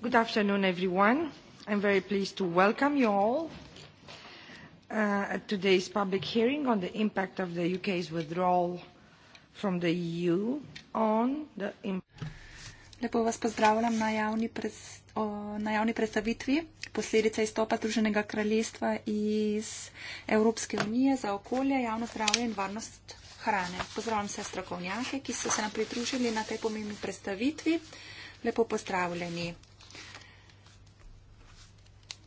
Good afternoon, everyone. I'm very pleased to welcome you all uh, at today's public hearing on the impact of the U.K.'s withdrawal from the EU on the im- Lepo vas pozdravljam na javni predstavitvi posledice izstopa Združenega kraljestva iz Evropske unije za okolje, javno zdravje in varnost hrane. Pozdravljam vse strokovnjake, ki ste se nam pridružili na tej pomembni predstavitvi. Lepo pozdravljeni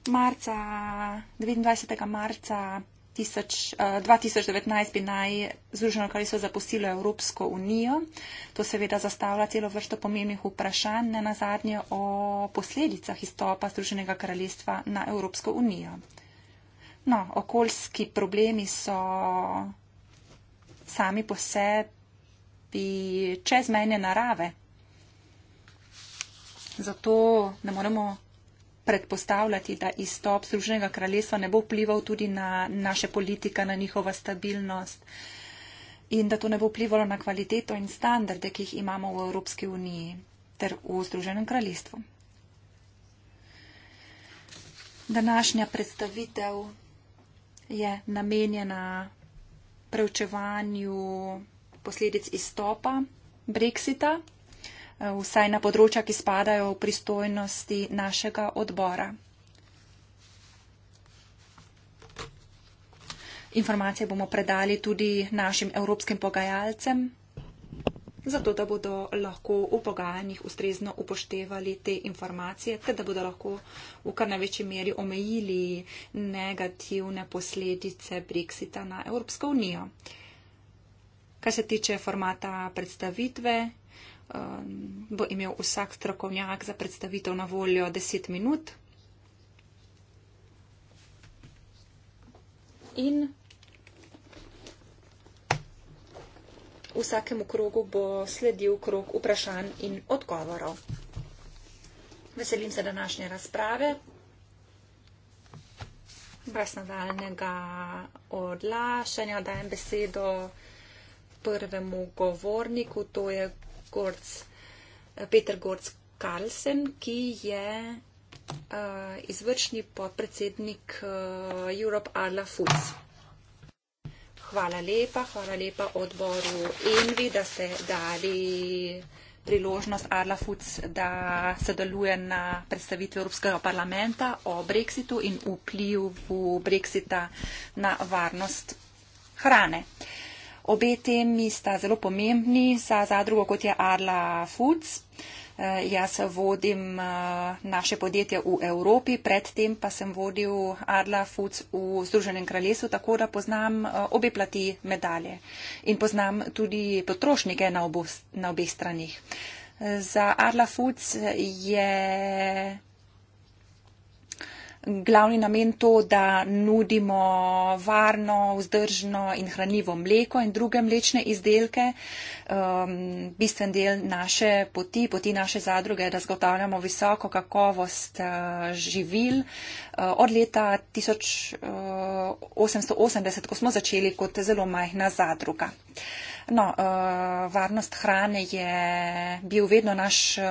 marca, 29. marca 2019 eh, bi naj Združeno kraljestvo zapustilo Evropsko unijo. To seveda zastavlja celo vrsto pomembnih vprašanj, ne nazadnje o posledicah izstopa Združenega kraljestva na Evropsko unijo. No, okoljski problemi so sami po sebi čezmejne narave. Zato ne moremo predpostavljati, da izstop Združenega kraljestva ne bo vplival tudi na naše politika, na njihova stabilnost in da to ne bo vplivalo na kvaliteto in standarde, ki jih imamo v Evropski uniji ter v Združenem kraljestvu. Današnja predstavitev je namenjena preučevanju posledic izstopa Brexita. Eh, vsaj na področja, ki spadajo v pristojnosti našega odbora. Informacije bomo predali tudi našim evropskim pogajalcem, zato da bodo lahko v pogajanjih ustrezno upoštevali te informacije, ter da bodo lahko v kar največji meri omejili negativne posledice Brexita na Evropsko unijo. Kar se tiče formata predstavitve, Um, bo imel vsak strokovnjak za predstavitev na voljo 10 minut. In vsakemu krogu bo sledil krog vprašanj in odgovorov. Veselim se današnje razprave. Brez nadaljnega odlašanja dajem besedo prvemu govorniku, to je Gorc, Peter Gorc Karlsen, ki je uh, izvršni podpredsednik uh, Europe Arla Foods. Hvala lepa, hvala lepa odboru Envi, da ste dali priložnost Arla Foods, da sodeluje na predstavitvi Evropskega parlamenta o Brexitu in vplivu Brexita na varnost hrane. Uh, Obe temi sta zelo pomembni za zadrugo, kot je Arla Foods. E, jaz vodim e, naše podjetje v Evropi, predtem pa sem vodil Arla Foods v Združenem kraljestvu, tako da poznam e, obe plati medalje in poznam tudi potrošnike na, obo, na obeh stranih. Za Arla Foods je glavni namen to, da nudimo varno, vzdržno in hranljivo mleko in druge mlečne izdelke. Um, bistven del naše poti, poti naše zadruge, da zagotavljamo visoko kakovost uh, živil. Uh, od leta 1880, uh, ko smo začeli kot zelo majhna zadruga. Uh, No, eh, varnost hrane je bil vedno naš eh,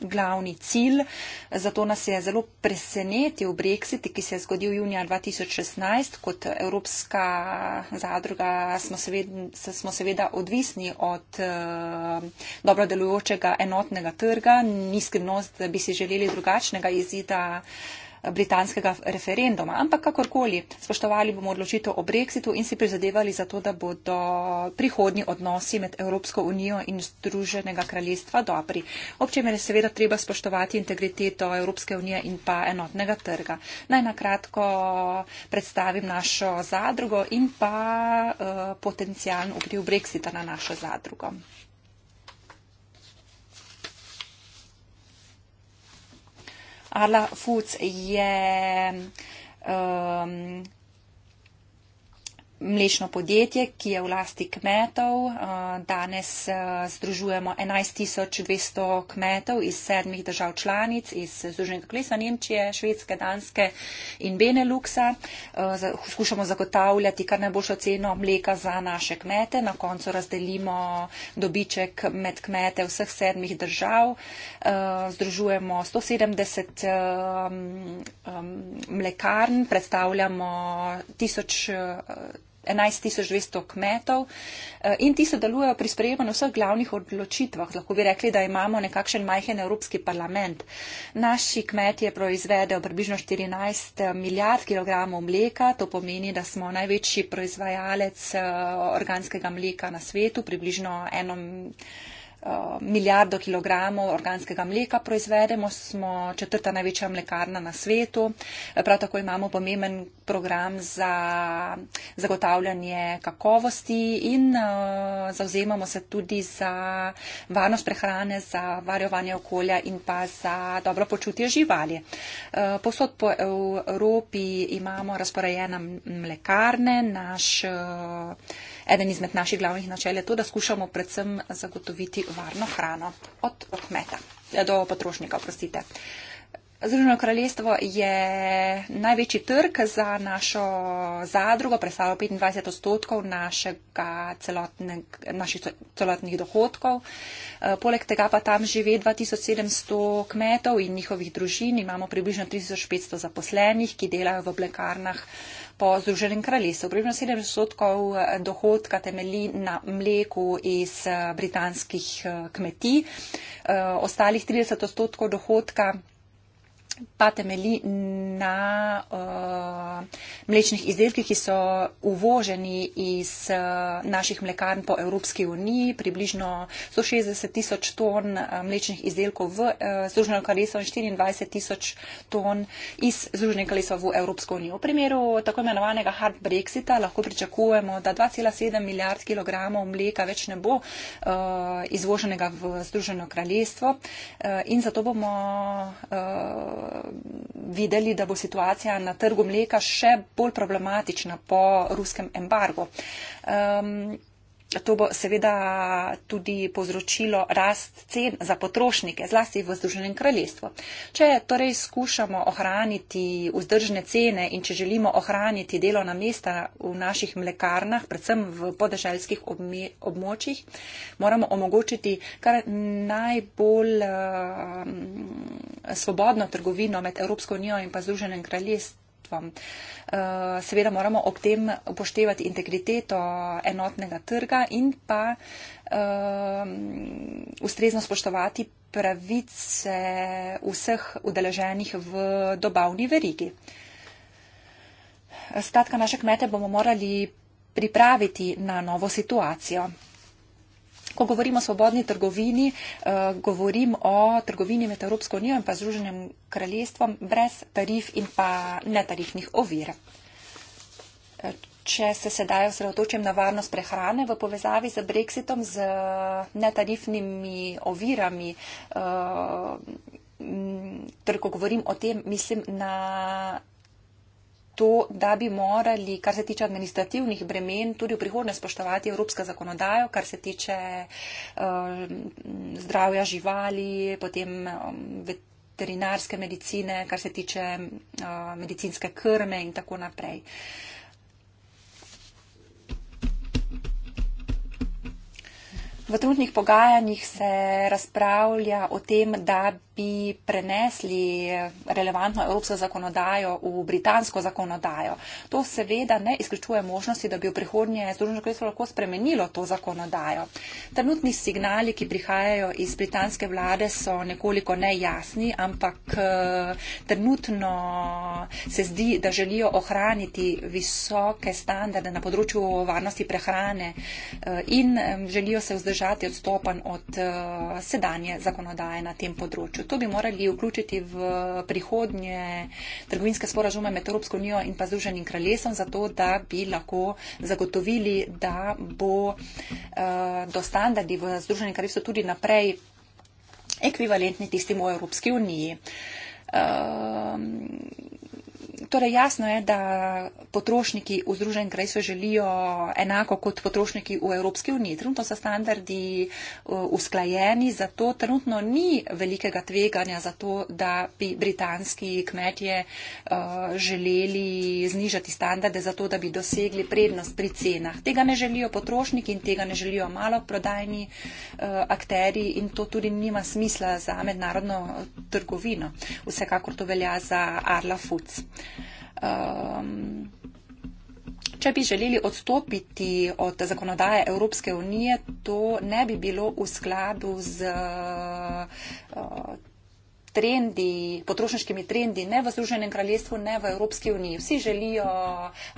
glavni cilj, zato nas je zelo presenetil Brexit, ki se je zgodil junija 2016. Kot Evropska zadruga smo seveda, smo seveda odvisni od eh, dobro delujočega enotnega trga. Ni skrivnost, da bi si želeli drugačnega izida britanskega referenduma. Ampak kakorkoli, spoštovali bomo odločitev o brexitu in si prizadevali za to, da bodo prihodni odnosi med Evropsko unijo in Združenega kraljestva dobri. Občemer je seveda treba spoštovati integriteto Evropske unije in pa enotnega trga. Naj nakratko predstavim našo zadrugo in pa uh, eh, potencijalno vpliv brexita na našo zadrugo. Arla Foods je um, mlečno podjetje, ki je v lasti kmetov. Eh, danes eh, združujemo 11.200 kmetov iz sedmih držav članic, iz Združenega klesa Nemčije, Švedske, Danske in Beneluxa. Eh, skušamo zagotavljati kar najboljšo ceno mleka za naše kmete. Na koncu razdelimo dobiček med kmete vseh sedmih držav. Združujemo 170 mlekarn, predstavljamo 1000 11200 kmetov eh, in ti sodelujejo pri sprejemanju vseh glavnih odločitvah. Lahko bi rekli, da imamo nekakšen majhen Evropski parlament. Naši kmetje proizvedejo približno 14 eh, milijard kilogramov mleka, to pomeni, da smo največji proizvajalec eh, organskega mleka na svetu, približno enom. Eh, milijardo kilogramov organskega mleka proizvedemo, smo četrta največja mlekarna na svetu. Eh, prav tako imamo pomemben program za zagotavljanje kakovosti in eh, zauzemamo se tudi za varnost prehrane, za varjovanje okolja in pa za dobro počutje živali. Posod po Evropi imamo razporejene mlekarne, naš Eden izmed naših glavnih načel je to, da skušamo predvsem zagotoviti varno hrano od kmeta eh, do potrošnika. Prostite. Združeno kraljestvo je največji trg za našo zadrugo, predstavlja 25 odstotkov naših celotnih dohodkov. Eh, poleg tega pa tam živi 2700 kmetov in njihovih družin. Imamo približno 3500 zaposlenih, ki delajo v blekarnah po Združenem kraljestvu. Približno 7 odstotkov eh, dohodka temelji na mleku iz eh, britanskih eh, kmetij, ostalih 30 odstotkov dohodka pa temelji na uh, mlečnih izdelkih, ki so uvoženi iz uh, naših mlekarn po Evropski uniji. Približno 160 tisoč ton uh, mlečnih izdelkov v uh, Združenem kraljestvu in 24 tisoč ton iz Združenega kraljestva v Evropsko unijo. V primeru tako imenovanega hard brexita lahko pričakujemo, da 2,7 milijard kilogramov mleka več ne bo uh, izvoženega v Združeno kraljestvo uh, in zato bomo uh, videli, da bo situacija na trgu mleka še bolj problematična po ruskem embargu. Um, To bo seveda tudi povzročilo rast cen za potrošnike, zlasti v Združenem kraljestvu. Če torej skušamo ohraniti vzdržne cene in če želimo ohraniti delovna mesta v naših mlekarnah, predvsem v podeželskih območjih, moramo omogočiti kar najbolj uh, svobodno trgovino med Evropsko unijo in pa Združenem kraljestvom storitvam. Eh, seveda moramo ob tem upoštevati integriteto enotnega trga in pa ehm, ustrezno spoštovati pravice vseh udeleženih v dobavni verigi. Skratka, naše kmete bomo morali pripraviti na novo situacijo. Ko govorim o svobodni trgovini, eh, govorim o trgovini med Evropsko unijo in pa Združenim kraljestvom brez tarif in pa netarifnih ovir. Eh, če se sedaj osredotočim na varnost prehrane v povezavi z Brexitom, z netarifnimi ovirami, eh, torej ko govorim o tem, mislim na to, da bi morali, kar se tiče administrativnih bremen, tudi v prihodnje spoštovati evropsko zakonodajo, kar se tiče uh, zdravja živali, potem um, veterinarske medicine, kar se tiče uh, medicinske krme in tako naprej. V trenutnih pogajanjih se razpravlja o tem, da bi bi prenesli relevantno evropsko zakonodajo v britansko zakonodajo. To seveda ne izključuje možnosti, da bi v prihodnje Združeno kraljestvo lahko spremenilo to zakonodajo. Trenutni signali, ki prihajajo iz britanske vlade, so nekoliko nejasni, ampak eh, trenutno se zdi, da želijo ohraniti visoke standarde na področju varnosti prehrane eh, in eh, želijo se vzdržati odstopan od sedanje zakonodaje na tem področju to bi morali vključiti v prihodnje trgovinske sporažume med Evropsko unijo in pa Združenim kraljestvom, zato da bi lahko zagotovili, da bo eh, do standardi v Združenem kraljestvu tudi naprej ekvivalentni tistim v Evropski uniji. Ehm, torej jasno je, da potrošniki v Združenem kraljestvu želijo enako kot potrošniki v Evropski uniji. Trenutno so standardi uh, usklajeni, zato trenutno ni velikega tveganja za to, da bi britanski kmetje uh, želeli znižati standarde, zato da bi dosegli prednost pri cenah. Tega ne želijo potrošniki in tega ne želijo maloprodajni uh, akteri in to tudi nima smisla za mednarodno trgovino. Vsekakor to velja za Arla Foods um, če bi želeli odstopiti od zakonodaje Evropske unije, to ne bi bilo v skladu z. Uh, trendi, potrošniškimi trendi ne v Združenem kraljestvu, ne v Evropski uniji. Vsi želijo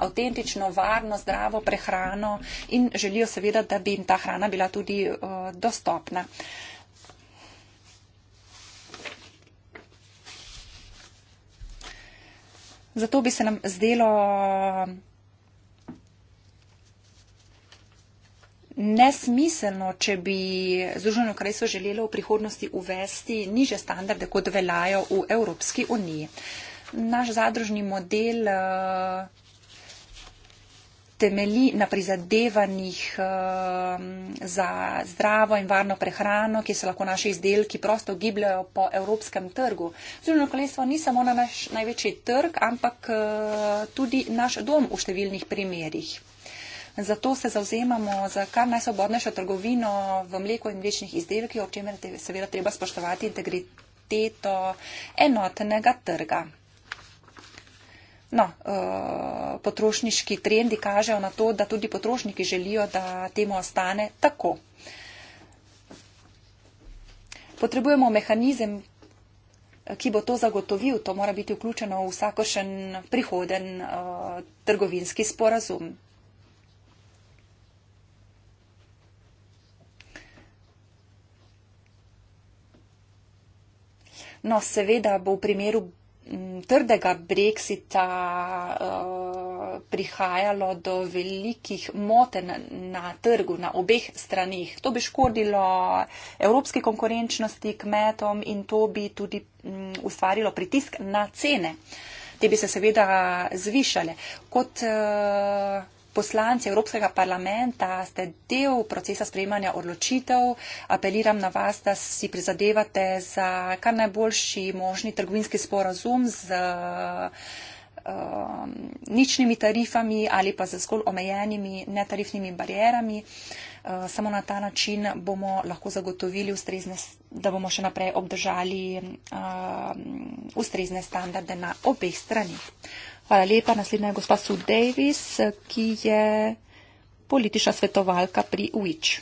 avtentično, varno, zdravo prehrano in želijo seveda, da bi jim ta hrana bila tudi uh, dostopna. Uh, Zato bi se nam zdelo nesmiselno, če bi Združeno kraljestvo želelo v prihodnosti uvesti niže standarde, kot veljajo v Evropski uniji. Naš zadružni model. Uh, temeli na prizadevanjih ehm, za zdravo in varno prehrano, ki se lahko naše izdelki prosto gibljajo po evropskem trgu. Zunanje kolesstvo ni samo na naš največji trg, ampak eh, tudi naš dom v številnih primerjih. Zato se zavzemamo za kar najsvobodnejšo trgovino v mleko in mlečnih izdelkih, ob čemer je seveda treba spoštovati integriteto enotnega trga. No, eh, potrošniški trendi kažejo na to, da tudi potrošniki želijo, da temu ostane tako. Potrebujemo mehanizem, ki bo to zagotovil. To mora biti vključeno v vsakošen prihoden eh, trgovinski sporazum. No, seveda bo v primeru trdega breksita eh, prihajalo do velikih moten na trgu, na obeh stranih. To bi škodilo evropski konkurenčnosti kmetom in to bi tudi mm, ustvarilo pritisk na cene. Te bi se seveda zvišale. Kot uh, poslanci Evropskega parlamenta ste del procesa sprejemanja odločitev. Apeliram na vas, da si prizadevate za kar najboljši možni trgovinski sporazum z uh, ničnimi tarifami ali pa z zgolj omejenimi netarifnimi barjerami. Uh, samo na ta način bomo lahko zagotovili ustrezne, da bomo še naprej obdržali uh, ustrezne standarde na obeh stranih. Hvala lepa. Naslednja je gospa Sue Davis, ki je politična svetovalka pri UIČ.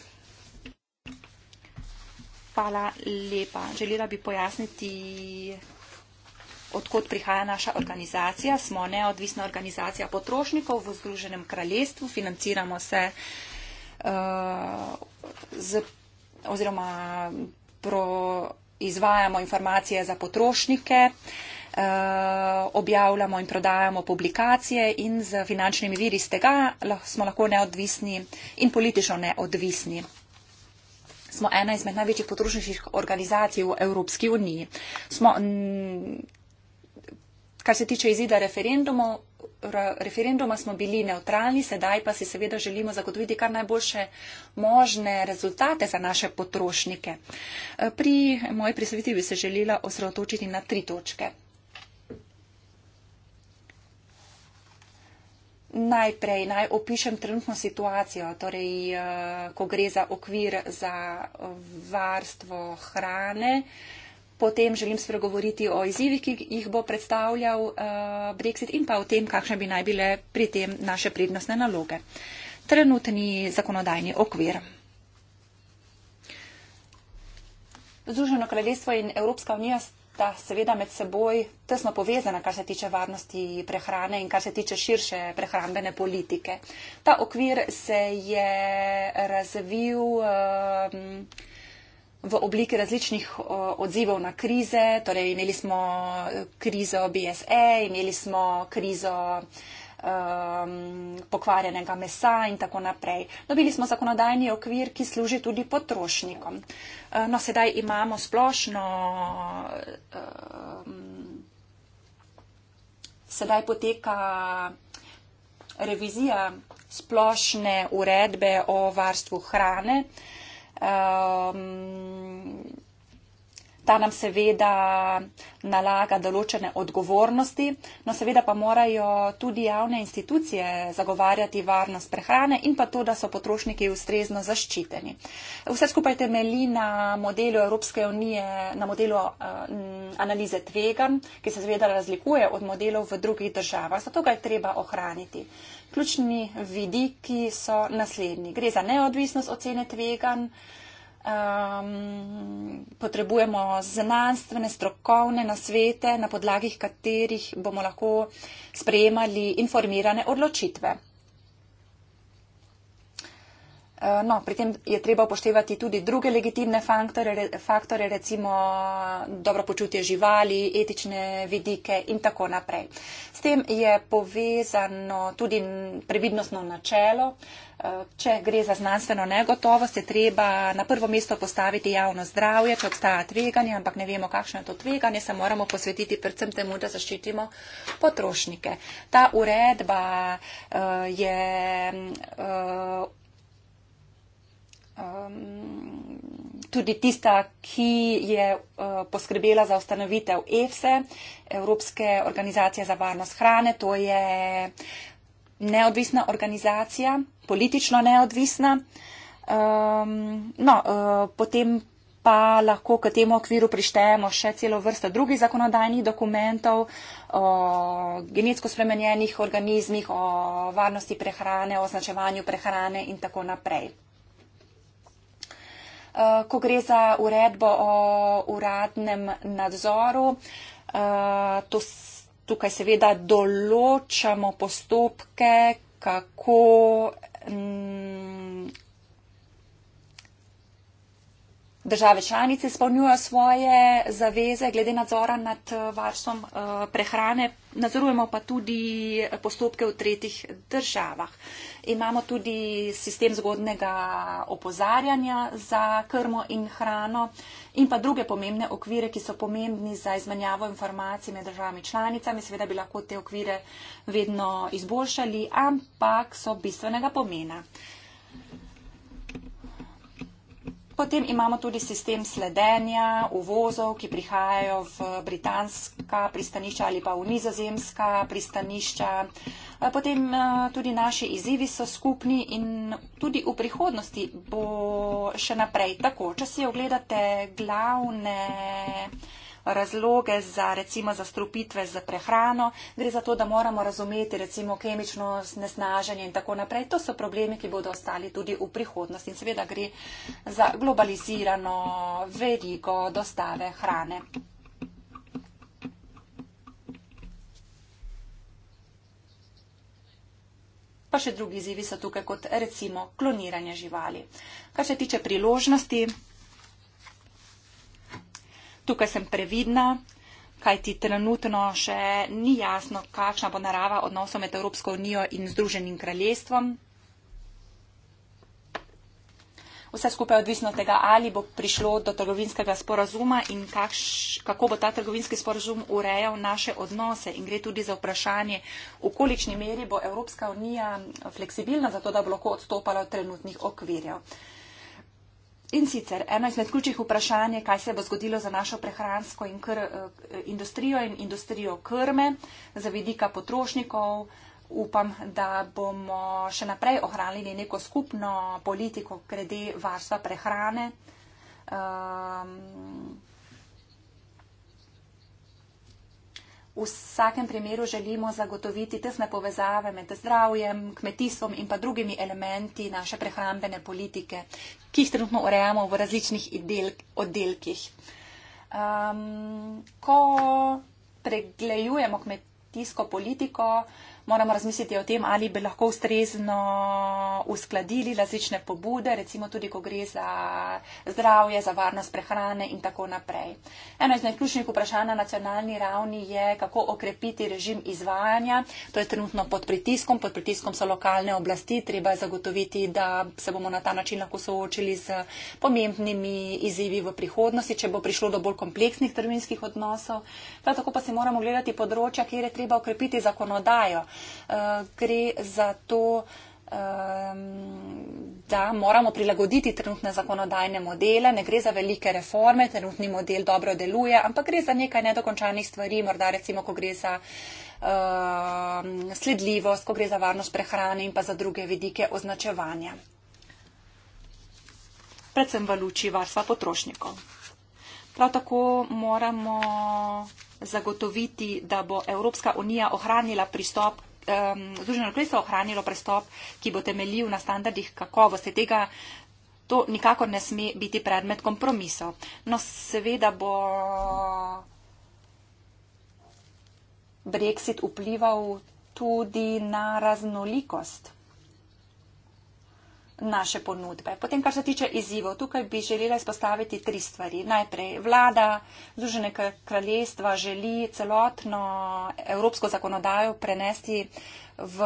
Hvala lepa. Želela bi pojasniti, odkot prihaja naša organizacija. Smo neodvisna organizacija potrošnikov v Združenem kraljestvu. Financiramo se uh, z, oziroma pro, izvajamo informacije za potrošnike. Uh, Eh, objavljamo in prodajamo publikacije in z finančnimi viri iz tega smo lahko neodvisni in politično neodvisni. Smo ena izmed največjih potrošniških organizacij v Evropski uniji. Smo, kar se tiče izida referendumov, referenduma smo bili neutralni, sedaj pa si seveda želimo zagotoviti kar najboljše možne rezultate za naše potrošnike. Eh, pri moji predstavitvi bi se želela osredotočiti na tri točke. najprej naj opišem trenutno situacijo, torej, eh, ko gre za okvir za varstvo hrane. Potem želim spregovoriti o izzivih, ki jih bo predstavljal eh, Brexit in pa o tem, kakšne bi naj bile pri tem naše prednostne naloge. Trenutni zakonodajni okvir. Združeno kraljestvo in Evropska unija sta seveda med seboj tesno povezana, kar se tiče varnosti prehrane in kar se tiče širše prehrambene politike. Ta okvir se je razvil ehm, v obliki različnih odzivov na krize, torej imeli smo eh, krizo BSE, imeli smo krizo um, pokvarjenega mesa in tako naprej. Dobili smo zakonodajni okvir, ki služi tudi potrošnikom. Uh, no, sedaj imamo splošno. Um, Sedaj poteka revizija splošne uredbe o varstvu hrane. Um, ta nam seveda nalaga določene odgovornosti, no seveda pa morajo tudi javne institucije zagovarjati varnost prehrane in pa to, da so potrošniki ustrezno zaščiteni. Vse skupaj temelji na modelu Evropske unije, na modelu eh, analize tvegan, ki se seveda razlikuje od modelov v drugih državah, zato ga je treba ohraniti. Ključni vidiki so naslednji. Gre za neodvisnost ocene tvegan, um, potrebujemo znanstvene, strokovne nasvete, na podlagih katerih bomo lahko sprejemali informirane odločitve. Eh, no, pri tem je treba upoštevati tudi druge legitimne faktore, faktore recimo dobro počutje živali, etične vidike in tako naprej. S tem je povezano tudi previdnostno načelo. Eh, če gre za znanstveno negotovost, je treba na prvo mesto postaviti javno zdravje, če obstaja tveganje, ampak ne vemo, kakšno je to tveganje, se moramo posvetiti predvsem temu, da zaščitimo potrošnike. Ta uredba eh, je um, tudi tista, ki je uh, poskrbela za ustanovitev EFSE, e, Evropske organizacije za varnost hrane. To je neodvisna organizacija, politično neodvisna. Um, no, uh, potem pa lahko k temu okviru prištejemo še celo vrsto drugih zakonodajnih dokumentov o genetsko spremenjenih organizmih, o varnosti prehrane, označevanju prehrane in tako naprej. Eh, ko gre za uredbo o uradnem nadzoru. Eh, to, tukaj seveda določamo postopke, kako. Mm, države članice spolnjujejo svoje zaveze glede nadzora nad eh, varstvom eh, prehrane, nadzorujemo pa tudi postopke v tretjih državah. Imamo tudi sistem zgodnega opozarjanja za krmo in hrano in pa druge pomembne okvire, ki so pomembni za izmenjavo informacij med državami članicami. Seveda bi lahko te okvire vedno izboljšali, ampak so bistvenega pomena. Potem imamo tudi sistem sledenja uvozov, ki prihajajo v britanska pristanišča ali pa v nizozemska pristanišča. Potem tudi naši izzivi so skupni in tudi v prihodnosti bo še naprej tako. Če si ogledate glavne razloge za recimo za strupitve za prehrano, gre za to, da moramo razumeti recimo kemično nesnaženje in tako naprej. To so problemi, ki bodo ostali tudi v prihodnosti in seveda gre za globalizirano verigo dostave hrane. Pa še drugi izzivi so tukaj kot recimo kloniranje živali. Kar se tiče priložnosti, Tukaj sem previdna, kaj ti trenutno še ni jasno, kakšna bo narava odnosov med Evropsko unijo in Združenim kraljestvom. Vse skupaj je odvisno od tega, ali bo prišlo do trgovinskega sporazuma in kakš, kako bo ta trgovinski sporazum urejal naše odnose. In gre tudi za vprašanje, v kolikšni meri bo Evropska unija fleksibilna za to, da bo lahko odstopala od trenutnih okvirjev. In sicer eno izmed ključnih vprašanj je, kaj se bo zgodilo za našo prehransko in kr, eh, industrijo in industrijo krme za vidika potrošnikov. Upam, da bomo še naprej ohranili neko skupno politiko glede varstva prehrane. Um, v vsakem primeru želimo zagotoviti tesne povezave med zdravjem, kmetijstvom in pa drugimi elementi naše prehrambene politike, ki jih trenutno urejamo v različnih del, oddelkih. Um, ko preglejujemo kmetijsko politiko, moramo razmisliti o tem, ali bi lahko ustrezno uskladili različne pobude, recimo tudi, ko gre za zdravje, za varnost prehrane in tako naprej. Eno iz najključnih vprašanj na nacionalni ravni je, kako okrepiti režim izvajanja. To je trenutno pod pritiskom, pod pritiskom so lokalne oblasti, treba je zagotoviti, da se bomo na ta način lahko soočili z pomembnimi izzivi v prihodnosti, če bo prišlo do bolj kompleksnih terminskih odnosov. Prav tako pa si moramo gledati področja, kjer je treba okrepiti zakonodajo. Eh, gre za to, da moramo prilagoditi trenutne zakonodajne modele, ne gre za velike reforme, trenutni model dobro deluje, ampak gre za nekaj nedokončanih stvari, morda recimo, ko gre za sledljivost, ko gre za varnost prehrane in pa za druge vidike označevanja. Predvsem v luči varstva potrošnikov. Prav tako moramo zagotoviti, da bo Evropska unija ohranila pristop. Združeno kraljestvo ohranilo prestop, ki bo temeljil na standardih kakovosti. Tega to nikakor ne sme biti predmet kompromisov. No, seveda bo Brexit vplival tudi na raznolikost naše ponudbe. Potem, kar se tiče izzivov, tukaj bi želela izpostaviti tri stvari. Najprej, vlada Združene kraljestva želi celotno evropsko zakonodajo prenesti uh, v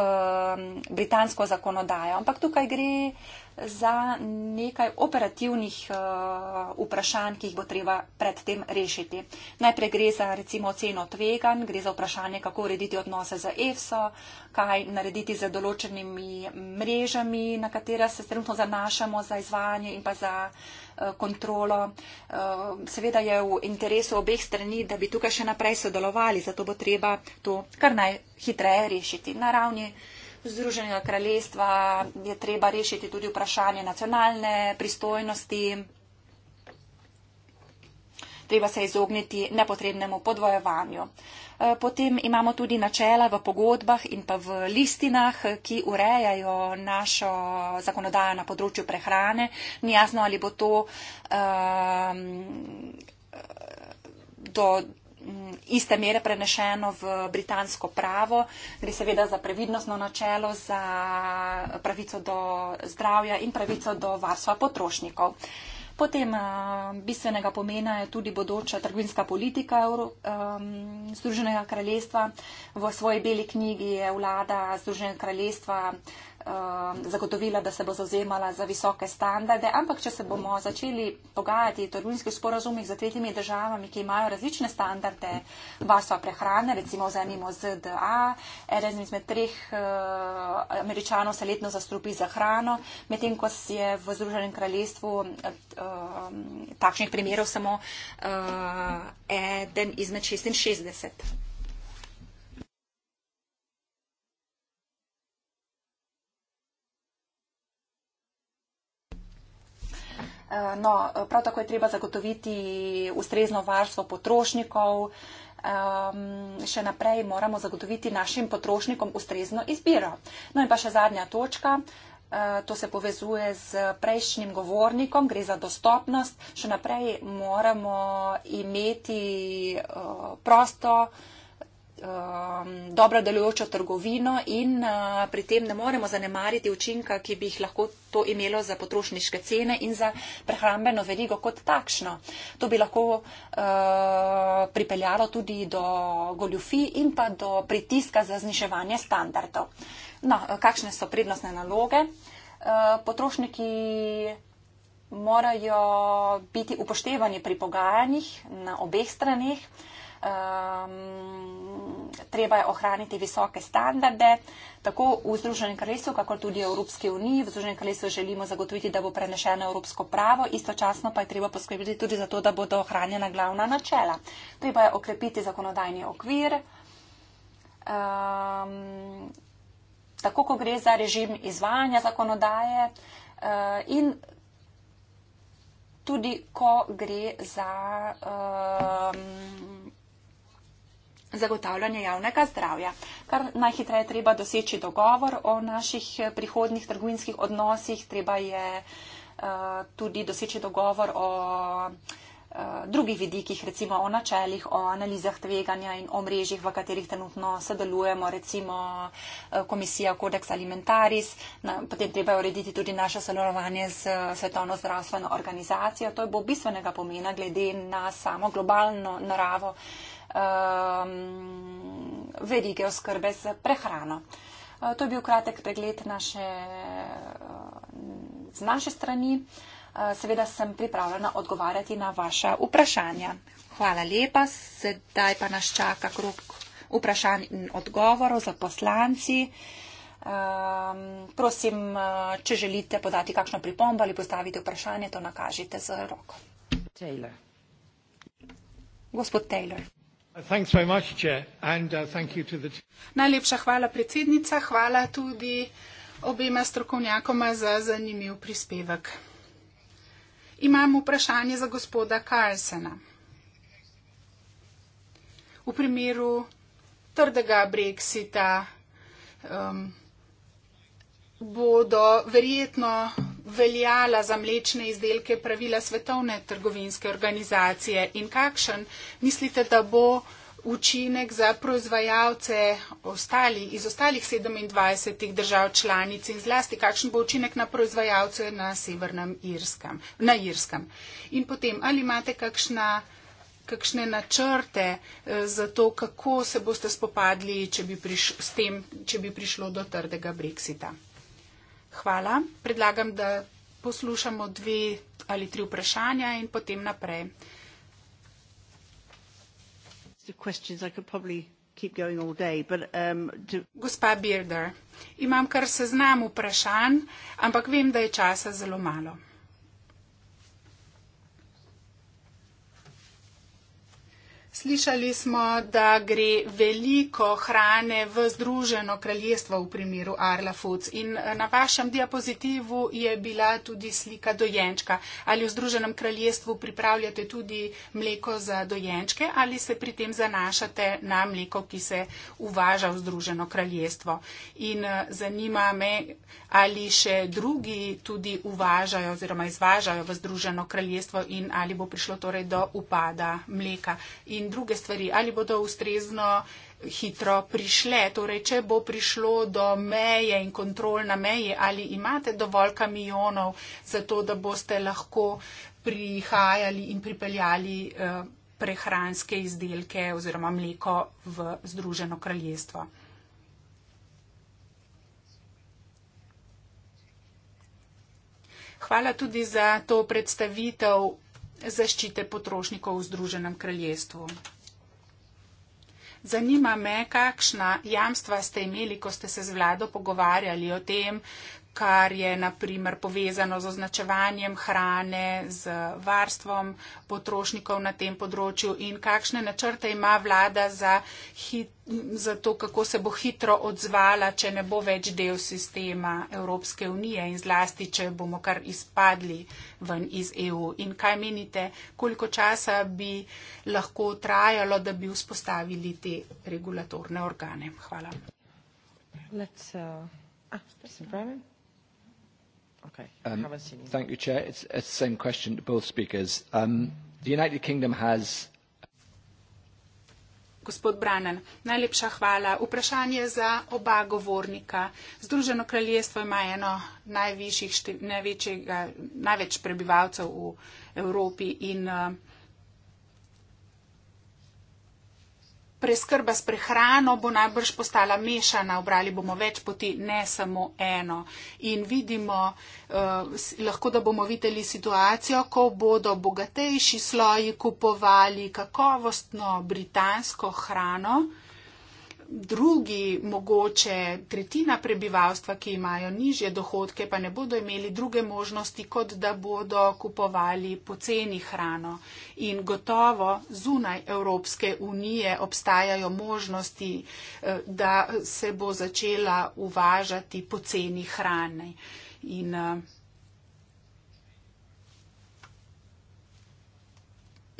britansko zakonodajo. Ampak tukaj gre za nekaj operativnih uh, vprašanj, ki jih bo treba predtem rešiti. Najprej gre za recimo oceno tvegan, gre za vprašanje, kako urediti odnose z EFSO, kaj narediti z določenimi mrežami, na katera se trenutno zanašamo za izvajanje in pa za uh, Eh, kontrolo. Eh, seveda je v interesu obeh strani, da bi tukaj še naprej sodelovali, zato bo treba to kar najhitreje rešiti. Na ravni Združenega kraljestva je treba rešiti tudi vprašanje nacionalne pristojnosti treba se izogniti nepotrebnemu podvojevanju. E, potem imamo tudi načela v pogodbah in pa v listinah, ki urejajo našo zakonodajo na področju prehrane. Ni jasno, ali bo to um, do iste mere prenešeno v britansko pravo. Gre seveda za previdnostno načelo, za pravico do zdravja in pravico do varstva potrošnikov. Uh, Potem eh, bistvenega pomena je tudi bodoča trgovinska politika Združenega kraljestva. V svoji beli knjigi je vlada Združenega kraljestva Um, zagotovila, da se bo zauzemala za visoke standarde, ampak če se bomo začeli pogajati o trgovinskih sporozumih z tretjimi državami, ki imajo različne standarde varstva prehrane, recimo vzemimo ZDA, eden izmed treh uh, američanov se letno zastrupi za hrano, medtem ko se je v Združenem kraljestvu um, takšnih primerov samo uh, eden izmed 66. Eh, no, eh, prav tako je treba zagotoviti ustrezno varstvo potrošnikov. Um, še naprej moramo zagotoviti našim potrošnikom ustrezno izbiro. No in pa še zadnja točka. Eh, to se povezuje z prejšnjim govornikom, gre za dostopnost. Še naprej moramo imeti prosto, um, dobro delujočo trgovino in uh, pri tem ne moremo zanemariti učinka, ki bi jih lahko to imelo za potrošniške cene in za prehrambeno verigo kot takšno. To bi lahko uh, pripeljalo tudi do goljufi in pa do pritiska za zniševanje standardov. No, kakšne so prednostne naloge? Uh, potrošniki morajo biti upoštevani pri pogajanjih na obeh stranih. Um, treba je ohraniti visoke standarde, tako v Združenem kraljestvu, kako tudi v Evropski uniji. V Združenem kraljestvu želimo zagotoviti, da bo prenešeno evropsko pravo, istočasno pa je treba poskrbeti tudi za to, da bodo ohranjena glavna načela. Treba je okrepiti zakonodajni okvir. Um, tako, ko gre za režim izvajanja zakonodaje uh, in tudi, ko gre za. Um, zagotavljanje javnega zdravja. Kar najhitreje treba doseči dogovor o naših eh, prihodnih trgovinskih odnosih, treba je uh, tudi doseči dogovor o eh, drugih vidikih, recimo o načeljih, o analizah tveganja in o mrežjih, v katerih trenutno sodelujemo, recimo komisija Kodeks Alimentaris, na, potem treba urediti tudi naše sodelovanje z Svetovno zdravstveno organizacijo. To je bo bistvenega pomena glede na samo globalno naravo uh, Um, verige oskrbe z prehrano. Uh, to je bil kratek pregled naše, uh, z naše strani. Uh, seveda sem pripravljena odgovarjati na vaša vprašanja. Hvala lepa. Sedaj pa nas čaka krok vprašanj in odgovorov za poslanci. Um, prosim, če želite podati kakšno pripombo ali postaviti vprašanje, to nakažite z roko. Taylor. Gospod Taylor. Uh, Najlepša hvala, predsednica. Hvala tudi obema strokovnjakoma za zanimiv prispevek. Imam vprašanje za gospoda Carlsena. V primeru trdega Brexita um, bodo verjetno veljala za mlečne izdelke pravila Svetovne trgovinske organizacije in kakšen mislite, da bo učinek za proizvajalce ostali, iz ostalih 27 držav članic in zlasti, kakšen bo učinek na proizvajalce na Severnem Irskem, na Irskem. In potem, ali imate kakšna, kakšne načrte eh, za to, kako se boste spopadli, če bi, priš, tem, če bi prišlo do trdega brexita? Hvala. Predlagam, da poslušamo dve ali tri vprašanja in potem naprej. Day, but, um, do... Gospa Birder, imam kar seznam vprašanj, ampak vem, da je časa zelo malo. Slišali smo, da gre veliko hrane v Združeno kraljestvo v primeru Arla Foods in eh, na vašem diapozitivu je bila tudi slika dojenčka. Ali v Združenem kraljestvu pripravljate tudi mleko za dojenčke ali se pri tem zanašate na mleko, ki se uvaža v Združeno kraljestvo? In eh, zanima me, ali še drugi tudi uvažajo oziroma izvažajo v Združeno kraljestvo in ali bo prišlo torej do upada mleka. In in druge stvari, ali bodo ustrezno hitro prišle. Torej, če bo prišlo do meje in kontrol na meji, ali imate dovolj kamionov za to, da boste lahko prihajali in pripeljali eh, prehranske izdelke oziroma mleko v Združeno kraljestvo. Hvala tudi za to predstavitev zaščite potrošnikov v Združenem kraljestvu. Zanima me, kakšna jamstva ste imeli, ko ste se z vlado pogovarjali o tem, kar je naprimer povezano z označevanjem hrane, z varstvom potrošnikov na tem področju in kakšne načrte ima vlada za, hit, za to, kako se bo hitro odzvala, če ne bo več del sistema Evropske unije in zlasti, če bomo kar izpadli ven iz EU. In kaj menite, koliko časa bi lahko trajalo, da bi vzpostavili te regulatorne organe? Hvala. Let's, uh, ah, Okay. Um, I haven't seen thank you, Chair. It's, it's the same question to both speakers. Um, the United Kingdom has. Gospod Branen, najlepša hvala. Vprašanje za oba govornika. Združeno kraljestvo ima eno največjih, največjega, največ prebivalcev v Evropi in uh, preskrba s prehrano bo najbrž postala mešana, obrali bomo več poti, ne samo eno. In vidimo, eh, lahko da bomo videli situacijo, ko bodo bogatejši sloji kupovali kakovostno britansko hrano drugi, mogoče tretjina prebivalstva, ki imajo nižje dohodke, pa ne bodo imeli druge možnosti, kot da bodo kupovali poceni hrano. In gotovo zunaj Evropske unije obstajajo možnosti, eh, da se bo začela uvažati poceni hrane. In, eh,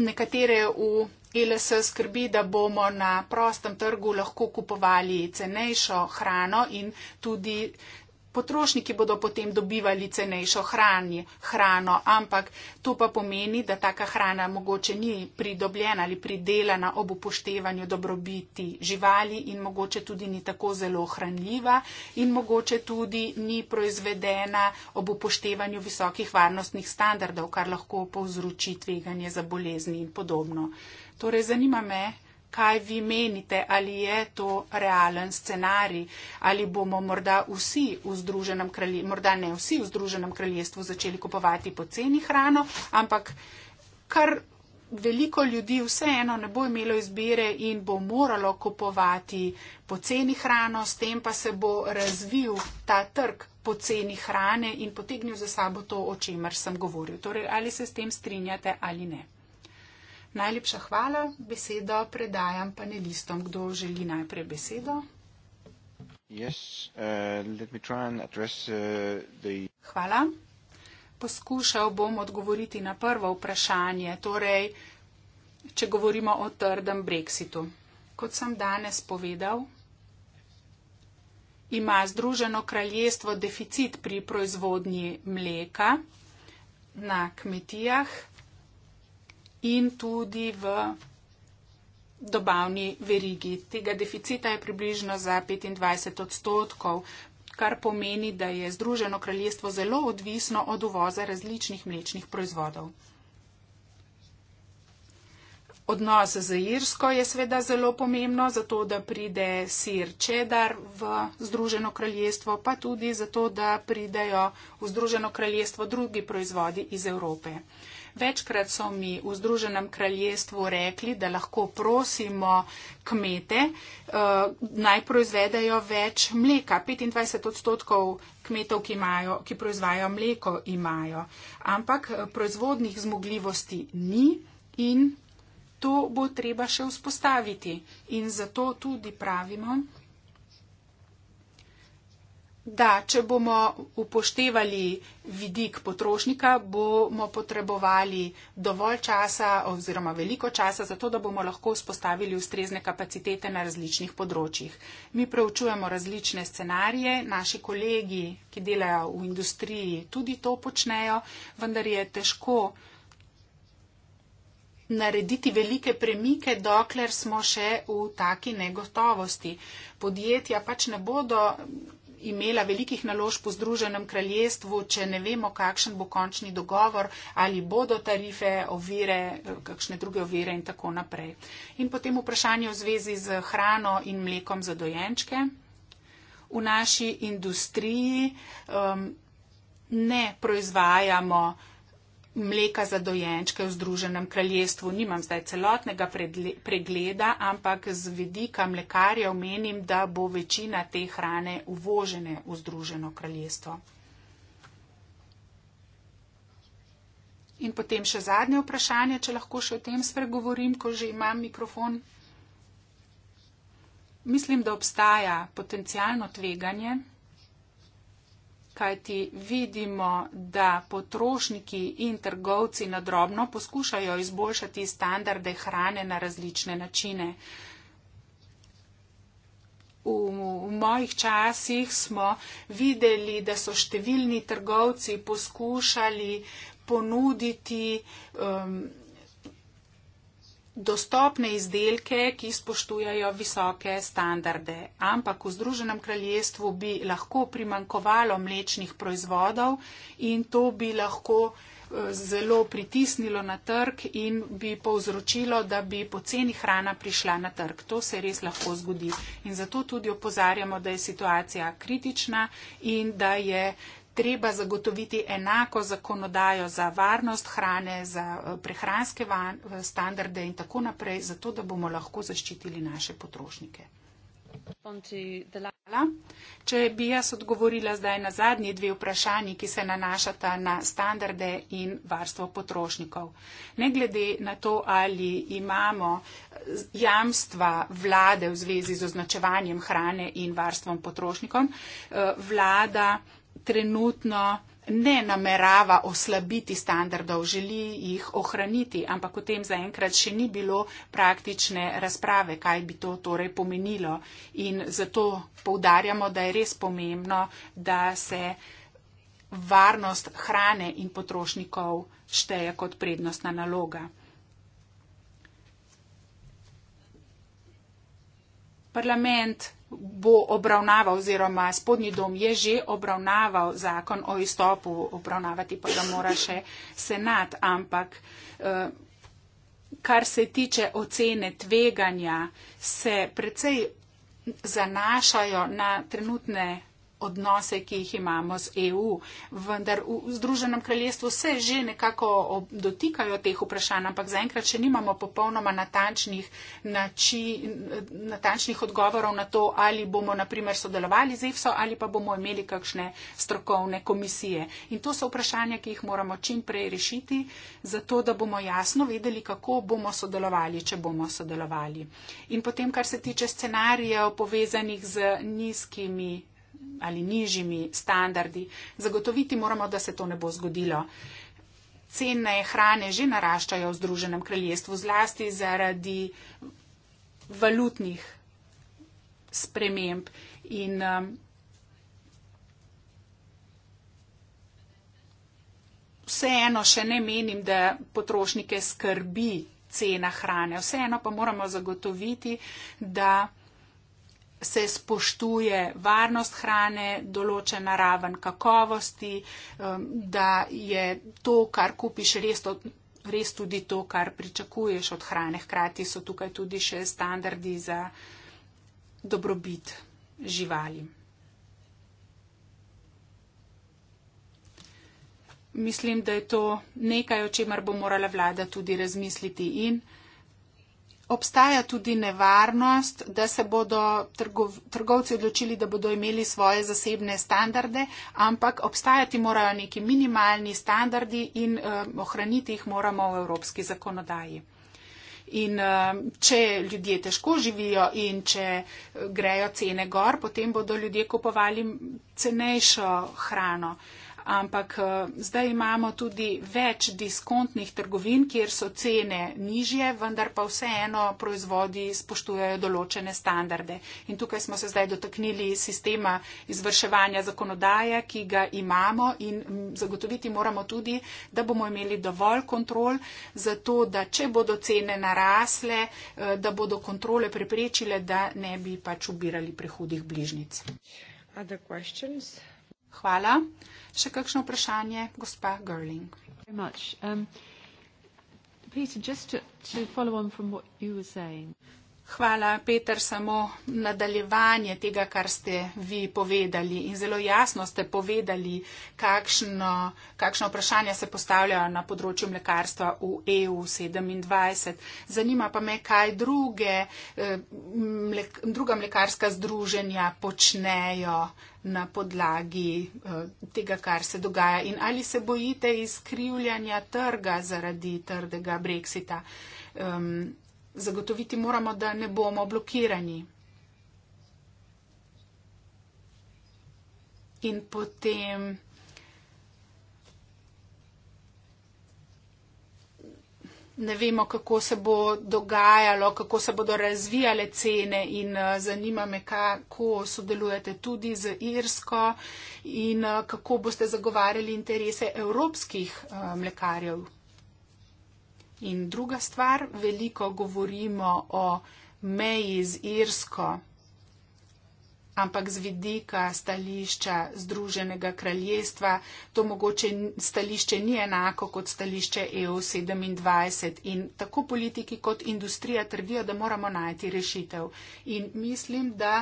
Nekatere v ILS skrbi, da bomo na prostem trgu lahko kupovali cenejšo hrano in tudi potrošniki bodo potem dobivali cenejšo hrani, hrano, ampak to pa pomeni, da taka hrana mogoče ni pridobljena ali pridelana ob upoštevanju dobrobiti živali in mogoče tudi ni tako zelo hranljiva in mogoče tudi ni proizvedena ob upoštevanju visokih varnostnih standardov, kar lahko povzroči tveganje za bolezni in podobno. Torej, zanima me, kaj vi menite, ali je to realen scenarij, ali bomo morda vsi v Združenem kraljestvu, morda ne vsi v Združenem kraljestvu začeli kupovati poceni hrano, ampak kar veliko ljudi vseeno ne bo imelo izbire in bo moralo kupovati poceni hrano, s tem pa se bo razvil ta trg poceni hrane in potegnil za sabo to, o čemer sem govoril. Torej, ali se s tem strinjate ali ne? Najlepša hvala. Besedo predajam panelistom. Kdo želi najprej besedo? Yes, uh, address, uh, the... Hvala. Poskušal bom odgovoriti na prvo vprašanje, torej, če govorimo o trdem brexitu. Kot sem danes povedal, ima Združeno kraljestvo deficit pri proizvodnji mleka na kmetijah in tudi v dobavni verigi. Tega deficita je približno za 25 odstotkov, kar pomeni, da je Združeno kraljestvo zelo odvisno od uvoza različnih mlečnih proizvodov. Odnos z Irsko je sveda zelo pomembno, zato da pride sir čedar v Združeno kraljestvo, pa tudi zato, da pridejo v Združeno kraljestvo drugi proizvodi iz Evrope. Večkrat so mi v Združenem kraljestvu rekli, da lahko prosimo kmete, eh, naj proizvedajo več mleka. 25 odstotkov kmetov, ki, imajo, ki proizvajajo mleko, imajo. Ampak eh, proizvodnih zmogljivosti ni in to bo treba še vzpostaviti. In zato tudi pravimo, Da, če bomo upoštevali vidik potrošnika, bomo potrebovali dovolj časa oziroma veliko časa za to, da bomo lahko vzpostavili ustrezne kapacitete na različnih področjih. Mi preučujemo različne scenarije, naši kolegi, ki delajo v industriji, tudi to počnejo, vendar je težko narediti velike premike, dokler smo še v taki negotovosti. Podjetja pač ne bodo imela velikih naložb v Združenem kraljestvu, če ne vemo, kakšen bo končni dogovor, ali bodo tarife, ovire, kakšne druge ovire in tako naprej. In potem vprašanje v zvezi z hrano in mlekom za dojenčke. V naši industriji um, ne proizvajamo uh, mleka za dojenčke v Združenem kraljestvu. Nimam zdaj celotnega pregleda, ampak z vidika mlekarja omenim, da bo večina te hrane uvožene v Združeno kraljestvo. In potem še zadnje vprašanje, če lahko še o tem spregovorim, ko že imam mikrofon. Mislim, da obstaja potencijalno tveganje, kajti vidimo, da potrošniki in trgovci nadrobno poskušajo izboljšati standarde hrane na različne načine. V, v mojih časih smo videli, da so številni trgovci poskušali ponuditi um, dostopne izdelke, ki spoštujajo visoke standarde. Ampak v Združenem kraljestvu bi lahko primankovalo mlečnih proizvodov in to bi lahko eh, zelo pritisnilo na trg in bi povzročilo, da bi poceni hrana prišla na trg. To se res lahko zgodi. In zato tudi opozarjamo, da je situacija kritična in da je treba zagotoviti enako zakonodajo za varnost hrane, za eh, prehranske van, eh, standarde in tako naprej, zato da bomo lahko zaščitili naše potrošnike. Hvala. Če bi jaz odgovorila zdaj na zadnji dve vprašanji, ki se nanašata na standarde in varstvo potrošnikov. Ne glede na to, ali imamo eh, jamstva vlade v zvezi z označevanjem hrane in varstvom potrošnikom, vlada trenutno ne namerava oslabiti standardov, želi jih ohraniti, ampak o tem zaenkrat še ni bilo praktične razprave, kaj bi to torej pomenilo. In zato poudarjamo, da je res pomembno, da se varnost hrane in potrošnikov šteje kot prednostna naloga. Parlament bo obravnaval oziroma spodnji dom je že obravnaval zakon o izstopu, obravnavati pa ga mora še senat, ampak eh, kar se tiče ocene tveganja, se precej zanašajo na trenutne odnose, ki jih imamo z EU. Vendar v Združenem kraljestvu se že nekako dotikajo teh vprašanj, ampak zaenkrat še nimamo popolnoma natančnih, nači, natančnih odgovorov na to, ali bomo naprimer sodelovali z EFSO ali pa bomo imeli kakšne strokovne komisije. In to so vprašanja, ki jih moramo čim prej rešiti, zato da bomo jasno vedeli, kako bomo sodelovali, če bomo sodelovali. In potem, kar se tiče scenarijev povezanih z nizkimi ali nižjimi standardi. Zagotoviti moramo, da se to ne bo zgodilo. Cene hrane že naraščajo v Združenem kraljestvu, zlasti zaradi valutnih sprememb. In, um, vseeno še ne menim, da potrošnike skrbi cena hrane. Vseeno pa moramo zagotoviti, da se spoštuje varnost hrane, določena raven kakovosti, um, da je to, kar kupiš, res, to, res tudi to, kar pričakuješ od hrane. Hkrati so tukaj tudi še standardi za dobrobit živali. Mislim, da je to nekaj, o čemer bo morala vlada tudi razmisliti in obstaja tudi nevarnost, da se bodo trgov, trgovci odločili, da bodo imeli svoje zasebne standarde, ampak obstajati morajo neki minimalni standardi in eh, ohraniti jih moramo v evropski zakonodaji. In eh, če ljudje težko živijo in če eh, grejo cene gor, potem bodo ljudje kupovali cenejšo hrano ampak eh, zdaj imamo tudi več diskontnih trgovin, kjer so cene nižje, vendar pa vseeno proizvodi spoštujejo določene standarde. In tukaj smo se zdaj dotaknili sistema izvrševanja zakonodaje, ki ga imamo in zagotoviti moramo tudi, da bomo imeli dovolj kontrol za to, da če bodo cene narasle, eh, da bodo kontrole preprečile, da ne bi pač ubirali prehudih bližnjic. Other questions? Hvala. Še kakšno vprašanje, gospa Gerling? Um, Peter, just to, to follow on from what you were saying, Hvala, Peter, samo nadaljevanje tega, kar ste vi povedali. In zelo jasno ste povedali, kakšno, kakšno vprašanje se postavljajo na področju mlekarstva v EU 27. Zanima pa me, kaj druge, eh, mlek, druga mlekarska združenja počnejo na podlagi eh, tega, kar se dogaja. In ali se bojite izkrivljanja trga zaradi trdega Brexita? Ehm, Zagotoviti moramo, da ne bomo blokirani. In potem ne vemo, kako se bo dogajalo, kako se bodo razvijale cene in eh, zanima me, kako sodelujete tudi z Irsko in eh, kako boste zagovarjali interese evropskih eh, mlekarjev. In druga stvar, veliko govorimo o meji z Irsko, ampak z vidika stališča Združenega kraljestva, to mogoče stališče ni enako kot stališče EU27. In tako politiki kot industrija trdijo, da moramo najti rešitev. In mislim, da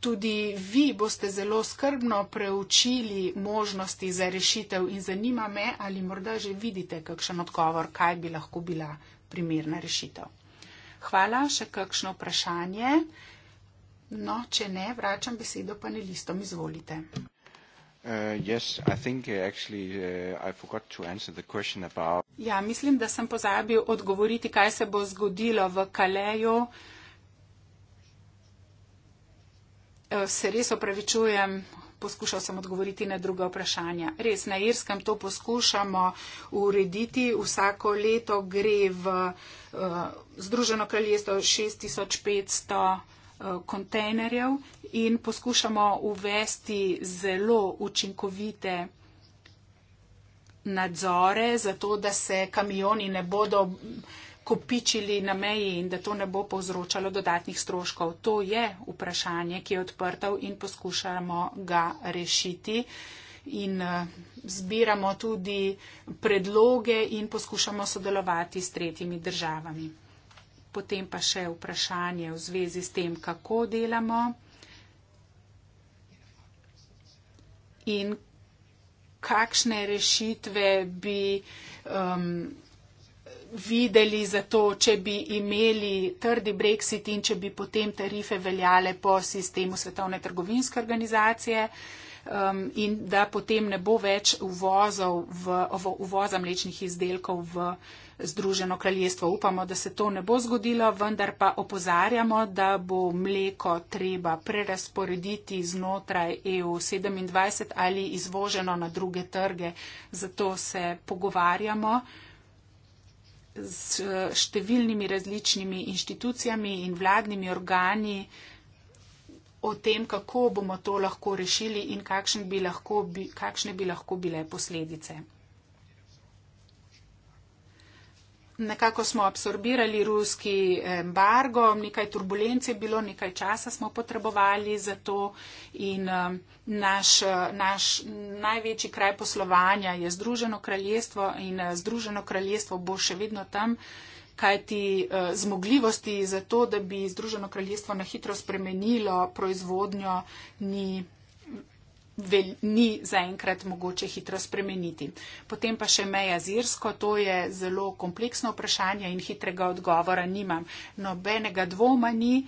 Tudi vi boste zelo skrbno preučili možnosti za rešitev in zanima me, ali morda že vidite kakšen odgovor, kaj bi lahko bila primerna rešitev. Hvala, še kakšno vprašanje. No, če ne, vračam besedo panelistom, izvolite. Uh, uh, uh, ja, mislim, da sem pozabil odgovoriti, kaj se bo zgodilo v Kaleju. Eh, se res opravičujem, poskušal sem odgovoriti na druga vprašanja. Res, na Irskem to poskušamo urediti. Vsako leto gre v eh, Združeno kraljestvo 6500 eh, kontejnerjev in poskušamo uvesti zelo učinkovite nadzore, zato da se kamioni ne bodo kopičili na meji in da to ne bo povzročalo dodatnih stroškov. To je vprašanje, ki je odprto in poskušamo ga rešiti. In eh, zbiramo tudi predloge in poskušamo sodelovati s tretjimi državami. Potem pa še vprašanje v zvezi s tem, kako delamo in kakšne rešitve bi. Um, videli za to, če bi imeli trdi brexit in če bi potem tarife veljale po sistemu Svetovne trgovinske organizacije um, in da potem ne bo več uvozov v, v, uvoza mlečnih izdelkov v Združeno kraljestvo. Upamo, da se to ne bo zgodilo, vendar pa opozarjamo, da bo mleko treba prerasporediti znotraj EU27 ali izvoženo na druge trge. Zato se pogovarjamo s eh, številnimi različnimi inštitucijami in vladnimi organi o tem, kako bomo to lahko rešili in kakšne bi lahko, bi, kakšne bi lahko bile posledice. nekako smo absorbirali ruski embargo, nekaj turbulenc je bilo, nekaj časa smo potrebovali za to in um, naš, naš največji kraj poslovanja je Združeno kraljestvo in uh, Združeno kraljestvo bo še vedno tam, kajti uh, zmogljivosti za to, da bi Združeno kraljestvo na hitro spremenilo proizvodnjo, ni vel, ni zaenkrat mogoče hitro spremeniti. Potem pa še meja z Irsko, to je zelo kompleksno vprašanje in hitrega odgovora nimam. Nobenega dvoma ni.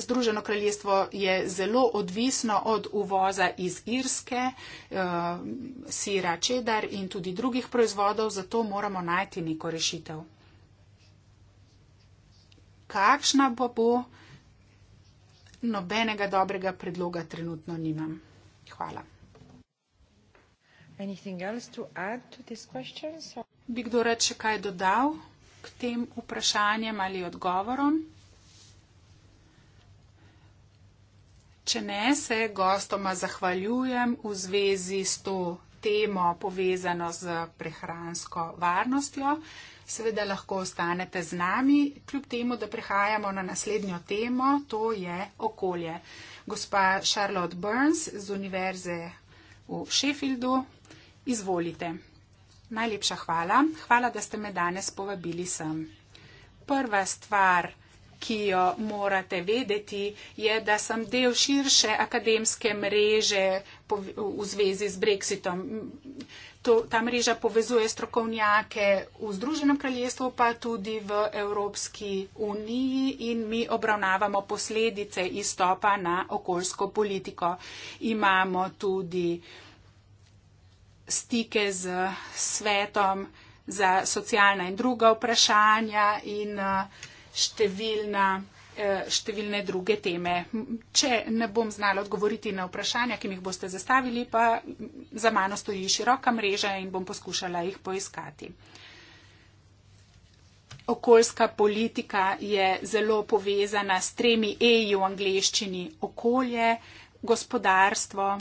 Združeno kraljestvo je zelo odvisno od uvoza iz Irske, uh, sira, čedar in tudi drugih proizvodov, zato moramo najti neko rešitev. Kakšna bo bo? Nobenega dobrega predloga trenutno nimam. Hvala. Bi kdo rad še kaj dodal k tem vprašanjem ali odgovorom? Če ne, se gostoma zahvaljujem v zvezi s to temo povezano z prehransko varnostjo. Seveda lahko ostanete z nami, kljub temu, da prehajamo na naslednjo temo, to je okolje gospa Charlotte Burns z Univerze v Sheffieldu. Izvolite. Najlepša hvala. Hvala, da ste me danes povabili sem. Prva stvar, ki jo morate vedeti, je, da sem del širše akademske mreže v zvezi z Brexitom to, ta mreža povezuje strokovnjake v Združenem kraljestvu, pa tudi v Evropski uniji in mi obravnavamo posledice izstopa na okoljsko politiko. Imamo tudi stike z svetom za socialna in druga vprašanja in eh, številna. Eh, številne druge teme. Če ne bom znala odgovoriti na vprašanja, ki mi jih boste zastavili, pa za mano stoji široka mreža in bom poskušala jih poiskati. Okoljska politika je zelo povezana s tremi EI v angleščini - okolje, gospodarstvo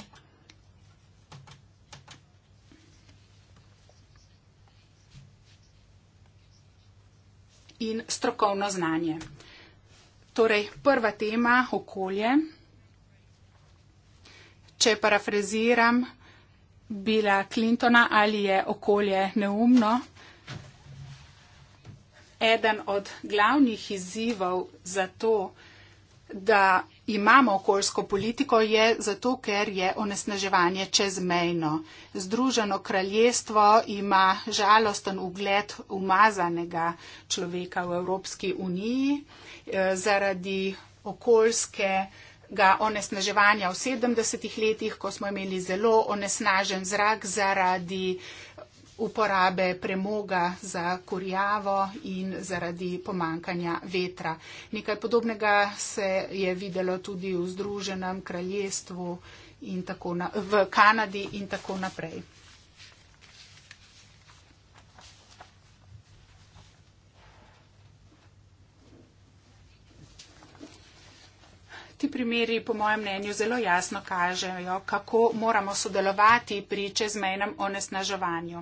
in strokovno znanje. Torej, prva tema, okolje. Če parafraziram Bila Clintona, ali je okolje neumno? Eden od glavnih izzivov za to, da imamo okoljsko politiko, je zato, ker je onesnaževanje čezmejno. Združeno kraljestvo ima žalosten ugled umazanega človeka v Evropski uniji. Eh, zaradi okoljskega onesnaževanja v 70-ih letih, ko smo imeli zelo onesnažen zrak zaradi uporabe premoga za kurjavo in zaradi pomankanja vetra. Nekaj podobnega se je videlo tudi v Združenem kraljestvu in tako na, v Kanadi in tako naprej. ti primeri, po mojem mnenju, zelo jasno kažejo, kako moramo sodelovati pri čezmejnem onesnaževanju.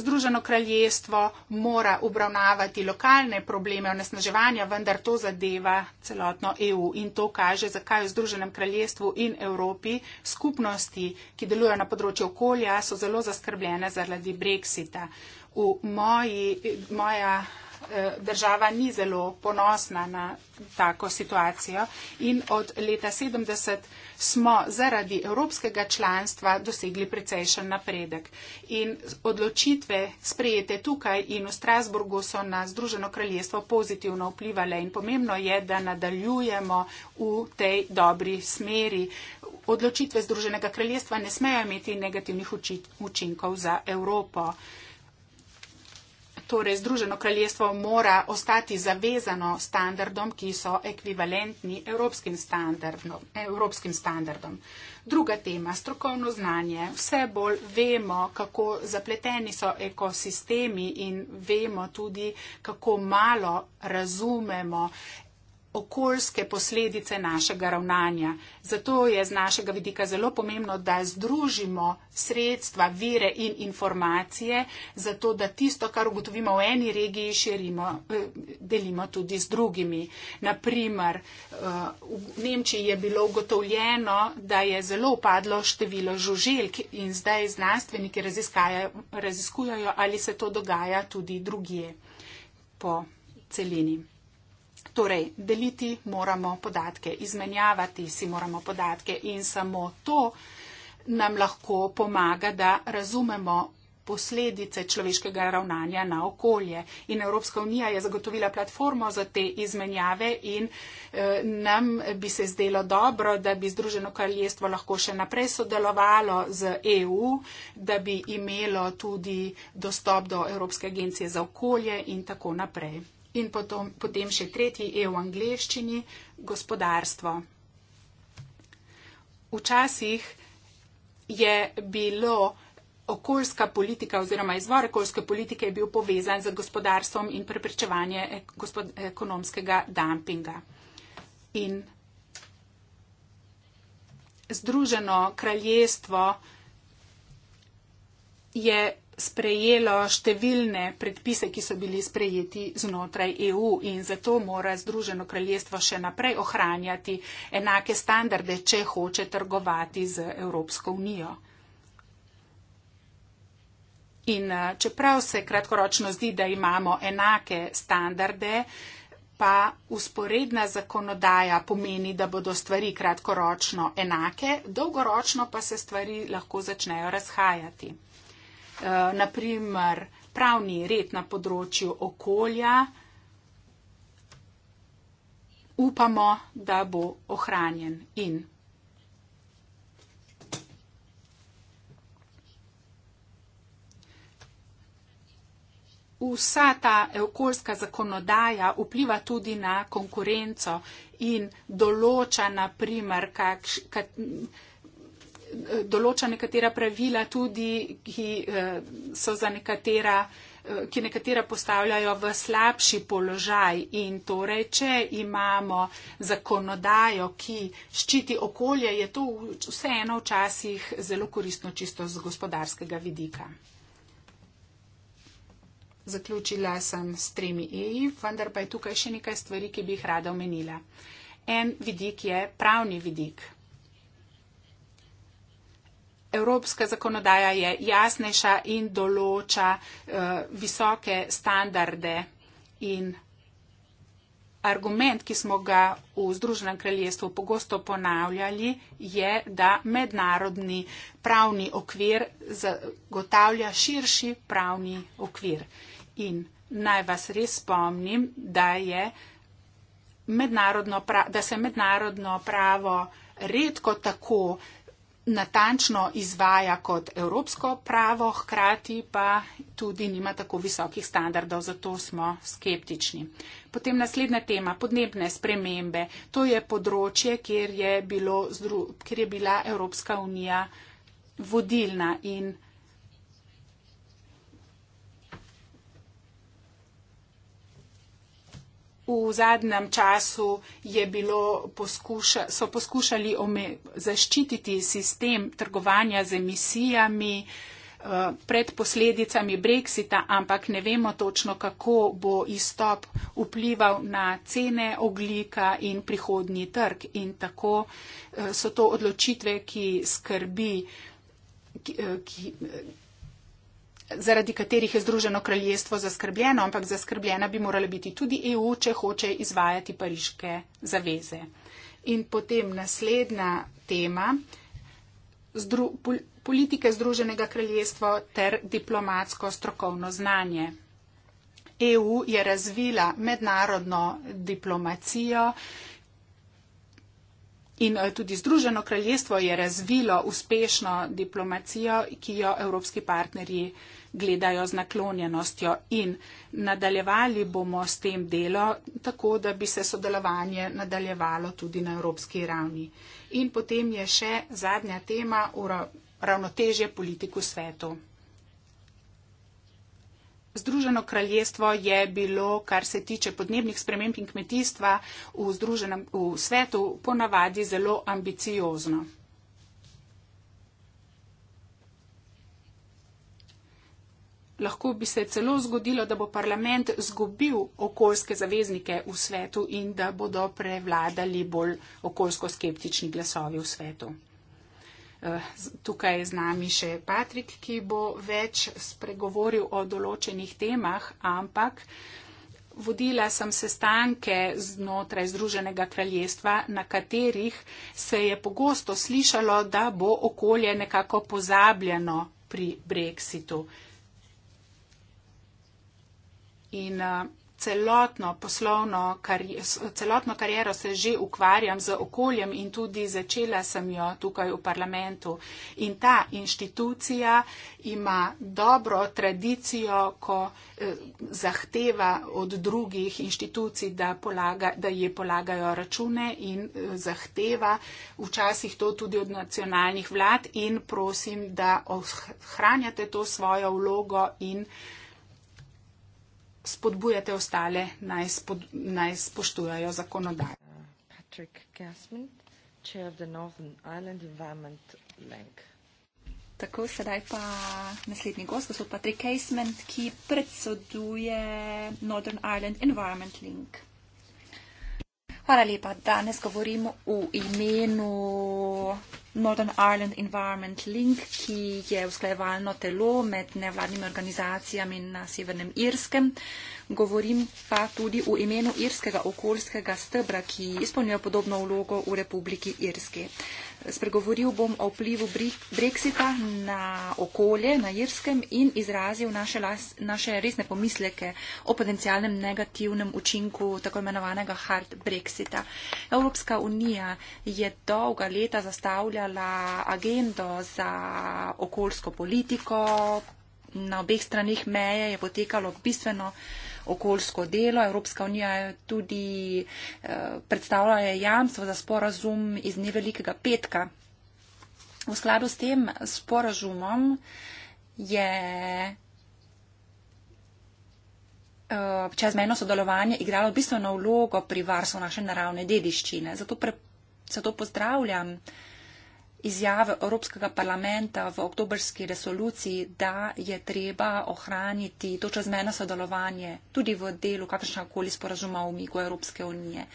Združeno kraljestvo mora obravnavati lokalne probleme onesnaževanja, vendar to zadeva celotno EU in to kaže, zakaj v Združenem kraljestvu in Evropi skupnosti, ki delujejo na področju okolja, so zelo zaskrbljene zaradi Brexita. V moji, moja Eh, država ni zelo ponosna na tako situacijo in od leta 70 smo zaradi evropskega članstva dosegli precejšen napredek. In odločitve sprejete tukaj in v Strasburgu so na Združeno kraljestvo pozitivno vplivale in pomembno je, da nadaljujemo v tej dobri smeri. Odločitve Združenega kraljestva ne smejo imeti negativnih učinkov za Evropo torej Združeno kraljestvo mora ostati zavezano standardom, ki so ekvivalentni evropskim standardom. Evropskim standardom. Druga tema, strokovno znanje. Vse bolj vemo, kako zapleteni so ekosistemi in vemo tudi, kako malo razumemo okoljske posledice našega ravnanja. Zato je z našega vidika zelo pomembno, da združimo sredstva, vire in informacije, zato da tisto, kar ugotovimo v eni regiji, širimo, eh, delimo tudi z drugimi. Naprimer, eh, v Nemčiji je bilo ugotovljeno, da je zelo upadlo število žuželk in zdaj znanstveniki raziskujajo, ali se to dogaja tudi drugje po celini. Torej, deliti moramo podatke, izmenjavati si moramo podatke in samo to nam lahko pomaga, da razumemo posledice človeškega ravnanja na okolje. In Evropska unija je zagotovila platformo za te izmenjave in eh, nam bi se zdelo dobro, da bi Združeno kraljestvo lahko še naprej sodelovalo z EU, da bi imelo tudi dostop do Evropske agencije za okolje in tako naprej in potom, potem še tretji E v angleščini - gospodarstvo. Včasih je bilo okoljska politika oziroma izvor okoljske politike je bil povezan z gospodarstvom in preprečevanje ekonomskega dumpinga. In Združeno kraljestvo je sprejelo številne predpise, ki so bili sprejeti znotraj EU in zato mora Združeno kraljestvo še naprej ohranjati enake standarde, če hoče trgovati z Evropsko unijo. In eh, čeprav se kratkoročno zdi, da imamo enake standarde, pa usporedna zakonodaja pomeni, da bodo stvari kratkoročno enake, dolgoročno pa se stvari lahko začnejo razhajati. Eh, naprimer pravni red na področju okolja, upamo, da bo ohranjen in Vsa ta okoljska zakonodaja vpliva tudi na konkurenco in določa, naprimer, kakšne. Kak, določa nekatera pravila tudi, ki eh, so za nekatera eh, ki nekatera postavljajo v slabši položaj in torej, če imamo zakonodajo, ki ščiti okolje, je to vseeno včasih zelo koristno čisto z gospodarskega vidika. Zaključila sem s tremi EI, vendar pa je tukaj še nekaj stvari, ki bi jih rada omenila. En vidik je pravni vidik. Evropska zakonodaja je jasnejša in določa uh, visoke standarde in argument, ki smo ga v Združenem kraljestvu pogosto ponavljali, je, da mednarodni pravni okvir zagotavlja širši pravni okvir. In naj vas res spomnim, da, da se mednarodno pravo redko tako natančno izvaja kot evropsko pravo, hkrati pa tudi nima tako visokih standardov, zato smo skeptični. Potem naslednja tema, podnebne spremembe. To je področje, kjer je, bilo, kjer je bila Evropska unija vodilna in. V zadnjem času poskuša, so poskušali ome, zaščititi sistem trgovanja z emisijami eh, pred posledicami Brexita, ampak ne vemo točno, kako bo izstop vplival na cene oglika in prihodnji trg. In tako eh, so to odločitve, ki skrbi. Ki, eh, ki, zaradi katerih je Združeno kraljestvo zaskrbljeno, ampak zaskrbljena bi morala biti tudi EU, če hoče izvajati pariške zaveze. In potem naslednja tema. Zdru, pol, politike Združenega kraljestva ter diplomatsko strokovno znanje. EU je razvila mednarodno diplomacijo in eh, tudi Združeno kraljestvo je razvilo uspešno diplomacijo, ki jo evropski partnerji gledajo z naklonjenostjo in nadaljevali bomo s tem delo tako, da bi se sodelovanje nadaljevalo tudi na evropski ravni. In potem je še zadnja tema ravnotežje politiku svetu. Združeno kraljestvo je bilo, kar se tiče podnebnih sprememb in kmetijstva v, v svetu, ponavadi zelo ambiciozno. lahko bi se celo zgodilo, da bo parlament zgobil okoljske zaveznike v svetu in da bodo prevladali bolj okoljsko skeptični glasovi v svetu. Eh, tukaj je z nami še Patrik, ki bo več spregovoril o določenih temah, ampak vodila sem sestanke znotraj Združenega kraljestva, na katerih se je pogosto slišalo, da bo okolje nekako pozabljeno pri brexitu in eh, celotno poslovno karijero, celotno karijero se že ukvarjam z okoljem in tudi začela sem jo tukaj v parlamentu. In ta inštitucija ima dobro tradicijo, ko eh, zahteva od drugih inštitucij, da, polaga, da ji polagajo račune in eh, zahteva včasih to tudi od nacionalnih vlad in prosim, da ohranjate to svojo vlogo in spodbujate ostale naj, spod, naj spoštujajo zakonodajo. Patrick Gassman, chair of the Northern Ireland Environment Link. Tako, sedaj pa naslednji gost, gospod Patrick Casement, ki predseduje Northern Ireland Environment Link. Hvala lepa. Danes govorim v imenu Northern Ireland Environment Link, ki je usklajevalno telo med nevladnimi organizacijami na Severnem Irskem. Govorim pa tudi v imenu irskega okoljskega stebra, ki izpolnjuje podobno vlogo v Republiki Irski. Spregovoril bom o vplivu Brexita na okolje na Irskem in izrazil naše, las, naše resne pomisleke o potencijalnem negativnem učinku tako imenovanega hard Brexita. Evropska unija je dolga leta zastavljala agendo za okoljsko politiko. Na obeh stranih meje je potekalo bistveno okoljsko delo. Evropska unija je tudi eh, predstavljala jamstvo za sporazum iz nevelikega petka. V skladu s tem sporazumom je eh, čezmejno sodelovanje igralo bistveno vlogo pri varstvu naše naravne dediščine. Zato, pre, zato pozdravljam uh, izjave Evropskega parlamenta v oktobrski resoluciji, da je treba ohraniti to čezmeno sodelovanje tudi v delu kakršnakoli sporazuma o umiku Evropske unije.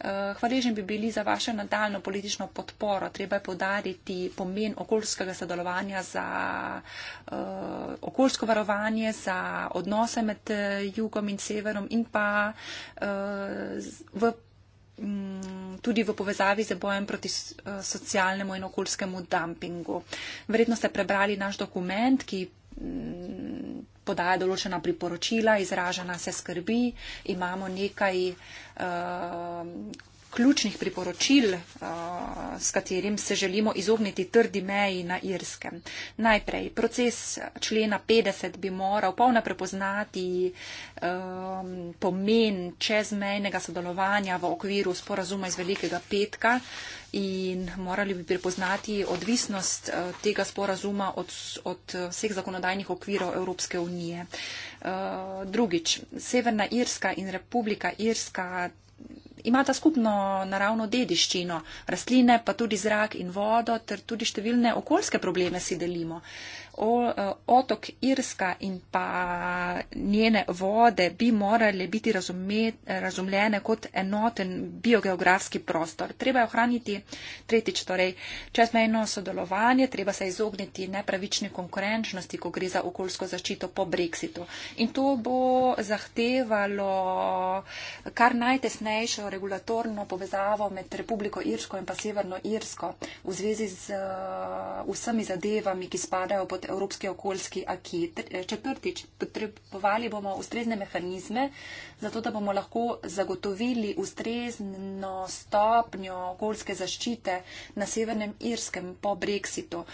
Eh, Hvaležen bi bili za vašo nadaljno politično podporo. Treba je podariti pomen okoljskega sodelovanja za uh, okoljsko varovanje, za odnose med eh, jugom in severom in pa uh, v Mm, tudi v povezavi z bojem proti eh, socialnemu in okoljskemu dumpingu. Verjetno ste prebrali naš dokument, ki mm, podaja določena priporočila, izražena se skrbi, imamo nekaj uh, ključnih priporočil, eh, s katerim se želimo izogniti trdi meji na Irskem. Najprej, proces člena 50 bi moral polno prepoznati um, pomen čezmejnega sodelovanja v okviru sporazuma iz Velikega petka in morali bi prepoznati odvisnost eh, tega sporazuma od, od vseh zakonodajnih okvirov Evropske unije. Uh, drugič, Severna Irska in Republika Irska imata skupno naravno dediščino, rastline, pa tudi zrak in vodo, ter tudi številne okoljske probleme si delimo. O, e, otok Irska in pa njene vode bi morali biti razumet, razumljene kot enoten biogeografski prostor. Treba je ohraniti tretjič, torej čezmejno sodelovanje, treba se izogniti nepravični konkurenčnosti, ko gre za okoljsko zaščito po Brexitu. In to bo zahtevalo kar najtesnejšo regulatorno povezavo med Republiko Irsko in pa Severno Irsko v zvezi z eh, vsemi zadevami, ki spadajo pod Evropski okoljski akit. Eh, četrtič, potrebovali bomo ustrezne mehanizme, zato da bomo lahko zagotovili ustrezno stopnjo okoljske zaščite na Severnem Irskem po Brexitu.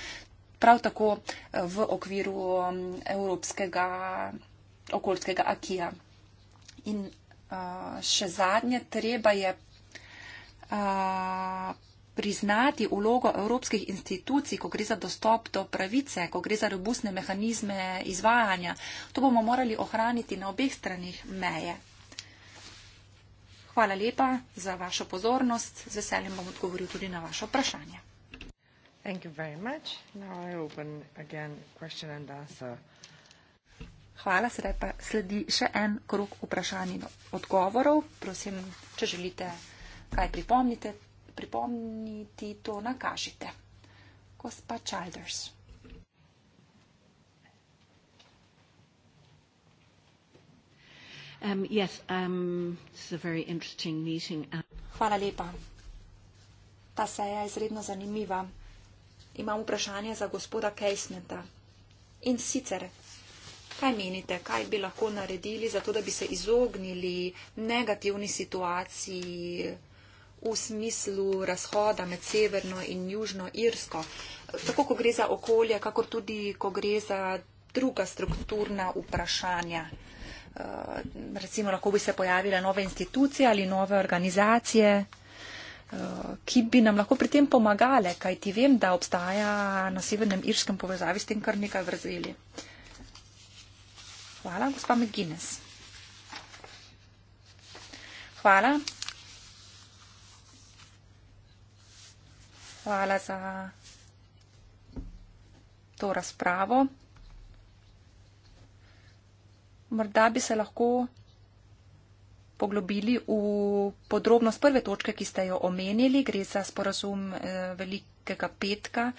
Prav tako eh, v okviru mm, Evropskega okoljskega akija. In še zadnje, treba je priznati vlogo evropskih institucij, ko gre za dostop do pravice, ko gre za robustne mehanizme izvajanja. To bomo morali ohraniti na obeh stranih meje. Hvala lepa za vašo pozornost. Z veseljem bom odgovoril tudi na vaše vprašanje. Thank you very much. Now I open again question and answer. Hvala, sedaj pa sledi še en krok vprašanj in odgovorov. Prosim, če želite kaj pripomnite, pripomniti, to nakažite. Gospa Childers. Um, yes, um, this is a very interesting meeting. Hvala lepa. Ta seja je izredno zanimiva. Imam vprašanje za gospoda Casementa. In sicer, Kaj menite, kaj bi lahko naredili, zato da bi se izognili negativni situaciji v smislu razhoda med Severno in Južno Irsko? Tako, ko gre za okolje, kakor tudi, ko gre za druga strukturna vprašanja. Eh, recimo, lahko bi se pojavile nove institucije ali nove organizacije, eh, ki bi nam lahko pri tem pomagale, kaj ti vem, da obstaja na Severnem Irskem povezavi s tem kar nekaj vrzeli. Hvala, gospa McGuinness. Hvala. Hvala za to razpravo. Morda bi se lahko poglobili v podrobnost prve točke, ki ste jo omenili. Gre za sporazum eh, velikega petka.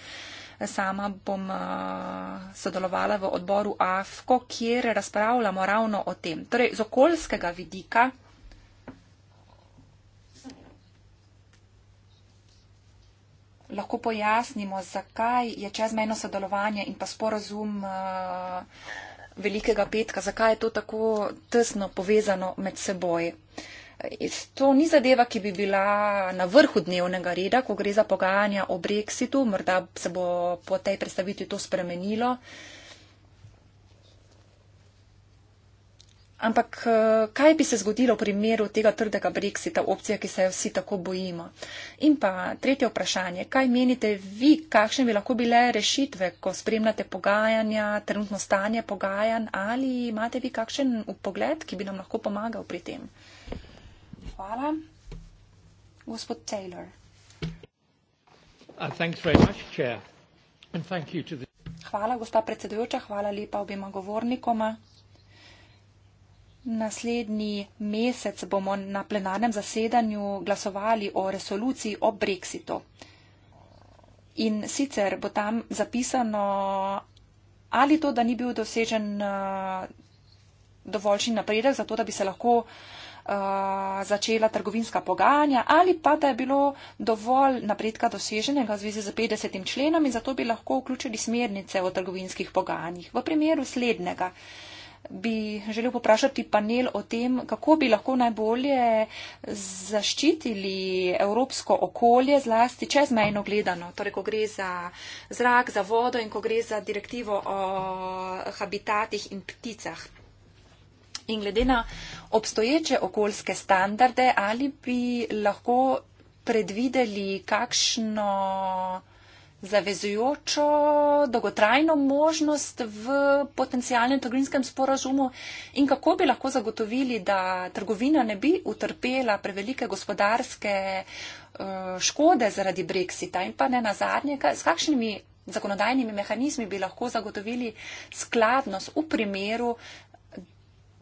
Sama bom eh, sodelovala v odboru AFKO, kjer razpravljamo ravno o tem. Torej, z okoljskega vidika. Lahko pojasnimo, zakaj je čezmejno sodelovanje in pa sporazum uh, Velikega petka, zakaj je to tako tesno povezano med seboj. Uh, Eh, to ni zadeva, ki bi bila na vrhu dnevnega reda, ko gre za pogajanja o Brexitu. Morda se bo po tej predstavitvi to spremenilo. Ampak eh, kaj bi se zgodilo v primeru tega trdega Brexita, opcija, ki se jo vsi tako bojimo? In pa tretje vprašanje, kaj menite vi, kakšne bi lahko bile rešitve, ko spremljate pogajanja, trenutno stanje pogajanj ali imate vi kakšen pogled, ki bi nam lahko pomagal pri tem? hvala. Gospod Taylor. Uh, hvala, gospa predsedujoča, hvala lepa obima govornikoma. Naslednji mesec bomo na plenarnem zasedanju glasovali o resoluciji o Brexitu. In sicer bo tam zapisano ali to, da ni bil dosežen uh, dovoljšen napredek, zato da bi se lahko uh, Eh, začela trgovinska pogajanja ali pa da je bilo dovolj napredka doseženega v zvezi z 50 členom in zato bi lahko vključili smernice o trgovinskih pogajanjih. V primeru slednega bi želel poprašati panel o tem, kako bi lahko najbolje zaščitili evropsko okolje, zlasti čezmejno gledano, torej ko gre za zrak, za vodo in ko gre za direktivo o habitatih in pticah in glede na obstoječe okoljske standarde, ali bi lahko predvideli kakšno zavezujočo, dolgotrajno možnost v potencijalnem trgovinskem sporazumu in kako bi lahko zagotovili, da trgovina ne bi utrpela prevelike gospodarske eh, škode zaradi brexita in pa ne nazadnje, s kakšnimi zakonodajnimi mehanizmi bi lahko zagotovili skladnost v primeru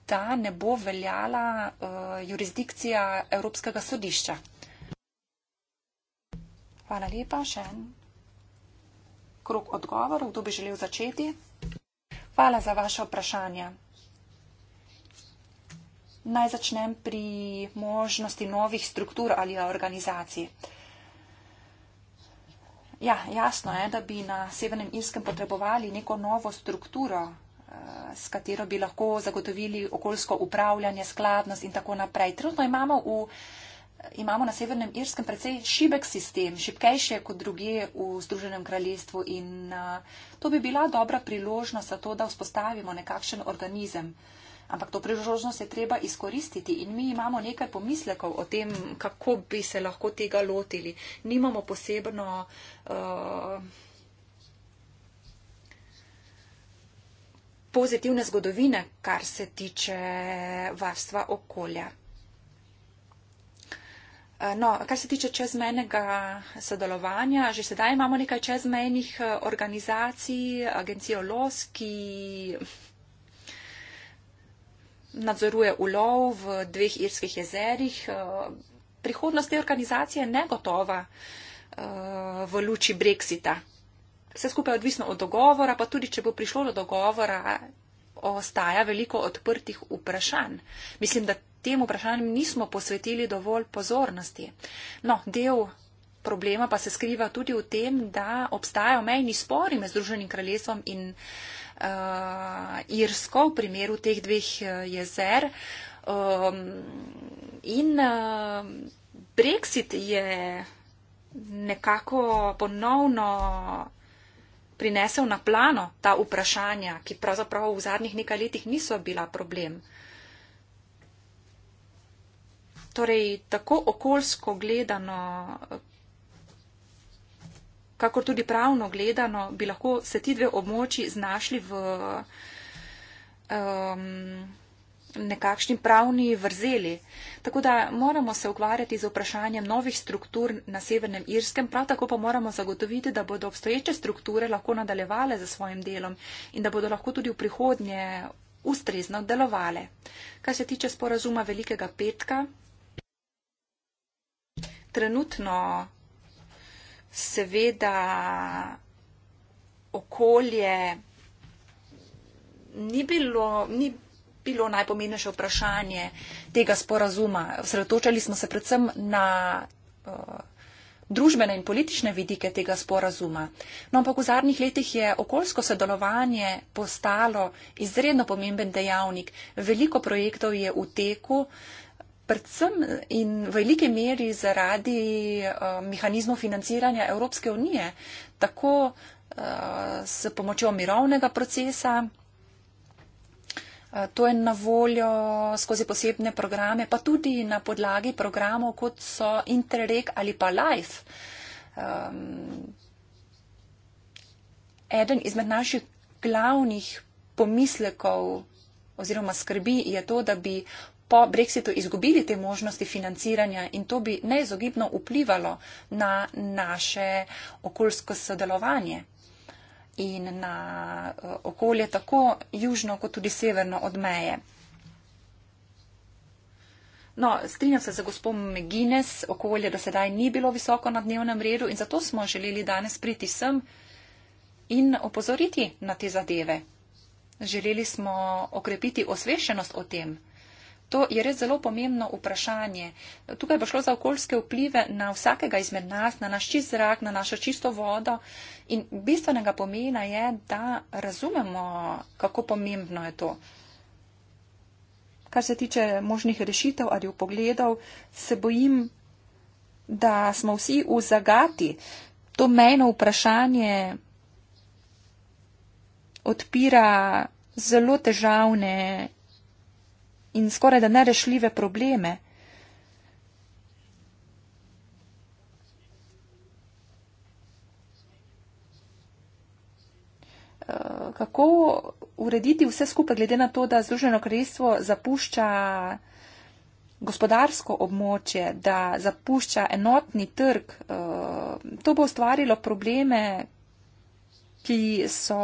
ta ne bo veljala uh, jurisdikcija Evropskega sodišča. Hvala lepa. Še en krok odgovorov. Kdo bi želel začeti? Hvala za vaše vprašanje. Naj začnem pri možnosti novih struktur ali organizacij. Ja, jasno je, da bi na Severnem Irskem potrebovali neko novo strukturo s katero bi lahko zagotovili okoljsko upravljanje, skladnost in tako naprej. Trenutno imamo, v, imamo na Severnem Irskem precej šibek sistem, šibkejše kot druge v Združenem kraljestvu in uh, to bi bila dobra priložnost za to, da vzpostavimo nekakšen organizem. Ampak to priložnost je treba izkoristiti in mi imamo nekaj pomislekov o tem, kako bi se lahko tega lotili. Nimamo posebno. Uh, pozitivna zgodovina, kar se tiče varstva okolja. Eh, no, kar se tiče čezmejnega sodelovanja, že sedaj imamo nekaj čezmejnih eh, organizacij, agencijo LOS, ki nadzoruje ulov v dveh irskih jezerih. Eh, prihodnost te organizacije je negotova v luči Brexita vse skupaj je odvisno od dogovora, pa tudi, če bo prišlo do dogovora, ostaja veliko odprtih vprašanj. Mislim, da tem vprašanjem nismo posvetili dovolj pozornosti. No, del problema pa se skriva tudi v tem, da obstajajo mejni spori med Združenim kraljestvom in uh, Irsko v primeru teh dveh uh, jezer. Um, in uh, Brexit je nekako ponovno prinesel na plano ta vprašanja, ki pravzaprav v zadnjih nekaj letih niso bila problem. Torej, tako okoljsko gledano, kakor tudi pravno gledano, bi lahko se ti dve območji znašli v. Um, nekakšni pravni vrzeli. Tako da moramo se ukvarjati z vprašanjem novih struktur na Severnem Irskem, prav tako pa moramo zagotoviti, da bodo obstoječe strukture lahko nadaljevale za svojim delom in da bodo lahko tudi v prihodnje ustrezno delovale. Kar se tiče sporazuma Velikega petka, trenutno seveda okolje ni bilo. Ni bilo najpomembnejše vprašanje tega sporazuma. Sredotočali smo se predvsem na eh, družbene in politične vidike tega sporazuma. No, ampak v zadnjih letih je okoljsko sodelovanje postalo izredno pomemben dejavnik. Veliko projektov je v teku, predvsem in v velike meri zaradi uh, mehanizmov financiranja Evropske unije, tako uh, s pomočjo mirovnega procesa, Eh, to je na voljo skozi posebne programe, pa tudi na podlagi programov, kot so Interreg ali pa Life. Um, eden izmed naših glavnih pomislekov oziroma skrbi je to, da bi po Brexitu izgubili te možnosti financiranja in to bi neizogibno vplivalo na naše okoljsko sodelovanje in na eh, okolje tako južno kot tudi severno od meje. No, strinjam se za gospod Megines, okolje do sedaj ni bilo visoko na dnevnem redu in zato smo želeli danes priti sem in opozoriti na te zadeve. Želeli smo okrepiti osveščenost o tem to je res zelo pomembno vprašanje. Tukaj bo šlo za okoljske vplive na vsakega izmed nas, na naš čist zrak, na našo čisto vodo. In bistvenega pomena je, da razumemo, kako pomembno je to. Kar se tiče možnih rešitev ali upogledov, se bojim, da smo vsi v zagati. To mejno vprašanje odpira zelo težavne in skoraj da nerešljive probleme. Eh, kako urediti vse skupaj, glede na to, da Združeno kraljestvo zapušča gospodarsko območje, da zapušča enotni trg, eh, to bo ustvarilo probleme, ki so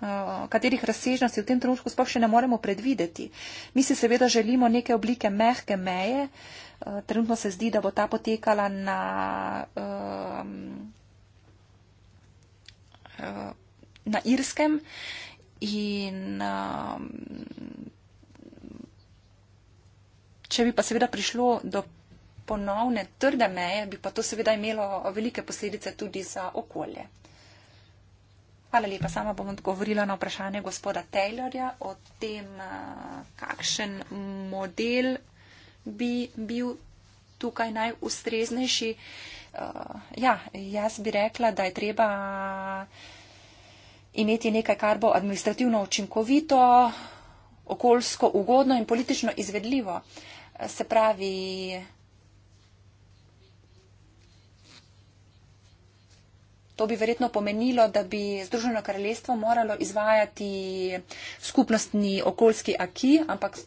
Eh, katerih razsežnosti v tem trenutku sploh še ne moremo predvideti. Mi si seveda želimo neke oblike mehke meje. Eh, trenutno se zdi, da bo ta potekala na. Eh, na Irskem in če bi pa seveda prišlo do ponovne trde meje, bi pa to seveda imelo velike posledice tudi za okolje. Hvala lepa. Sama bom odgovorila na vprašanje gospoda Taylorja o tem, eh, kakšen model bi bil tukaj najustreznejši. Eh, ja, jaz bi rekla, da je treba imeti nekaj, kar bo administrativno učinkovito, okoljsko ugodno in politično izvedljivo. Eh, se pravi, To bi verjetno pomenilo, da bi Združeno kraljestvo moralo izvajati skupnostni okoljski aki, ampak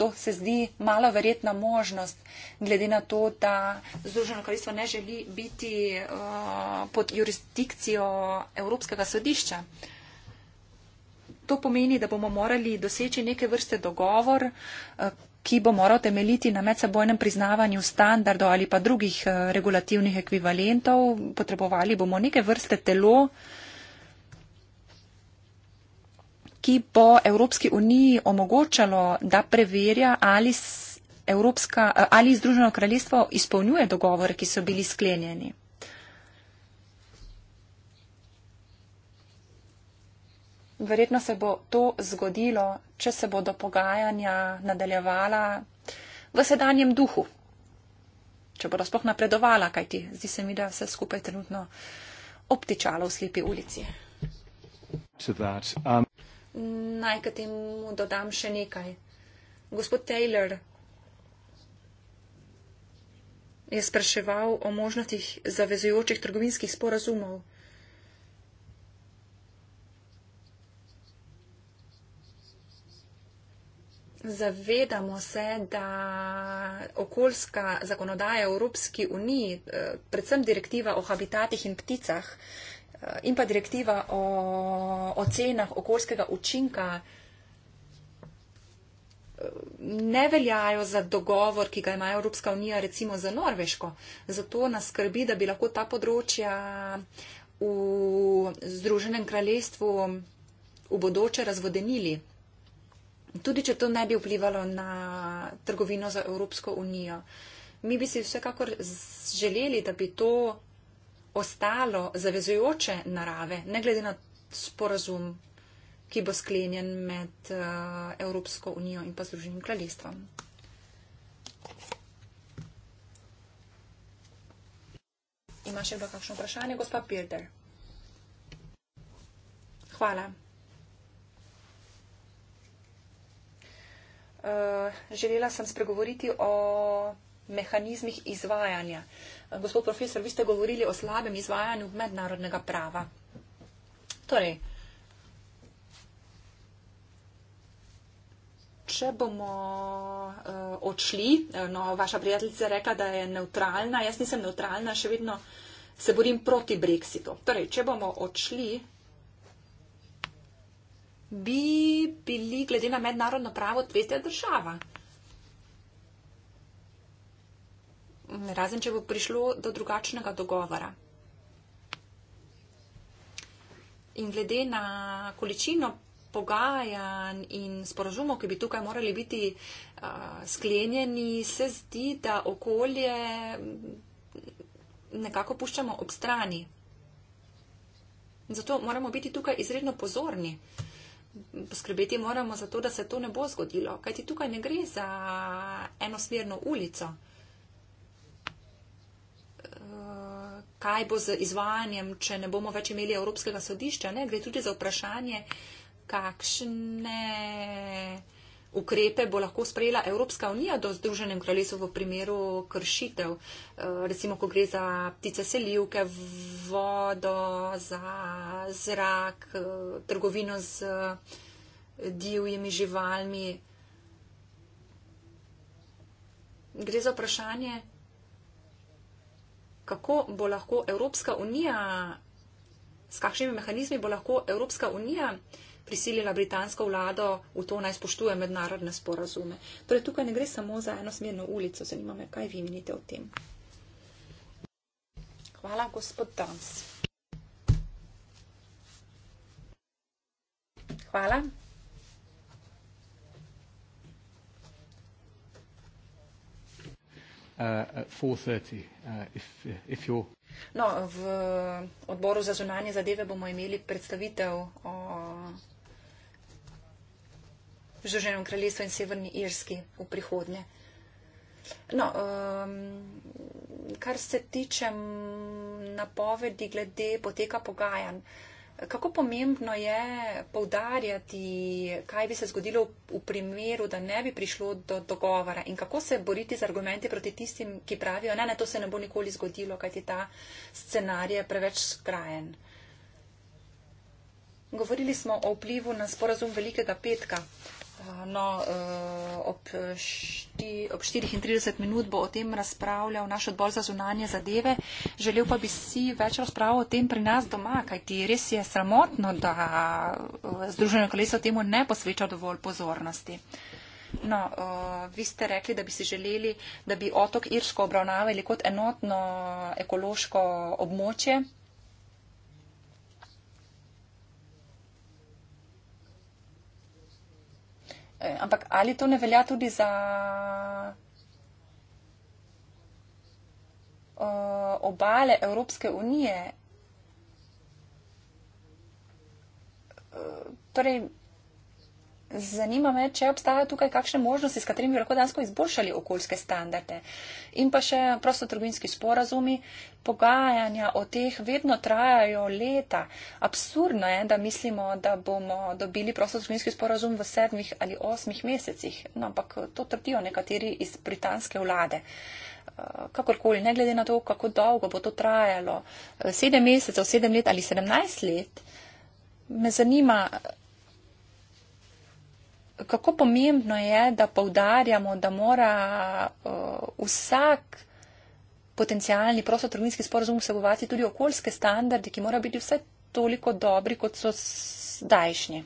to se zdi malo verjetna možnost, glede na to, da Združeno kraljestvo ne želi biti uh, pod jurisdikcijo Evropskega sodišča. To pomeni, da bomo morali doseči neke vrste dogovor, uh, ki bo moral temeljiti na medsebojnem priznavanju standardov ali pa drugih eh, regulativnih ekvivalentov. Potrebovali bomo neke vrste telo, ki bo Evropski uniji omogočalo, da preverja, ali, Evropska, eh, ali Združeno kraljestvo izpolnjuje dogovore, ki so bili sklenjeni. Verjetno se bo to zgodilo, če se bodo pogajanja nadaljevala v sedanjem duhu. Če bodo sploh napredovala, kajti zdi se mi, da se skupaj trenutno optičalo v slepi ulici. Um... Naj k temu dodam še nekaj. Gospod Taylor je spraševal o možnostih zavezujočih trgovinskih sporazumov. zavedamo se, da okoljska zakonodaja Evropski uniji, eh, predvsem direktiva o habitatih in pticah eh, in pa direktiva o ocenah okoljskega učinka, eh, ne veljajo za dogovor, ki ga ima Evropska unija recimo za Norveško. Zato nas skrbi, da bi lahko ta področja v Združenem kraljestvu v bodoče razvodenili tudi če to ne bi vplivalo na trgovino za Evropsko unijo. Mi bi si vsekakor želeli, da bi to ostalo zavezujoče narave, ne glede na sporazum, ki bo sklenjen med eh, Evropsko unijo in pa Združenim kraljestvom. Ima še kakšno vprašanje, gospod Pilter? Hvala. Eh, želela sem spregovoriti o mehanizmih izvajanja. Eh, gospod profesor, vi ste govorili o slabem izvajanju mednarodnega prava. Torej, če bomo uh, odšli, no, vaša prijateljica je rekla, da je neutralna, jaz nisem neutralna, še vedno se borim proti brexitu. Torej, če bomo odšli bi bili glede na mednarodno pravo tretja država. Razen, če bo prišlo do drugačnega dogovora. In glede na količino pogajanj in sporozumov, ki bi tukaj morali biti uh, sklenjeni, se zdi, da okolje nekako puščamo ob strani. Zato moramo biti tukaj izredno pozorni. Uh, poskrbeti moramo za to, da se to ne bo zgodilo, kajti tukaj ne gre za enosmerno ulico. Eh, kaj bo z izvajanjem, če ne bomo več imeli Evropskega sodišča? Ne? Gre tudi za vprašanje, kakšne ukrepe bo lahko sprejela Evropska unija do Združenem kraljestvu v primeru kršitev, eh, recimo, ko gre za ptice selivke, vodo, za zrak, eh, trgovino z eh, divjimi živalmi. Gre za vprašanje, kako bo lahko Evropska unija, s kakšnimi mehanizmi bo lahko Evropska unija prisilila britansko vlado v to naj spoštuje mednarodne sporazume. Torej, tukaj ne gre samo za enosmerno ulico. Zanima me, kaj vi menite o tem. Hvala, gospod Dans. Hvala. Uh, at 4.30, uh, if, uh, if you're... No, v odboru za zunanje zadeve bomo imeli predstavitev o v Združenem kraljestvu in Severni Irski v prihodnje. No, um, kar se tiče napovedi glede poteka pogajanj, kako pomembno je poudarjati, kaj bi se zgodilo v primeru, da ne bi prišlo do dogovora in kako se boriti z argumenti proti tistim, ki pravijo, ne, ne, to se ne bo nikoli zgodilo, kajti ta scenarij je preveč skrajen. Govorili smo o vplivu na sporazum Velikega petka. No, eh, ob, šti, ob 34 minut bo o tem razpravljal naš odbor za zunanje zadeve. Želel pa bi si več razprav o tem pri nas doma, kajti res je sramotno, da eh, Združeno kolesa temu ne posveča dovolj pozornosti. No, eh, vi ste rekli, da bi si želeli, da bi otok Irsko obravnavali kot enotno ekološko območje. Eh, ampak ali to ne velja tudi za eh, obale Evropske unije? Eh, torej, Zanima me, če obstajajo tukaj kakšne možnosti, s katerimi bi lahko dejansko izboljšali okoljske standarde. In pa še prostotrgovinski sporazumi. Pogajanja o teh vedno trajajo leta. Absurdno je, da mislimo, da bomo dobili prostotrgovinski sporazum v sedmih ali osmih mesecih. No, ampak to trdijo nekateri iz britanske vlade. Eh, kakorkoli, ne glede na to, kako dolgo bo to trajalo, eh, sedem mesecev, sedem let ali sedemnajst let, me zanima kako pomembno je, da povdarjamo, da mora uh, vsak potencijalni prostotrgovinski sporozum vsebovati tudi okoljske standarde, ki mora biti vse toliko dobri, kot so zdajšnji.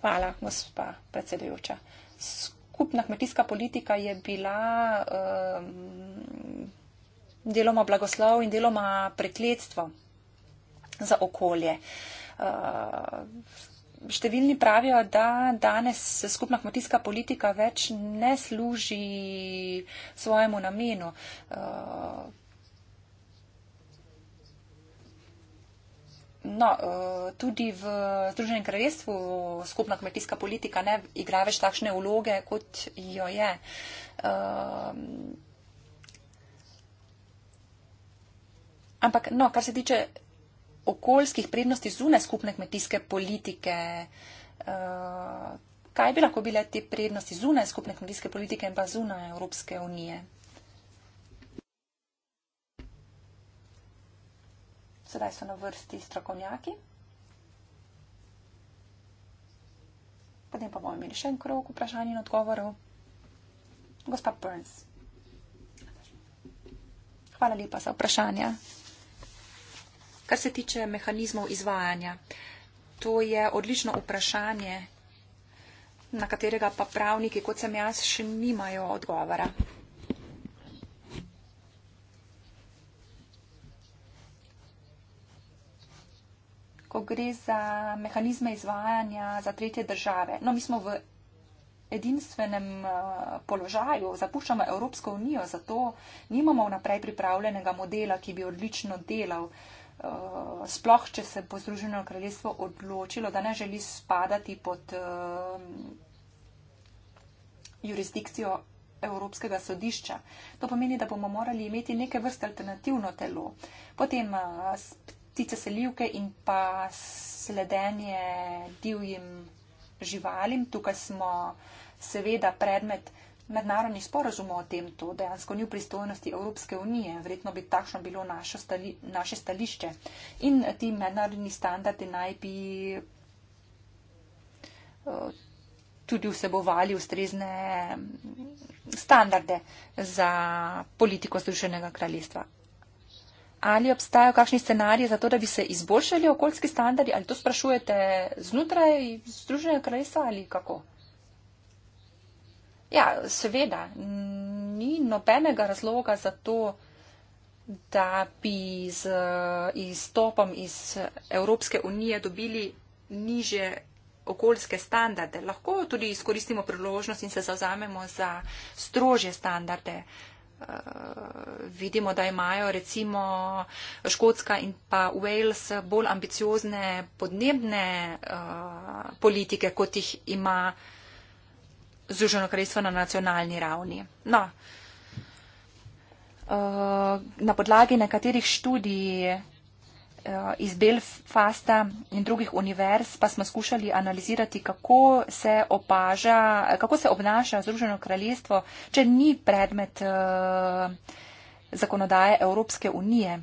Hvala, gospa predsedujoča. Skupna kmetijska politika je bila um, deloma blagoslov in deloma prekletstvo za okolje. Uh, številni pravijo, da danes skupna kmetijska politika več ne služi svojemu namenu. Eh, no, eh, tudi v Združenem kraljestvu skupna kmetijska politika ne igra več takšne vloge, kot jo je. Eh, ampak, no, kar se tiče okoljskih prednosti zune skupne kmetijske politike. Eh, kaj bi lahko bile te prednosti zune skupne kmetijske politike in pa zune Evropske unije? Sedaj so na vrsti strokovnjaki. Potem pa bomo imeli še en krok vprašanj in odgovorov. Gospa Burns. Hvala lepa za vprašanja. Kar se tiče mehanizmov izvajanja, to je odlično vprašanje, na katerega pa pravniki, kot sem jaz, še nimajo odgovora. Ko gre za mehanizme izvajanja za tretje države, no mi smo v edinstvenem eh, položaju, zapuščamo Evropsko unijo, zato nimamo vnaprej pripravljenega modela, ki bi odlično delal. Eh, sploh, če se bo Združeno kraljestvo odločilo, da ne želi spadati pod uh, jurisdikcijo Evropskega sodišča. To pomeni, da bomo morali imeti neke vrste alternativno telo. Potem uh, ptice selivke in pa sledenje divjim živalim. Tukaj smo seveda predmet mednarodni sporozum o tem, to dejansko ni v pristojnosti Evropske unije, vredno bi takšno bilo stali, naše stališče. In ti mednarodni standardi naj bi eh, tudi vsebovali ustrezne mm, standarde za politiko Združenega kraljestva. Ali obstajajo kakšni scenariji za to, da bi se izboljšali okoljski standardi? Ali to sprašujete znotraj Združenega kraljestva ali kako? Ja, seveda, ni nobenega razloga za to, da bi z izstopom iz Evropske unije dobili niže okoljske standarde. Lahko tudi izkoristimo priložnost in se zauzamemo za strožje standarde. E, vidimo, da imajo recimo Škotska in pa Wales bolj ambiciozne podnebne e, politike, kot jih ima. Združeno kraljestvo na nacionalni ravni. No. Eh, na podlagi nekaterih študij eh, iz Belfasta in drugih univerz pa smo skušali analizirati, kako se, opaža, kako se obnaša Združeno kraljestvo, če ni predmet eh, zakonodaje Evropske unije.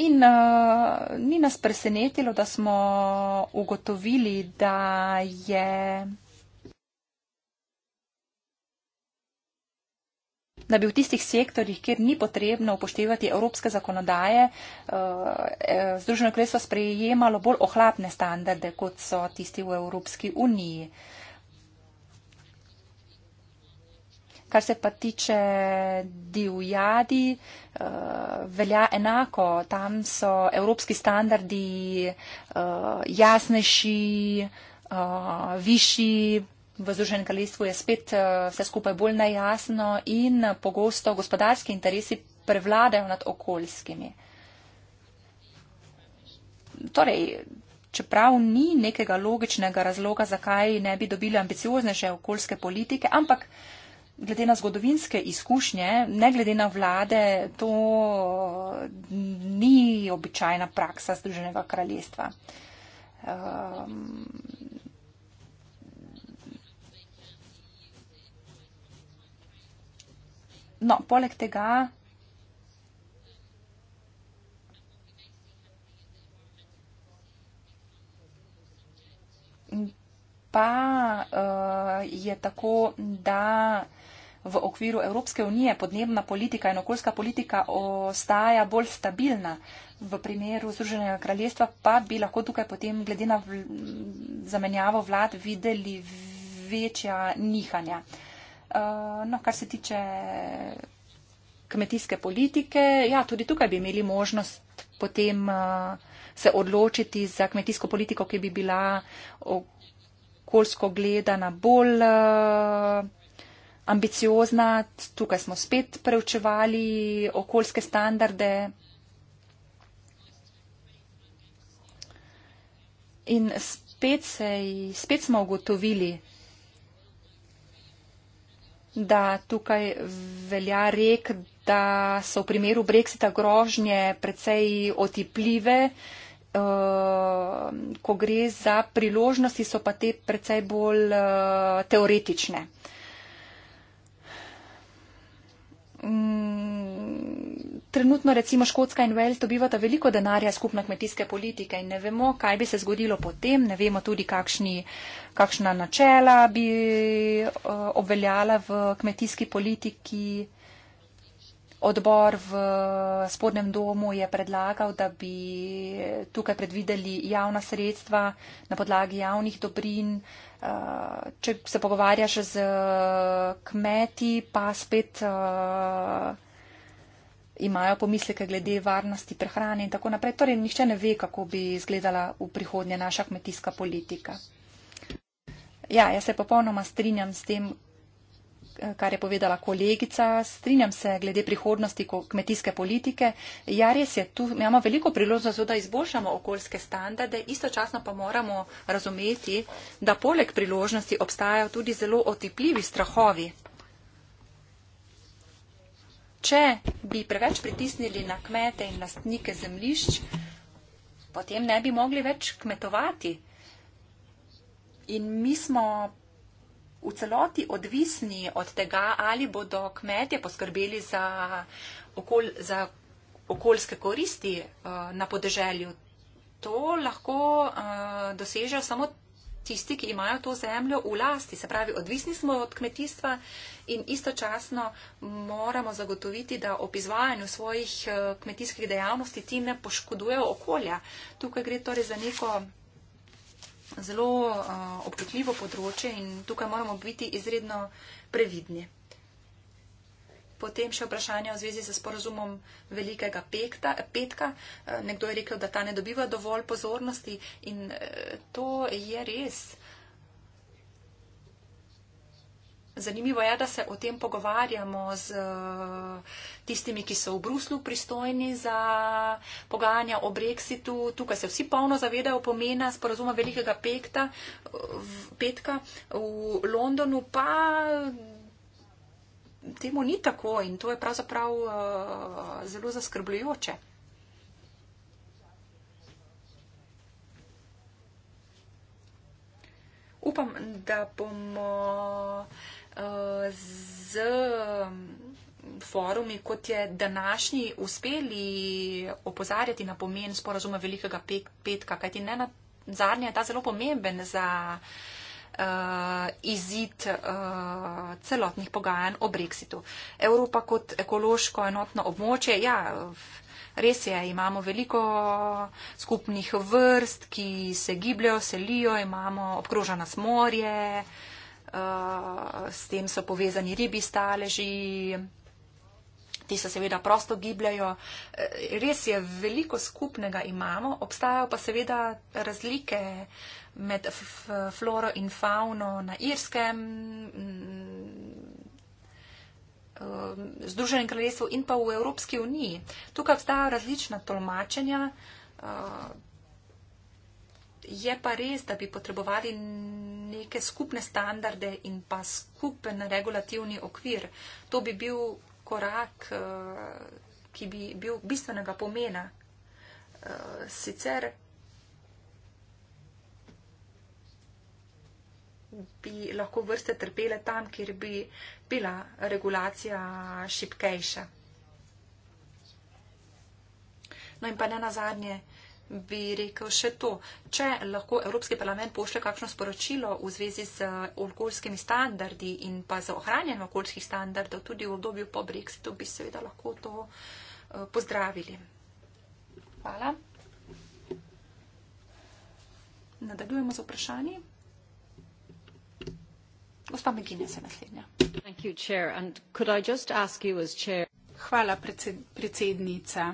In uh, ni nas presenetilo, da smo ugotovili, da je. da bi v tistih sektorjih, kjer ni potrebno upoštevati evropske zakonodaje, eh, eh, Združeno kraljestvo sprejemalo bolj ohlapne standarde, kot so tisti v Evropski uniji. Kar se pa tiče divjadi, eh, velja enako. Tam so evropski standardi eh, jasnejši, eh, višji. V Združenem kraljestvu je spet vse skupaj bolj nejasno in pogosto gospodarski interesi prevladajo nad okoljskimi. Torej, čeprav ni nekega logičnega razloga, zakaj ne bi dobili ambiciozneže okoljske politike, ampak uh, glede na zgodovinske izkušnje, ne glede na vlade, to ni običajna praksa Združenega kraljestva. Um, No, poleg tega pa uh, je tako, da v okviru Evropske unije podnebna politika in okoljska politika ostaja bolj stabilna. V primeru Združenega kraljestva pa bi lahko tukaj potem, glede na vl zamenjavo vlad, videli večja nihanja. Uh, no, kar se tiče kmetijske politike, ja, tudi tukaj bi imeli možnost potem uh, se odločiti za kmetijsko politiko, ki bi bila. Uh, okoljsko gledana bolj eh, ambiciozna. Tukaj smo spet preučevali okoljske standarde. In spet, se, spet smo ugotovili, da tukaj velja rek, da so v primeru Brexita grožnje precej otipljive, uh, uh, ko gre za priložnosti, so pa te precej bolj uh, teoretične. Mm, trenutno recimo Škotska in Wales dobivata veliko denarja skupna kmetijske politike in ne vemo, kaj bi se zgodilo potem, ne vemo tudi, kakšni, kakšna načela bi uh, obveljala v kmetijski politiki uh, Odbor v eh, spodnem domu je predlagal, da bi tukaj predvideli javna sredstva na podlagi javnih dobrin. Eh, če se pogovarjaš z eh, kmeti, pa spet imajo pomisleke glede varnosti prehrane in tako naprej. Torej, nihče ne ve, kako bi izgledala v prihodnje naša kmetijska politika. Ja, jaz se popolnoma strinjam s tem, kar je povedala kolegica. Strinjam se glede prihodnosti kmetijske politike. Ja, res je, tu imamo veliko priložnost, da izboljšamo okoljske standarde, istočasno pa moramo razumeti, da poleg priložnosti obstajajo tudi zelo otipljivi strahovi. Če bi preveč pritisnili na kmete in lastnike zemlišč, potem ne bi mogli več kmetovati. In mi smo v celoti odvisni od tega, ali bodo kmetje poskrbeli za, okol, za okoljske koristi eh, na podeželju. To lahko eh, dosežejo samo tisti, ki imajo to zemljo v lasti. Se pravi, odvisni smo od kmetijstva in istočasno moramo zagotoviti, da ob izvajanju svojih eh, kmetijskih dejavnosti ti ne poškodujejo okolja. Tukaj gre torej za neko zelo uh, občutljivo področje in tukaj moramo biti izredno previdni. Potem še vprašanje v zvezi z sporozumom velikega pekta, petka. Eh, nekdo je rekel, da ta ne dobiva dovolj pozornosti in eh, to je res. zanimivo je, da se o tem pogovarjamo z eh, tistimi, ki so v Bruslu pristojni za pogajanja o Brexitu. Tukaj se vsi polno zavedajo pomena sporazuma velikega pekta, petka v Londonu, pa temu ni tako in to je pravzaprav eh, zelo zaskrbljujoče. Upam, da bomo. Uh... Eh, z mm, forumi, kot je današnji, uspeli opozarjati na pomen sporazuma Velikega petka, kajti ne na zadnje je ta zelo pomemben za uh, izid uh, celotnih pogajanj o Brexitu. Evropa kot ekološko enotno območje, ja. Res je, imamo veliko skupnih vrst, ki se gibljajo, selijo, imamo obkrožena smorje, uh, Eh, s tem so povezani ribi staleži, ti se seveda prosto gibljajo. Eh, res je, veliko skupnega imamo, obstajajo pa seveda razlike med floro in fauno na Irskem, mm, eh, Združenem kraljestvu in pa v Evropski uniji. Tukaj obstajajo različna tolmačenja. Je pa res, da bi potrebovali neke skupne standarde in pa skupen regulativni okvir. To bi bil korak, eh, ki bi bil bistvenega pomena. Eh, sicer bi lahko vrste trpele tam, kjer bi bila regulacija šipkejša. No in pa ne na zadnje bi rekel še to. Če lahko Evropski parlament pošlje kakšno sporočilo v zvezi z okoljskimi standardi in pa z ohranjanjem okoljskih standardov tudi v obdobju po Brexitu, bi seveda lahko to eh, pozdravili. Hvala. Nadaljujemo z vprašanji. Gospa Megina se naslednja. Hvala, predsednica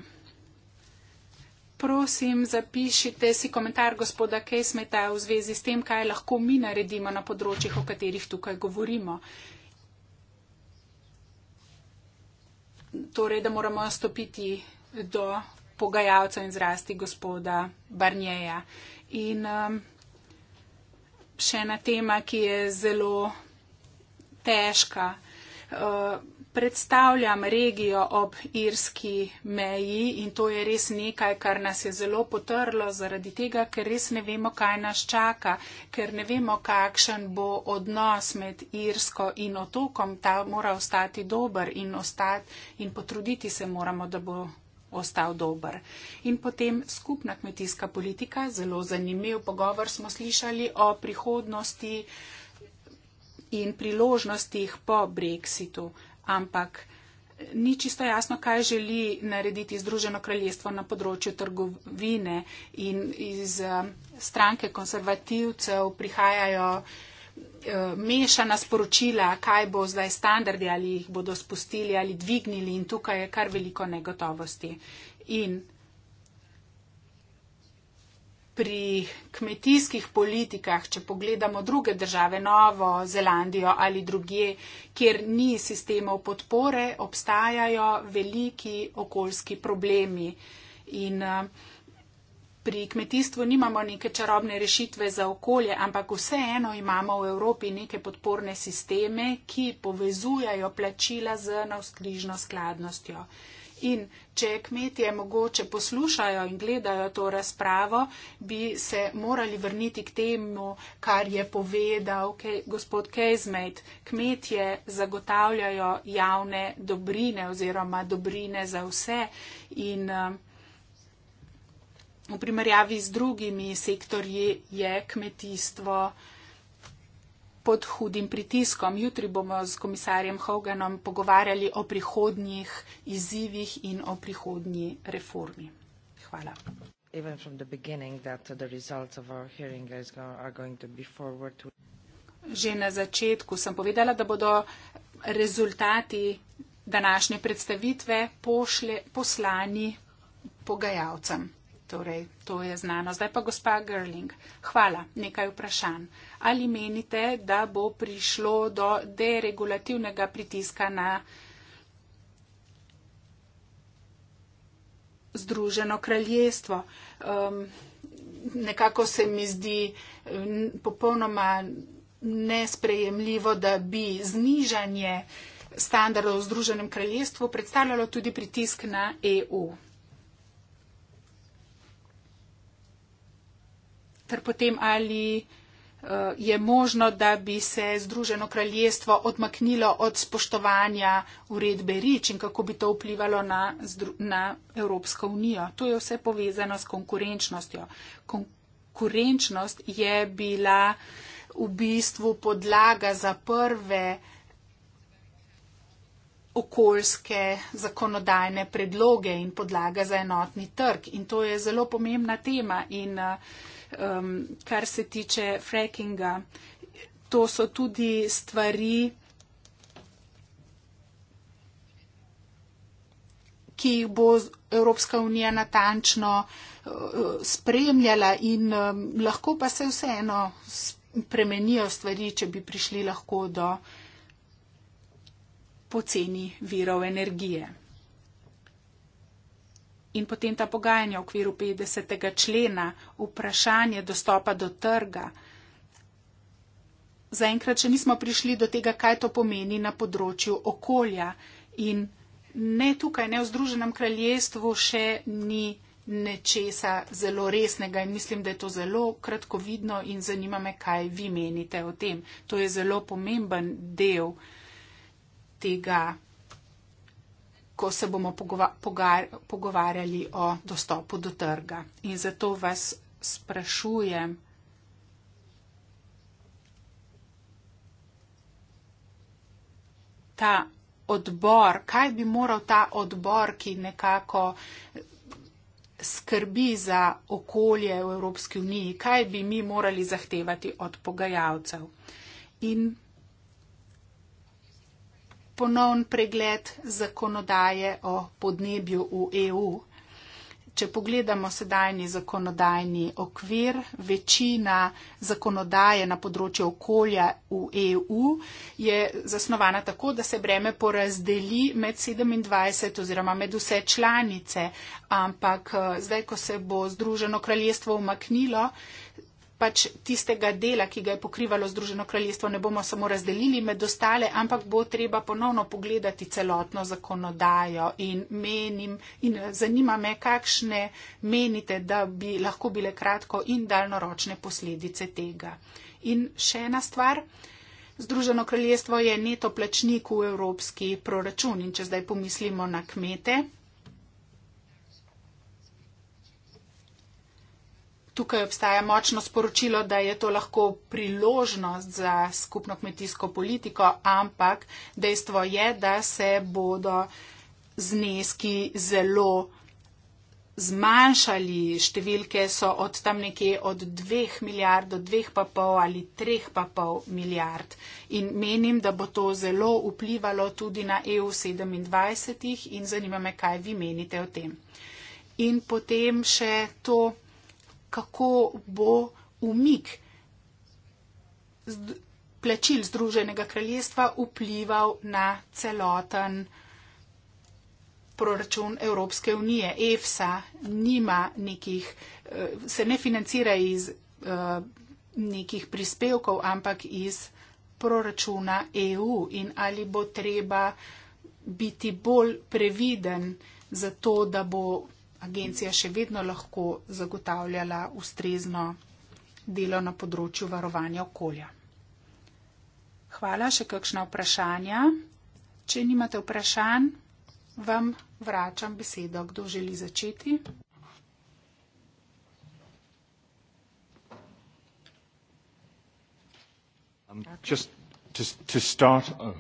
prosim, zapišite si komentar gospoda Kejsmeta v zvezi s tem, kaj lahko mi naredimo na področjih, o katerih tukaj govorimo. Torej, da moramo stopiti do pogajalcev in zrasti gospoda Barnjeja. In um, še ena tema, ki je zelo težka. Uh, predstavljam regijo ob irski meji in to je res nekaj, kar nas je zelo potrlo zaradi tega, ker res ne vemo, kaj nas čaka, ker ne vemo, kakšen bo odnos med Irsko in otokom. Ta mora ostati dober in, ostati, in potruditi se moramo, da bo ostal dober. In potem skupna kmetijska politika, zelo zanimiv pogovor smo slišali o prihodnosti in priložnostih po brexitu ampak ni čisto jasno, kaj želi narediti Združeno kraljestvo na področju trgovine in iz eh, stranke konservativcev prihajajo eh, mešana sporočila, kaj bo zdaj standardi, ali jih bodo spustili ali dvignili in tukaj je kar veliko negotovosti. In pri kmetijskih politikah, če pogledamo druge države, Novo Zelandijo ali druge, kjer ni sistemov podpore, obstajajo veliki okoljski problemi. In eh, pri kmetijstvu nimamo neke čarobne rešitve za okolje, ampak vseeno imamo v Evropi neke podporne sisteme, ki povezujajo plačila z navzkrižno skladnostjo. In Če kmetje mogoče poslušajo in gledajo to razpravo, bi se morali vrniti k temu, kar je povedal gospod Kejzmejt. Kmetje zagotavljajo javne dobrine oziroma dobrine za vse in eh, v primerjavi z drugimi sektorji je kmetijstvo pod hudim pritiskom. Jutri bomo z komisarjem Hoganom pogovarjali o prihodnjih izzivih in o prihodnji reformi. Hvala. Even from the beginning that the results of our hearing is go, are going to be forward to. Že na začetku sem povedala, da bodo rezultati današnje predstavitve pošle, poslani pogajalcem. Torej, to je znano. Zdaj pa gospa Gerling. Hvala. Nekaj vprašanj. Ali menite, da bo prišlo do deregulativnega pritiska na Združeno kraljestvo? Um, nekako se mi zdi um, popolnoma nesprejemljivo, da bi znižanje standardov v Združenem kraljestvu predstavljalo tudi pritisk na EU. ter potem ali eh, je možno, da bi se Združeno kraljestvo odmaknilo od spoštovanja uredbe Rič in kako bi to vplivalo na, na Evropsko unijo. To je vse povezano s konkurenčnostjo. Konkurenčnost je bila v bistvu podlaga za prve okoljske zakonodajne predloge in podlaga za enotni trg. In to je zelo pomembna tema. In, uh, um, kar se tiče frackinga. To so tudi stvari, ki jih bo Evropska unija natančno uh, spremljala in um, lahko pa se vseeno spremenijo stvari, če bi prišli lahko do poceni virov energije in potem ta pogajanja v okviru 50. člena, vprašanje dostopa do trga. Zaenkrat še nismo prišli do tega, kaj to pomeni na področju okolja in ne tukaj, ne v Združenem kraljestvu še ni nečesa zelo resnega in mislim, da je to zelo kratkovidno in zanima me, kaj vi menite o tem. To je zelo pomemben del tega ko se bomo pogovarjali o dostopu do trga. In zato vas sprašujem, ta odbor, kaj bi moral ta odbor, ki nekako skrbi za okolje v Evropski uniji, kaj bi mi morali zahtevati od pogajalcev. In ponovn pregled zakonodaje o podnebju v EU. Če pogledamo sedajni zakonodajni okvir, večina zakonodaje na področju okolja v EU je zasnovana tako, da se breme porazdeli med 27 oziroma med vse članice, ampak eh, zdaj, ko se bo Združeno kraljestvo umaknilo, pač tistega dela, ki ga je pokrivalo Združeno kraljestvo, ne bomo samo razdelili med ostale, ampak bo treba ponovno pogledati celotno zakonodajo in menim in zanima me, kakšne menite, da bi lahko bile kratko in daljnoročne posledice tega. In še ena stvar. Združeno kraljestvo je neto plačnik v evropski proračun in če zdaj pomislimo na kmete, tukaj obstaja močno sporočilo, da je to lahko priložnost za skupno kmetijsko politiko, ampak dejstvo je, da se bodo zneski zelo zmanjšali. Številke so od tam nekje od 2 milijard do 2,5 ali 3,5 milijard. In menim, da bo to zelo vplivalo tudi na EU27 in zanima me, kaj vi menite o tem. In potem še to kako bo umik plačil Združenega kraljestva vplival na celoten proračun Evropske unije. EFSA nima nekih, eh, se ne financira iz eh, nekih prispevkov, ampak iz proračuna EU in ali bo treba biti bolj previden za to, da bo agencija še vedno lahko zagotavljala ustrezno delo na področju varovanja okolja. Hvala, še kakšna vprašanja. Če nimate vprašanj, vam vračam besedo. Kdo želi začeti? Um, just to, to start, oh,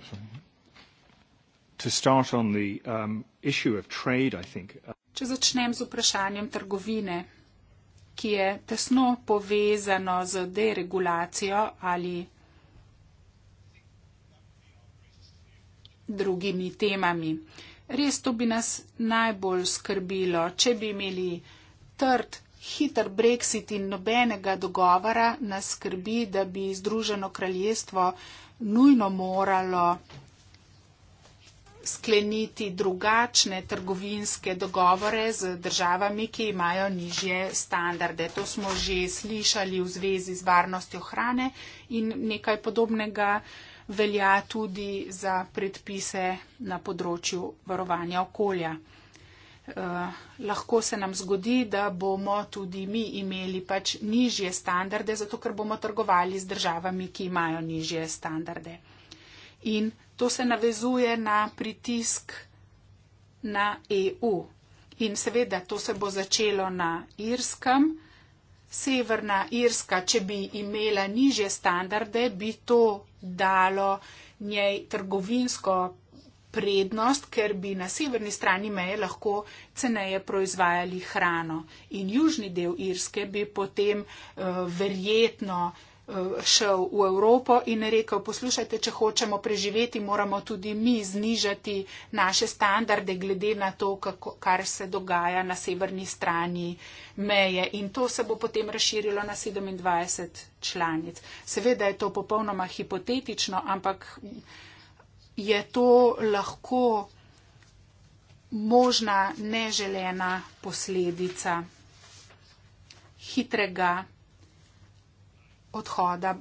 to start on the um, issue of trade, I think. Uh Če začnem z vprašanjem trgovine, ki je tesno povezano z deregulacijo ali drugimi temami. Res to bi nas najbolj skrbilo, če bi imeli trd, hiter brexit in nobenega dogovora, nas skrbi, da bi Združeno kraljestvo nujno moralo skleniti drugačne trgovinske dogovore z državami, ki imajo nižje standarde. To smo že slišali v zvezi z varnostjo hrane in nekaj podobnega velja tudi za predpise na področju varovanja okolja. Eh, lahko se nam zgodi, da bomo tudi mi imeli pač nižje standarde, zato ker bomo trgovali z državami, ki imajo nižje standarde. In To se navezuje na pritisk na EU. In seveda, to se bo začelo na Irskem. Severna Irska, če bi imela nižje standarde, bi to dalo njej trgovinsko prednost, ker bi na severni strani meje lahko ceneje proizvajali hrano. In južni del Irske bi potem uh, verjetno uh, Eh, šel v Evropo in rekel, poslušajte, če hočemo preživeti, moramo tudi mi znižati naše standarde glede na to, kako, kar se dogaja na severni strani meje. In to se bo potem razširilo na 27 članic. Seveda je to popolnoma hipotetično, ampak je to lahko možna neželena posledica hitrega odhoda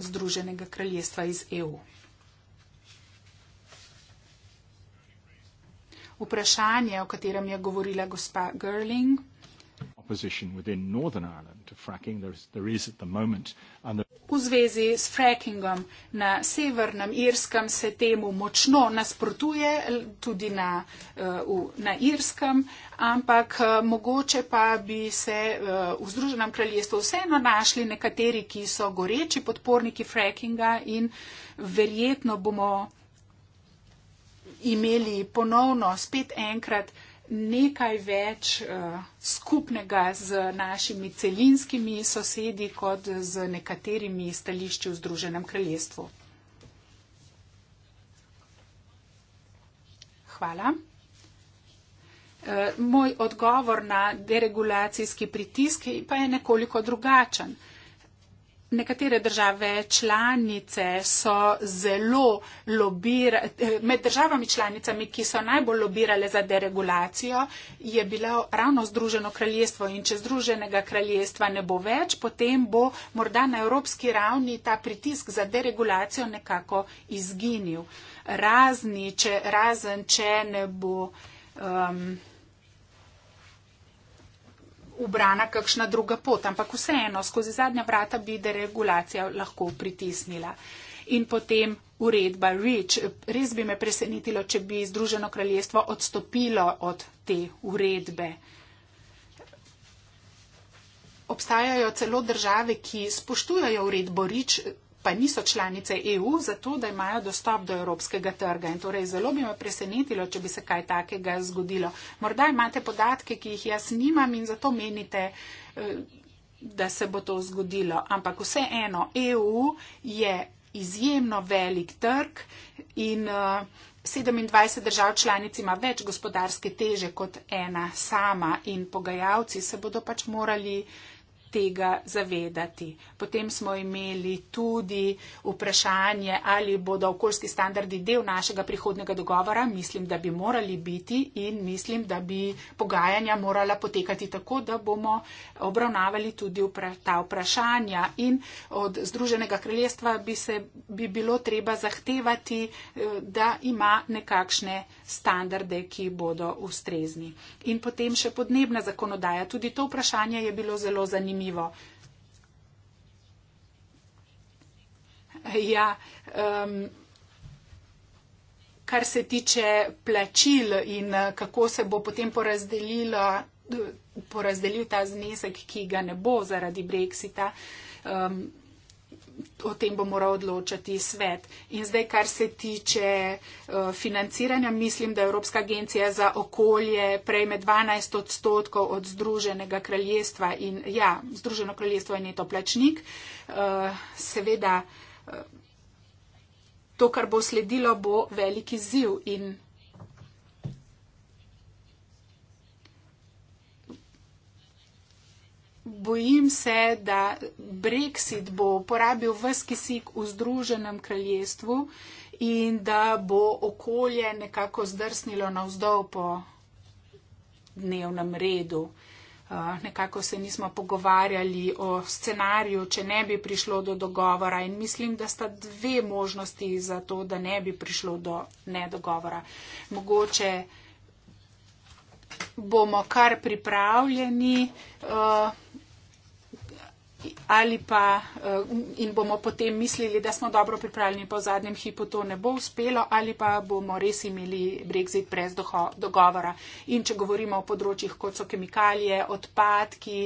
Združenega kraljestva iz EU. Vprašanje, o katerem je govorila gospa Gerling, opposition within Northern Ireland to fracking. There is, there is at the moment. And the v zvezi s frackingom na Severnem Irskem se temu močno nasprotuje, tudi na, uh, v, na Irskem, ampak uh, mogoče pa bi se uh, v Združenem kraljestvu vseeno našli nekateri, ki so goreči podporniki frackinga in verjetno bomo imeli ponovno spet enkrat. Uh, nekaj več uh, skupnega z našimi celinskimi sosedi kot z nekaterimi stališči v Združenem kraljestvu. Hvala. Uh, moj odgovor na deregulacijski pritisk pa je nekoliko drugačen. Uh, Nekatere države članice so zelo lobirale, med državami članicami, ki so najbolj lobirale za deregulacijo, je bilo ravno Združeno kraljestvo in če Združenega kraljestva ne bo več, potem bo morda na evropski ravni ta pritisk za deregulacijo nekako izginil. Razni, če, razen če ne bo. Um, ubrana kakšna druga pot, ampak vseeno skozi zadnja vrata bi deregulacija lahko pritisnila. In potem uredba REACH. Res bi me presenetilo, če bi Združeno kraljestvo odstopilo od te uredbe. Obstajajo celo države, ki spoštujajo uredbo REACH, pa niso članice EU, zato da imajo dostop do evropskega trga. In torej zelo bi me presenetilo, če bi se kaj takega zgodilo. Morda imate podatke, ki jih jaz nimam in zato menite, eh, da se bo to zgodilo. Ampak vseeno, EU je izjemno velik trg in. 27 eh, držav članic ima več gospodarske teže kot ena sama in pogajalci se bodo pač morali uh, tega zavedati. Potem smo imeli tudi vprašanje, ali bodo okoljski standardi del našega prihodnega dogovora. Mislim, da bi morali biti in mislim, da bi pogajanja morala potekati tako, da bomo obravnavali tudi ta vprašanja. In od Združenega kraljestva bi, se, bi bilo treba zahtevati, eh, da ima nekakšne standarde, ki bodo ustrezni. In potem še podnebna zakonodaja. Tudi to vprašanje je bilo zelo zanimivo zanimivo. Ja, um, kar se tiče plačil in eh, kako se bo potem porazdelilo, porazdelil ta znesek, ki ga ne bo zaradi brexita. Um, o tem bo moral odločati svet. In zdaj, kar se tiče eh, financiranja, mislim, da Evropska agencija za okolje prejme 12 odstotkov od Združenega kraljestva in ja, Združeno kraljestvo je neto plačnik. Eh, seveda, eh, to, kar bo sledilo, bo veliki ziv in bojim se, da Brexit bo porabil vse kisik v Združenem kraljestvu in da bo okolje nekako zdrsnilo navzdol po dnevnem redu. Eh, nekako se nismo pogovarjali o scenariju, če ne bi prišlo do dogovora in mislim, da sta dve možnosti za to, da ne bi prišlo do nedogovora. Mogoče bomo kar pripravljeni. Uh, ali pa eh, in bomo potem mislili, da smo dobro pripravljeni, pa v zadnjem hipu to ne bo uspelo, ali pa bomo res imeli brexit brez doho, dogovora. In če govorimo o področjih, kot so kemikalije, odpadki,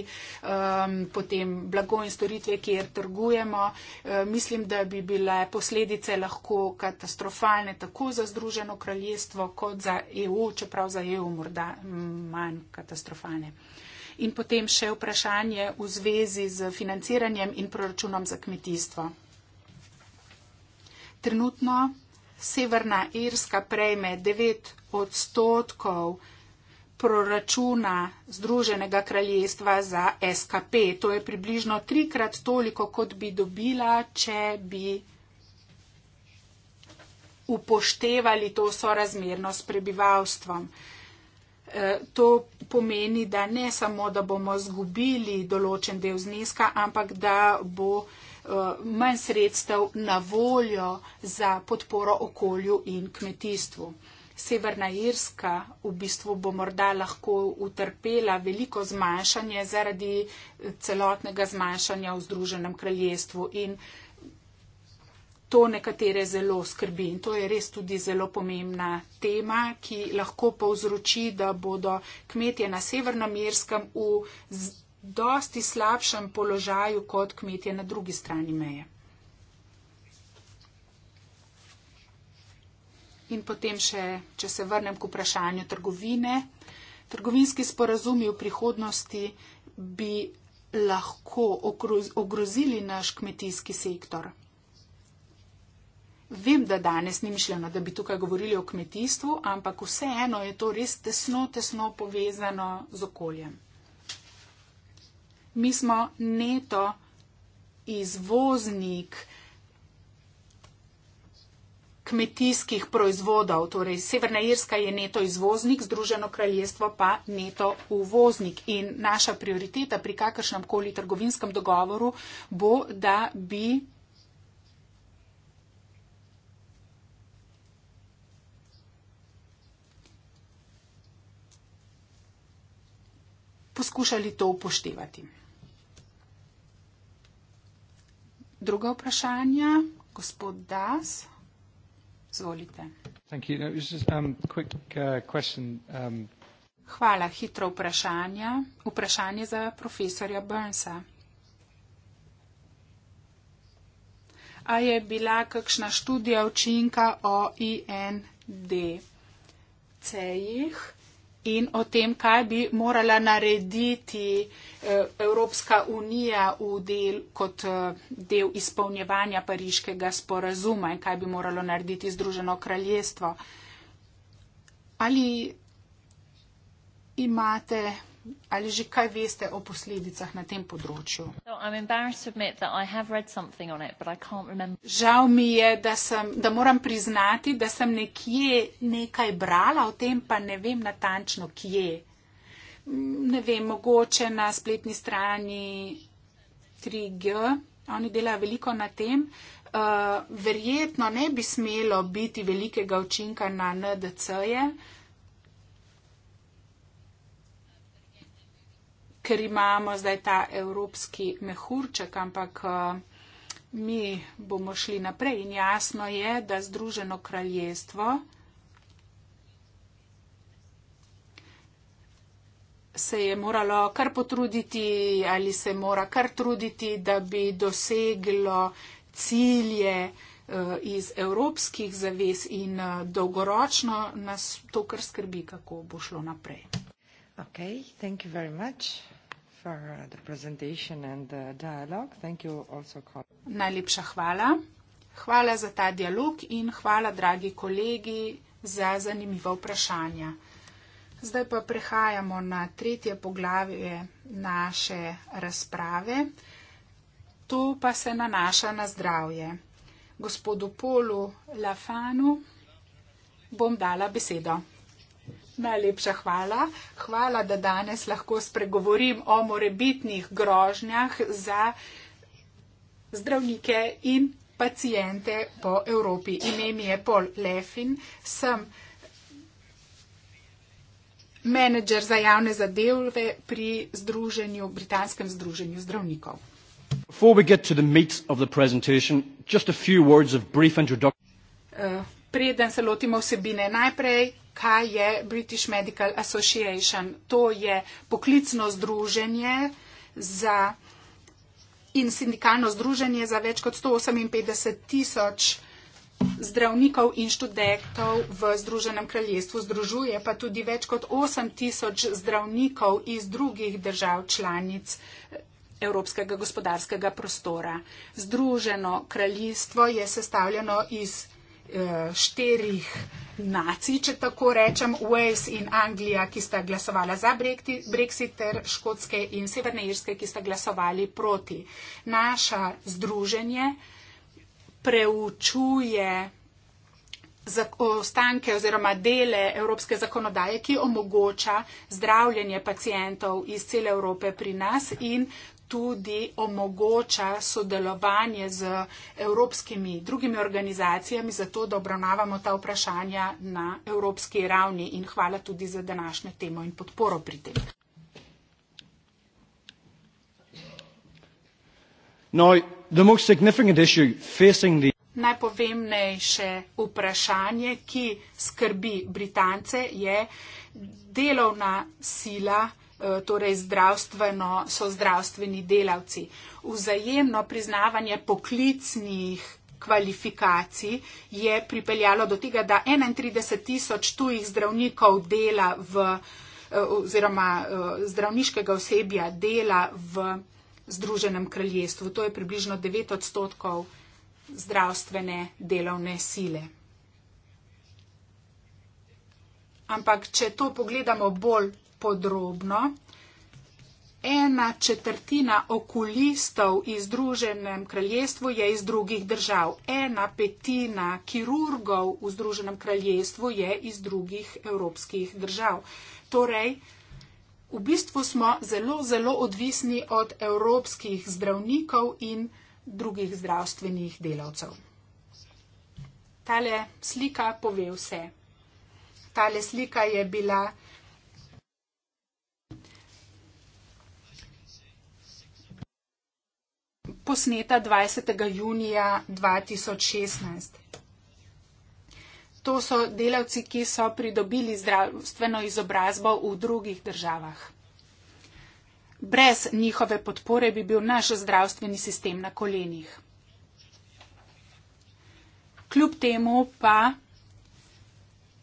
um, potem blago in storitve, kjer trgujemo, um, mislim, da bi bile posledice lahko katastrofalne tako za Združeno kraljestvo kot za EU, čeprav za EU morda manj katastrofalne in potem še vprašanje v zvezi z financiranjem in proračunom za kmetijstvo. Trenutno Severna Irska prejme 9 odstotkov proračuna Združenega kraljestva za SKP. To je približno trikrat toliko, kot bi dobila, če bi upoštevali to sorazmerno s prebivalstvom. Eh, to pomeni, da ne samo, da bomo zgubili določen del zneska, ampak da bo eh, manj sredstev na voljo za podporo okolju in kmetijstvu. Severna Irska v bistvu bo morda lahko utrpela veliko zmanjšanje zaradi eh, celotnega zmanjšanja v Združenem kraljestvu in to nekatere zelo skrbi in to je res tudi zelo pomembna tema, ki lahko povzroči, da bodo kmetje na severnamerskem v dosti slabšem položaju kot kmetje na drugi strani meje. In potem še, če se vrnem k vprašanju trgovine. Trgovinski sporazumi v prihodnosti bi lahko ogrozili naš kmetijski sektor. Vem, da danes ni mišljeno, da bi tukaj govorili o kmetijstvu, ampak vseeno je to res tesno, tesno povezano z okoljem. Mi smo neto izvoznik kmetijskih proizvodov, torej Severna Irska je neto izvoznik, Združeno kraljestvo pa neto uvoznik. In naša prioriteta pri kakršnem koli trgovinskem dogovoru bo, da bi poskušali to upoštevati. Druga vprašanja, gospod Das, zvolite. No, um, uh, um, Hvala, hitro vprašanje. Vprašanje za profesorja Burnsa. A je bila kakšna študija učinka o IND? Cejih in o tem, kaj bi morala narediti eh, Evropska unija v del, kot eh, del izpolnjevanja pariškega sporazuma in kaj bi moralo narediti Združeno kraljestvo. Ali imate ali že kaj veste o posledicah na tem področju. No, Žal mi je, da, sem, da moram priznati, da sem nekje nekaj brala o tem, pa ne vem natančno kje. Mm, ne vem, mogoče na spletni strani 3G, oni delajo veliko na tem. Uh, verjetno ne bi smelo biti velikega učinka na NDC-je, uh, ker imamo zdaj ta evropski mehurček, ampak eh, mi bomo šli naprej in jasno je, da Združeno kraljestvo se je moralo kar potruditi ali se mora kar truditi, da bi doseglo cilje eh, iz evropskih zaves in eh, dolgoročno nas to kar skrbi, kako bo šlo naprej. Okay, thank you very much for uh, the presentation and the dialogue. Thank you also call. Najlepša hvala. Hvala za ta dialog in hvala, dragi kolegi, za zanimiva vprašanja. Zdaj pa prehajamo na tretje poglavje naše razprave. To pa se nanaša na zdravje. Gospodu Polu Lafanu bom dala besedo. Najlepša hvala. Hvala, da danes lahko spregovorim o morebitnih grožnjah za zdravnike in pacijente po Evropi. Ime mi je Paul Leffin, sem menedžer za javne zadeve pri združenju, Britanskem združenju zdravnikov. Eh, preden se lotimo vsebine, najprej kaj je British Medical Association. To je poklicno združenje za, in sindikalno združenje za več kot 158 tisoč zdravnikov in študentov v Združenem kraljestvu. Združuje pa tudi več kot 8 tisoč zdravnikov iz drugih držav članic. Eh, evropskega gospodarskega prostora. Združeno kraljestvo je sestavljeno iz Eh, štirih nacij, če tako rečem, Wales in Anglija, ki sta glasovala za Brexit, ter Škotske in Severne Irske, ki sta glasovali proti. Naša združenje preučuje ostanke oziroma dele evropske zakonodaje, ki omogoča zdravljenje pacijentov iz cele Evrope pri nas in tudi omogoča sodelovanje z evropskimi drugimi organizacijami, zato da obravnavamo ta vprašanja na evropski ravni. In hvala tudi za današnjo temo in podporo pri tem. Naj povem najše vprašanje, ki skrbi Britance, je delovna sila, ki je delovna sila, Eh, torej zdravstveno, so zdravstveni delavci. Vzajemno priznavanje poklicnih kvalifikacij je pripeljalo do tega, da 31 tisoč tujih zdravnikov dela v eh, oziroma eh, zdravniškega osebja dela v Združenem kraljestvu. To je približno 9 odstotkov zdravstvene delovne sile. Ampak, če to pogledamo bolj podrobno. Ena četrtina okulistov iz Združenem kraljestvu je iz drugih držav, ena petina kirurgov v Združenem kraljestvu je iz drugih evropskih držav. Torej, v bistvu smo zelo, zelo odvisni od evropskih zdravnikov in drugih zdravstvenih delavcev. Tale slika pove vse. Tale slika je bila. posneta 20. junija 2016. To so delavci, ki so pridobili zdravstveno izobrazbo v drugih državah. Brez njihove podpore bi bil naš zdravstveni sistem na kolenih. Kljub temu pa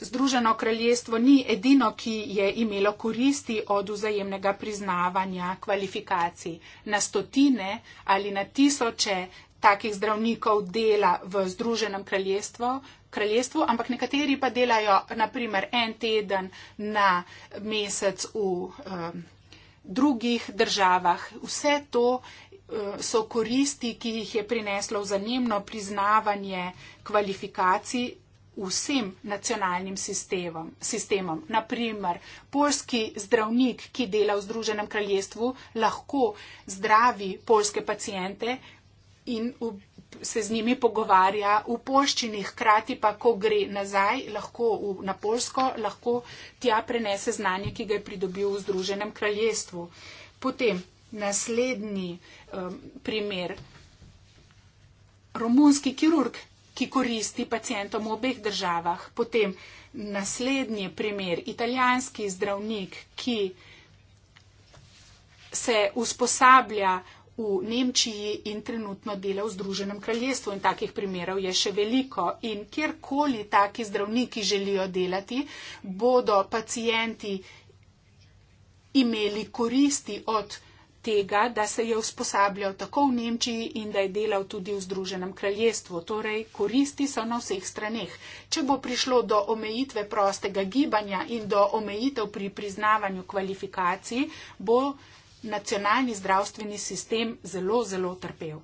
Združeno kraljestvo ni edino, ki je imelo koristi od vzajemnega priznavanja kvalifikacij. Na stotine ali na tisoče takih zdravnikov dela v Združenem kraljestvu, kraljestvu ampak nekateri pa delajo naprimer en teden na mesec v um, drugih državah. Vse to uh, so koristi, ki jih je prineslo vzajemno priznavanje kvalifikacij vsem nacionalnim sistemom. sistemom. Naprimer, polski zdravnik, ki dela v Združenem kraljestvu, lahko zdravi polske pacijente in v, se z njimi pogovarja v polščini, hkrati pa, ko gre nazaj, lahko v, na polsko, lahko tja prenese znanje, ki ga je pridobil v Združenem kraljestvu. Potem naslednji um, primer. Romunski kirurg, ki koristi pacijentom v obeh državah. Potem naslednji primer, italijanski zdravnik, ki se usposablja v Nemčiji in trenutno dela v Združenem kraljestvu. In takih primerov je še veliko. In kjerkoli taki zdravniki želijo delati, bodo pacijenti imeli koristi od tega, da se je usposabljal tako v Nemčiji in da je delal tudi v Združenem kraljestvu. Torej, koristi so na vseh straneh. Če bo prišlo do omejitve prostega gibanja in do omejitev pri priznavanju kvalifikacij, bo nacionalni zdravstveni sistem zelo, zelo trpel.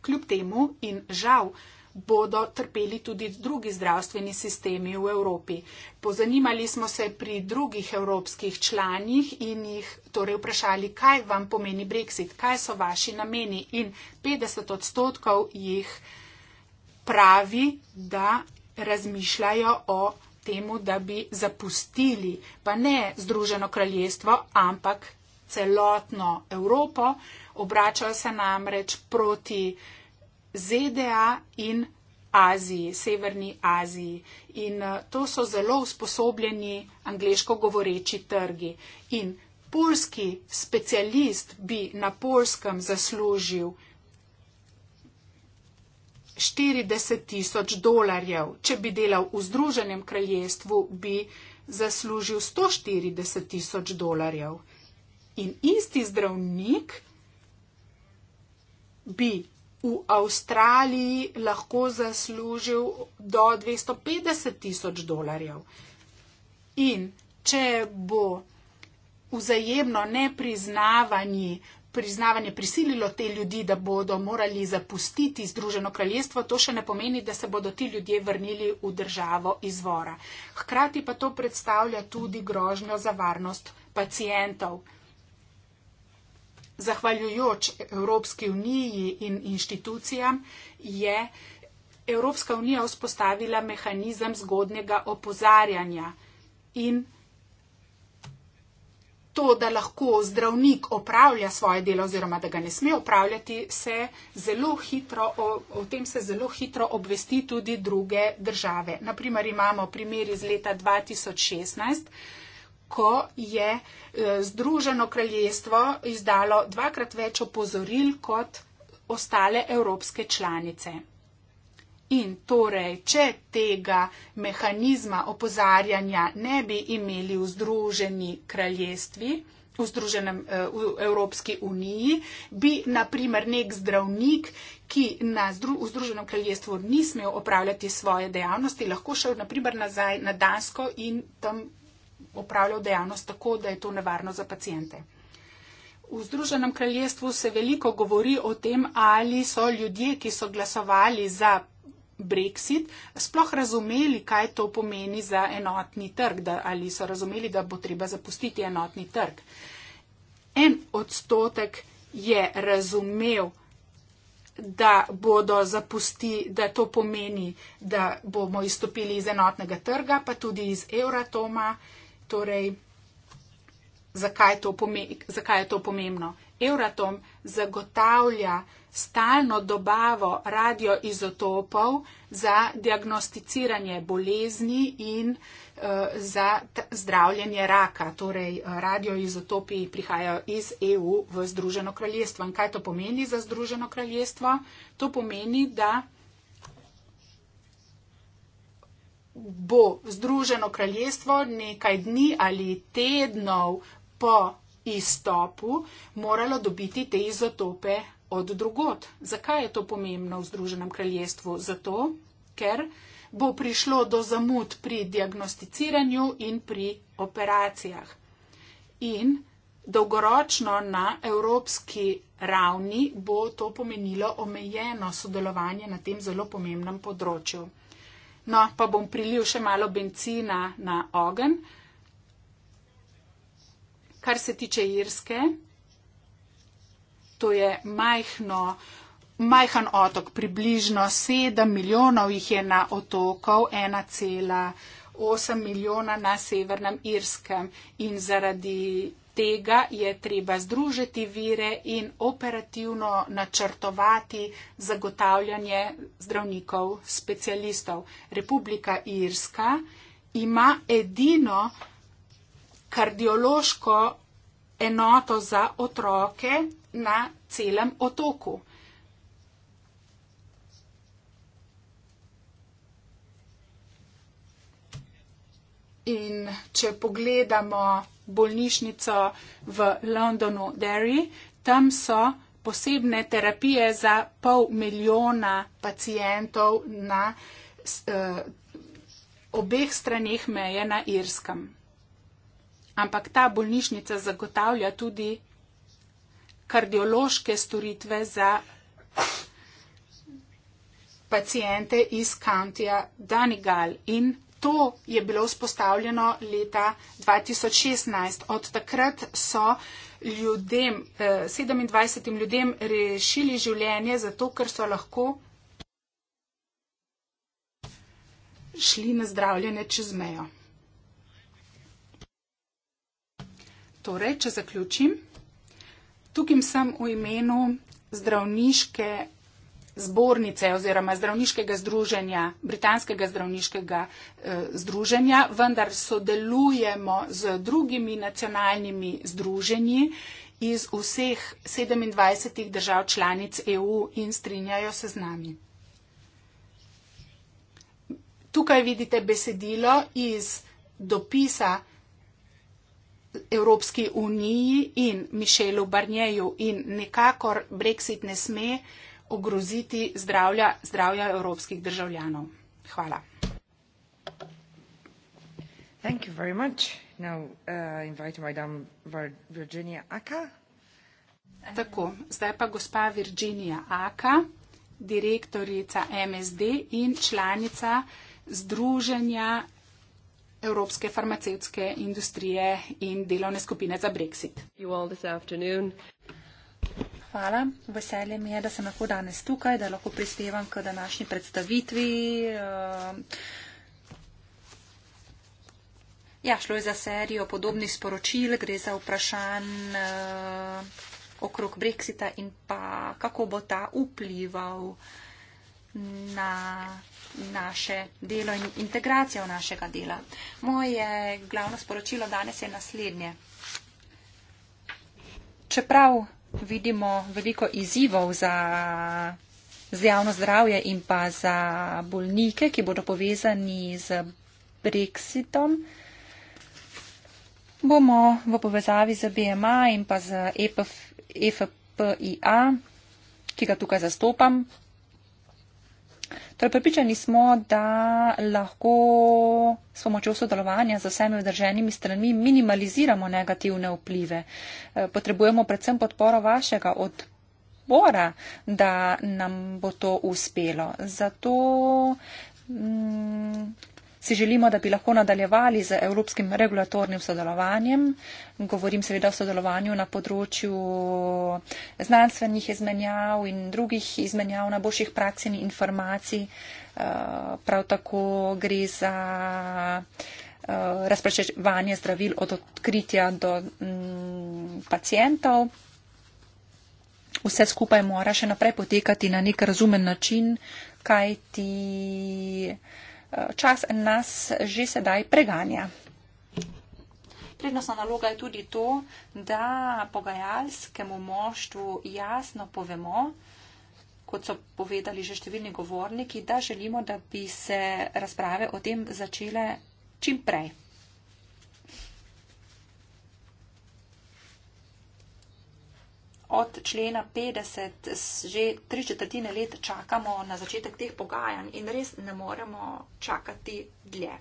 Kljub temu in žal, bodo trpeli tudi drugi zdravstveni sistemi v Evropi. Pozanimali smo se pri drugih evropskih članih in jih torej vprašali, kaj vam pomeni Brexit, kaj so vaši nameni in 50 odstotkov jih pravi, da razmišljajo o temu, da bi zapustili pa ne Združeno kraljestvo, ampak celotno Evropo. Obračajo se namreč proti ZDA in Aziji, Severni Aziji. In eh, to so zelo usposobljeni angliško govoreči trgi. In polski specialist bi na polskem zaslužil 40 tisoč dolarjev. Če bi delal v Združenem kraljestvu, bi zaslužil 140 tisoč dolarjev. In isti zdravnik bi v Avstraliji lahko zaslužil do 250 tisoč dolarjev. In če bo vzajemno nepriznavanje priznavanje prisililo te ljudi, da bodo morali zapustiti Združeno kraljestvo, to še ne pomeni, da se bodo ti ljudje vrnili v državo izvora. Hkrati pa to predstavlja tudi grožnjo za varnost pacijentov. Zahvaljujoč Evropski uniji in inštitucijam je Evropska unija vzpostavila mehanizem zgodnega opozarjanja in to, da lahko zdravnik opravlja svoje delo oziroma da ga ne sme opravljati, se zelo hitro, o, o tem se zelo hitro obvesti tudi druge države. Naprimer imamo primer iz leta 2016 ko je eh, Združeno kraljestvo izdalo dvakrat več opozoril kot ostale evropske članice. In torej, če tega mehanizma opozarjanja ne bi imeli v Združeni kraljestvi, v Združenem eh, v Evropski uniji, bi naprimer nek zdravnik, ki na Združ Združenem kraljestvu ni smel opravljati svoje dejavnosti, lahko šel naprimer nazaj na Dansko in tam opravljal dejavnost tako, da je to nevarno za pacijente. V Združenem kraljestvu se veliko govori o tem, ali so ljudje, ki so glasovali za Brexit, sploh razumeli, kaj to pomeni za enotni trg, da, ali so razumeli, da bo treba zapustiti enotni trg. En odstotek je razumel, da, zapusti, da to pomeni, da bomo izstopili iz enotnega trga, pa tudi iz Euratoma torej, zakaj, to pomembno, zakaj je to pomembno. Euratom zagotavlja stalno dobavo radioizotopov za diagnosticiranje bolezni in uh, za zdravljenje raka. Torej, eh, radioizotopi prihajajo iz EU v Združeno kraljestvo. In kaj to pomeni za Združeno kraljestvo? To pomeni, da bo Združeno kraljestvo nekaj dni ali tednov po izstopu moralo dobiti te izotope od drugot. Zakaj je to pomembno v Združenem kraljestvu? Zato, ker bo prišlo do zamud pri diagnosticiranju in pri operacijah. In dolgoročno na evropski ravni bo to pomenilo omejeno sodelovanje na tem zelo pomembnem področju. No, pa bom prilil še malo benzina na ogen. Kar se tiče Irske, to je majhno, majhen otok, približno 7 milijonov jih je na otokov, 1,8 milijona na severnem Irskem in zaradi tega je treba združiti vire in operativno načrtovati zagotavljanje zdravnikov specialistov. Republika Irska ima edino kardiološko enoto za otroke na celem otoku. In če pogledamo bolnišnico v Londonu Derry. Tam so posebne terapije za pol milijona pacijentov na eh, obeh stranih meje na Irskem. Ampak ta bolnišnica zagotavlja tudi kardiološke storitve za pacijente iz kantija Danigal in To je bilo vzpostavljeno leta 2016. Od takrat so ljudem, 27 eh, ljudem rešili življenje, zato ker so lahko šli na zdravljenje čez mejo. Torej, če zaključim, tukaj sem v imenu zdravniške zbornice oziroma zdravniškega združenja, britanskega zdravniškega eh, združenja, vendar sodelujemo z drugimi nacionalnimi združenji iz vseh 27 držav članic EU in strinjajo se z nami. Tukaj vidite besedilo iz dopisa Evropski uniji in Mišelu Barnjeju in nekakor Brexit ne sme ogroziti zdravlja, zdravja evropskih državljanov. Hvala. Thank you very much. Now uh, invite Madame Virginia Aka. Tako, zdaj pa gospa Virginia Aka, direktorica MSD in članica Združenja Evropske farmacevtske industrije in delovne skupine za Brexit. You all this afternoon. Hvala. Veselje mi je, da sem lahko danes tukaj, da lahko prispevam k današnji predstavitvi. Eh, ja, šlo je za serijo podobnih sporočil, gre za vprašanj eh, okrog Brexita in pa kako bo ta vplival na naše delo in integracijo našega dela. Moje glavno sporočilo danes je naslednje. Čeprav vidimo veliko izzivov za, za javno zdravje in pa za bolnike, ki bodo povezani z Brexitom. Bomo v povezavi z BMA in pa z EFPIA, e ki ga tukaj zastopam, Torej, pripričani smo, da lahko s pomočjo sodelovanja z vsemi vdrženimi stranmi minimaliziramo negativne vplive. Eh, potrebujemo predvsem podporo vašega odbora, da nam bo to uspelo. Zato. Mm, si želimo, da bi lahko nadaljevali z evropskim regulatornim sodelovanjem. Govorim seveda o sodelovanju na področju znanstvenih izmenjav in drugih izmenjav na boljših praksin in informacij. Eh, prav tako gre za eh, razpraševanje zdravil od odkritja do mm, pacijentov. Vse skupaj mora še naprej potekati na nek razumen način, kaj ti uh, čas nas že sedaj preganja. Prednostna naloga je tudi to, da pogajalskemu moštvu jasno povemo, kot so povedali že številni govorniki, da želimo, da bi se razprave o tem začele čim prej. od člena 50 že tri četrtine let čakamo na začetek teh pogajanj in res ne moremo čakati dlje.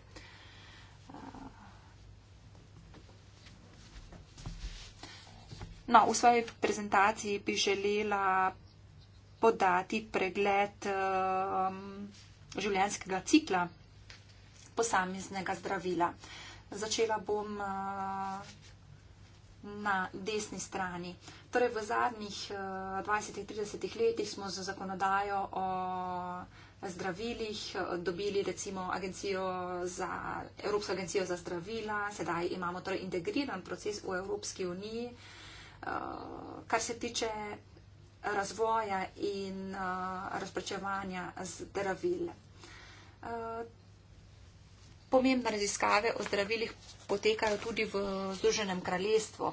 No, v svoji prezentaciji bi želela podati pregled um, življenjskega cikla posameznega zdravila. Začela bom. Uh, na desni strani. Torej, v zadnjih 20-30 eh, letih smo z zakonodajo o zdravilih eh, dobili recimo za, Evropsko agencijo za zdravila, sedaj imamo torej integriran proces v Evropski uniji, eh, kar se tiče razvoja in razprečevanja zdravil pomembne raziskave o zdravilih potekajo tudi v Združenem kraljestvu.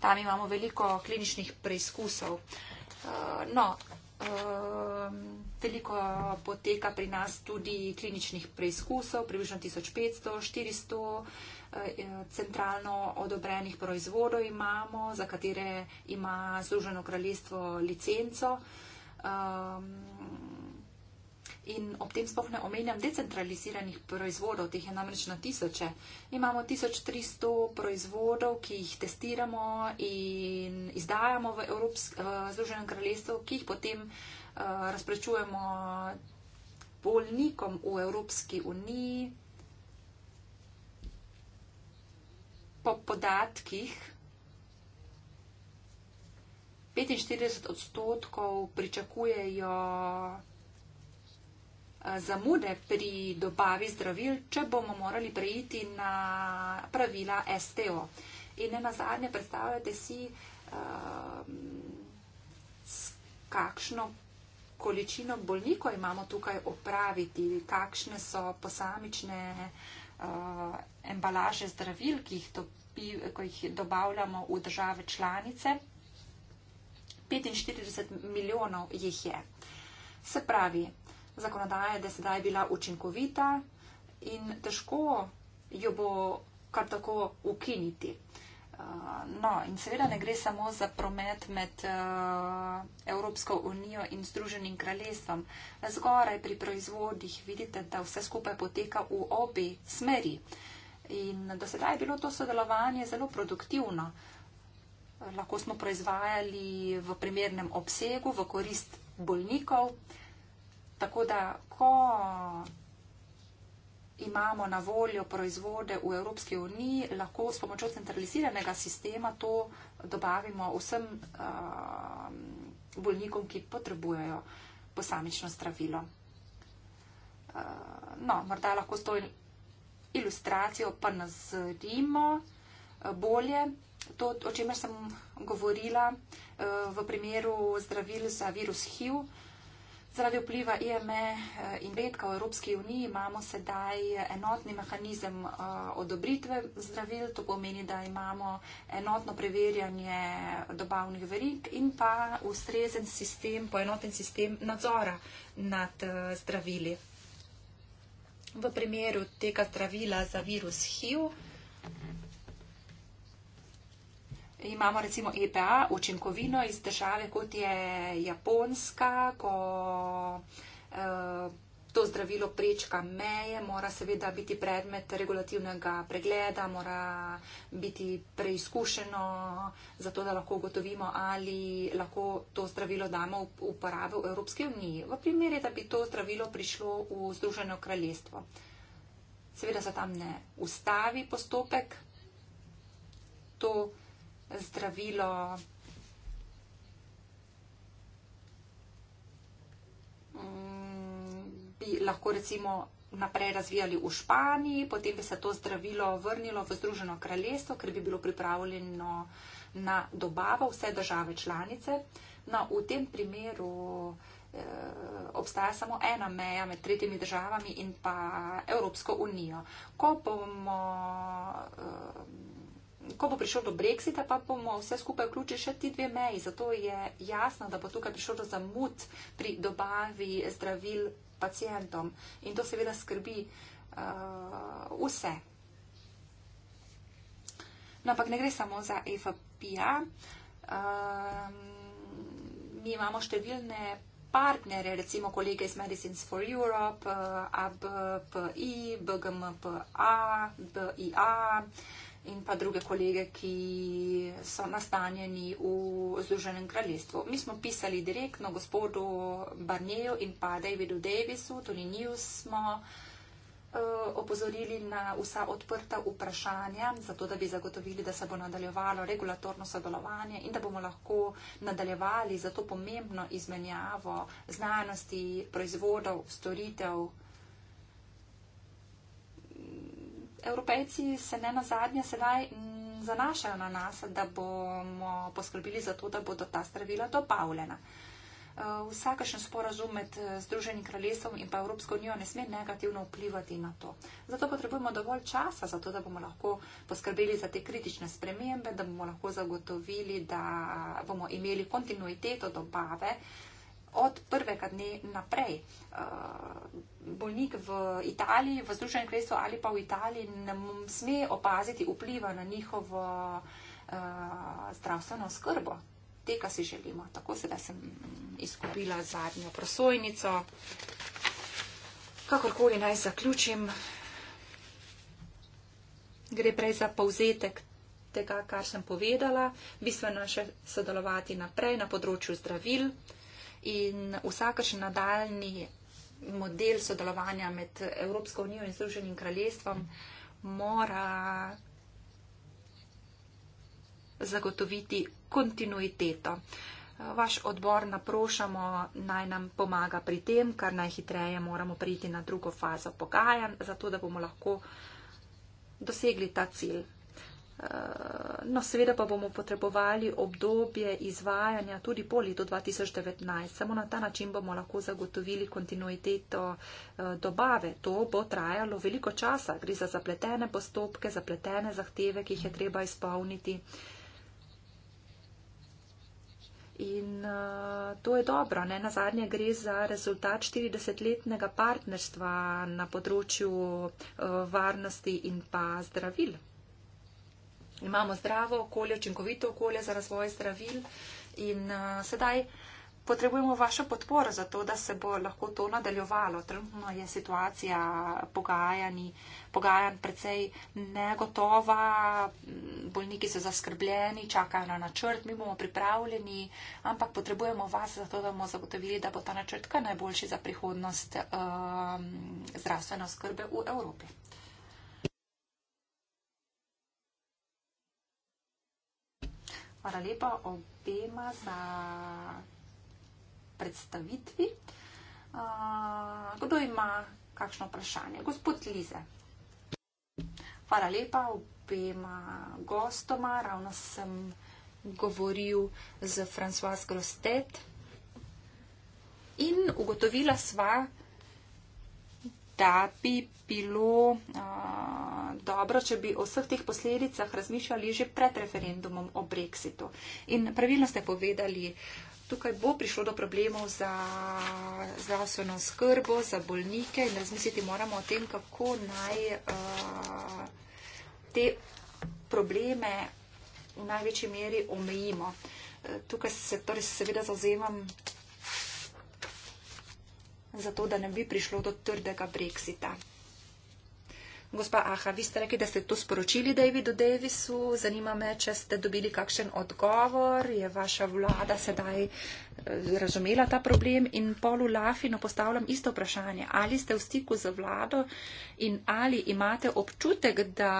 Tam imamo veliko kliničnih preizkusov. Eh, no, ehm, veliko poteka pri nas tudi kliničnih preizkusov, približno 1500-400 eh, centralno odobrenih proizvodov imamo, za katere ima Združeno kraljestvo licenco. Ehm, in ob tem spoh ne omenjam decentraliziranih proizvodov, teh je namreč na tisoče. Imamo 1300 proizvodov, ki jih testiramo in izdajamo v, Evropsk, v eh, Združenem kraljestvu, ki jih potem uh, razprečujemo bolnikom v Evropski uniji. Po podatkih. 45 odstotkov pričakujejo zamude pri dobavi zdravil, če bomo morali prejiti na pravila STO. In ne na zadnje, predstavljate si, um, s kakšno količino bolnikov imamo tukaj opraviti, kakšne so posamične uh, embalaže zdravil, ki jih dobavljamo ko jih dobavljamo v države članice, 45 milijonov jih je. Se pravi, zakonodaje, da sedaj je bila učinkovita in težko jo bo kar tako ukiniti. Eh, no, in seveda ne gre samo za promet med eh, Evropsko unijo in Združenim kraljestvom. Zgoraj pri proizvodih vidite, da vse skupaj poteka v obi smeri. In do sedaj je bilo to sodelovanje zelo produktivno. Lahko smo proizvajali v primernem obsegu, v korist bolnikov. Tako da, ko imamo na voljo proizvode v Evropski uniji, lahko s pomočjo centraliziranega sistema to dobavimo vsem uh, bolnikom, ki potrebujejo posamično zdravilo. Uh, no, morda lahko s to ilustracijo pa nazrimo uh, bolje. To, o čemer sem govorila uh, v primeru zdravil za virus HIV, uh, Zaradi vpliva IME eh, in vedka v Evropski uniji imamo sedaj enotni mehanizem eh, odobritve zdravil. To pomeni, da imamo enotno preverjanje dobavnih verig in pa ustrezen sistem, poenoten sistem nadzora nad eh, zdravili. V primeru tega zdravila za virus HIV Imamo recimo EPA, učinkovino iz države, kot je Japonska, ko eh, to zdravilo prečka meje, mora seveda biti predmet regulativnega pregleda, mora biti preizkušeno, zato da lahko ugotovimo, ali lahko to zdravilo damo v uporabo v Evropski uniji. V primeru, da bi to zdravilo prišlo v Združeno kraljestvo. Seveda se tam ne ustavi postopek. To zdravilo. Mm, bi lahko recimo naprej razvijali v Španiji, potem bi se to zdravilo vrnilo v Združeno kraljestvo, ker bi bilo pripravljeno na dobavo vse države članice. No, v tem primeru eh, obstaja samo ena meja med tretjimi državami in pa Evropsko unijo. Ko bomo. Eh, ko bo prišlo do brexita, pa bomo vse skupaj vključili še ti dve meji. Zato je jasno, da bo tukaj prišlo do zamud pri dobavi zdravil pacijentom. In to seveda skrbi uh, vse. No, ampak ne gre samo za FPA. Um, mi imamo številne partnere, recimo kolege iz Medicines for Europe, uh, ABPI, BGMPA, BIA. Uh, in pa druge kolege, ki so nastanjeni v Združenem kraljestvu. Mi smo pisali direktno gospodu Barneju in pa Davidu Davisu, tudi njiju smo eh, opozorili na vsa odprta vprašanja, zato da bi zagotovili, da se bo nadaljevalo regulatorno sodelovanje in da bomo lahko nadaljevali za to pomembno izmenjavo znanosti, proizvodov, storitev. Evropejci se ne na zadnje sedaj zanašajo na nas, da bomo poskrbeli za to, da bodo ta stravila dopavljena. Uh, Vsakašen sporazum med eh, Združenim kraljestvom in pa Evropsko unijo ne sme negativno vplivati na to. Zato potrebujemo dovolj časa, zato da bomo lahko poskrbeli za te kritične spremembe, da bomo lahko zagotovili, da bomo imeli kontinuiteto dobave od prvega dne naprej. Eh, bolnik v Italiji, v Združenem kraljestvu ali pa v Italiji ne sme opaziti vpliva na njihovo eh, zdravstveno skrbo. Tega si želimo. Tako se da sem izgubila zadnjo prosojnico. Kakorkoli naj zaključim, gre prej za povzetek tega, kar sem povedala. Bistveno je še sodelovati naprej na področju zdravil in vsakršen nadaljni model sodelovanja med Evropsko unijo in Združenim kraljestvom mora zagotoviti kontinuiteto. Vaš odbor naprošamo, naj nam pomaga pri tem, kar najhitreje moramo priti na drugo fazo pogajanj, zato da bomo lahko dosegli ta cilj. Eh, no, seveda pa bomo potrebovali obdobje izvajanja tudi po letu 2019. Samo na ta način bomo lahko zagotovili kontinuiteto eh, dobave. To bo trajalo veliko časa. Gre za zapletene postopke, zapletene zahteve, ki jih je treba izpolniti. In uh, to je dobro. Ne? Na zadnje gre za rezultat 40-letnega partnerstva na področju uh, varnosti in pa zdravil imamo zdravo okolje, učinkovito okolje za razvoj zdravil in uh, sedaj potrebujemo vašo podporo za to, da se bo lahko to nadaljevalo. Trenutno je situacija pogajanj, pogajanj precej negotova, bolniki so zaskrbljeni, čakajo na načrt, mi bomo pripravljeni, ampak potrebujemo vas za to, da bomo zagotovili, da bo ta načrtka najboljši za prihodnost um, zdravstvene oskrbe v Evropi. Hvala lepa obema za predstavitvi. Uh, kdo ima kakšno vprašanje? Gospod Lize. Hvala lepa obema gostoma. Ravno sem govoril z François Grostet in ugotovila sva, da bi bilo a, dobro, če bi o vseh teh posledicah razmišljali že pred referendumom o Brexitu. In pravilno ste povedali, tukaj bo prišlo do problemov za zdravstveno skrbo, za bolnike in razmisliti moramo o tem, kako naj a, te probleme v največji meri omejimo. E, tukaj se torej seveda zauzemam zato da ne bi prišlo do trdega brexita. Gospa Aha, vi ste rekli, da ste to sporočili Davidu Davisu. Zanima me, če ste dobili kakšen odgovor. Je vaša vlada sedaj eh, razumela ta problem? In Polu Lafino postavljam isto vprašanje. Ali ste v stiku z vlado in ali imate občutek, da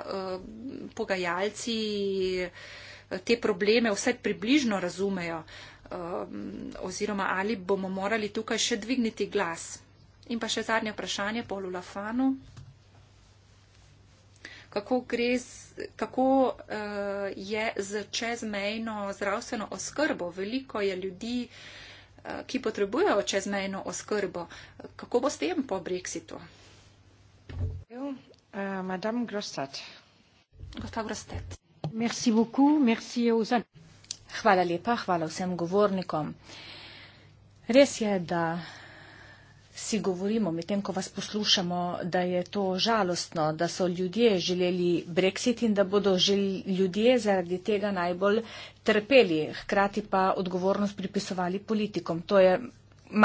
uh, pogajalci eh, te probleme vsaj približno razumejo? Uh, um, oziroma ali bomo morali tukaj še dvigniti glas. In pa še zadnje vprašanje Polu Lafanu. Kako, gre, kako uh, je z čezmejno zdravstveno oskrbo? Veliko je ljudi, uh, ki potrebujejo čezmejno oskrbo. Kako bo s tem po Brexitu? Uh, Gospod Grostet. Merci beaucoup, merci aux... Hvala lepa, hvala vsem govornikom. Res je, da si govorimo, medtem ko vas poslušamo, da je to žalostno, da so ljudje želeli brexit in da bodo ljudje zaradi tega najbolj trpeli, hkrati pa odgovornost pripisovali politikom. To je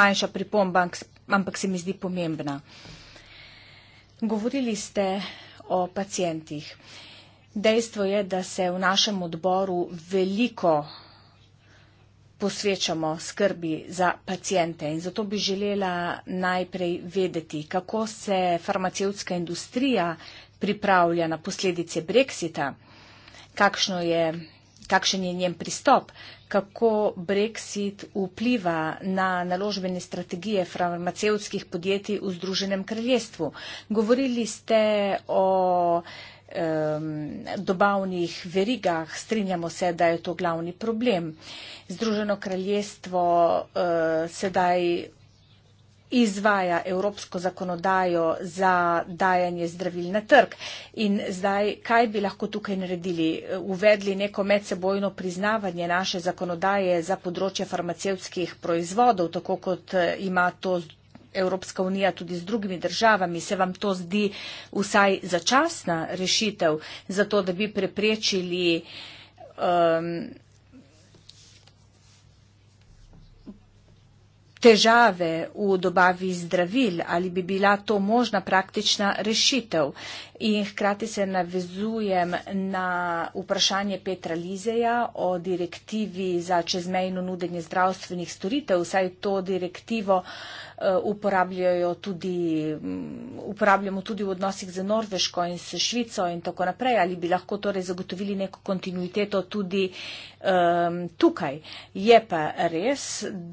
manjša pripomba, ampak se mi zdi pomembna. Govorili ste o pacijentih. Dejstvo je, da se v našem odboru veliko posvečamo skrbi za pacijente in zato bi želela najprej vedeti, kako se farmacevtska industrija pripravlja na posledice Brexita, je, kakšen je njen pristop, kako Brexit vpliva na naložbene strategije farmacevtskih podjetij v Združenem kraljestvu. Govorili ste o dobavnih verigah, strinjamo se, da je to glavni problem. Združeno kraljestvo uh, sedaj izvaja evropsko zakonodajo za dajanje zdravil na trg. In zdaj, kaj bi lahko tukaj naredili? Uvedli neko medsebojno priznavanje naše zakonodaje za področje farmacevskih proizvodov, tako kot eh, ima to Evropska unija tudi z drugimi državami, se vam to zdi vsaj začasna rešitev za to, da bi preprečili um, težave v dobavi zdravil, ali bi bila to možna praktična rešitev. In hkrati se navezujem na vprašanje Petra Lizeja o direktivi za čezmejno nudenje zdravstvenih storitev, vsaj to direktivo uh, Eh, uporabljajo tudi, mm, uporabljamo tudi v odnosih z Norveško in s Švico in tako naprej, ali bi lahko torej zagotovili neko kontinuiteto tudi um, tukaj. Je pa res,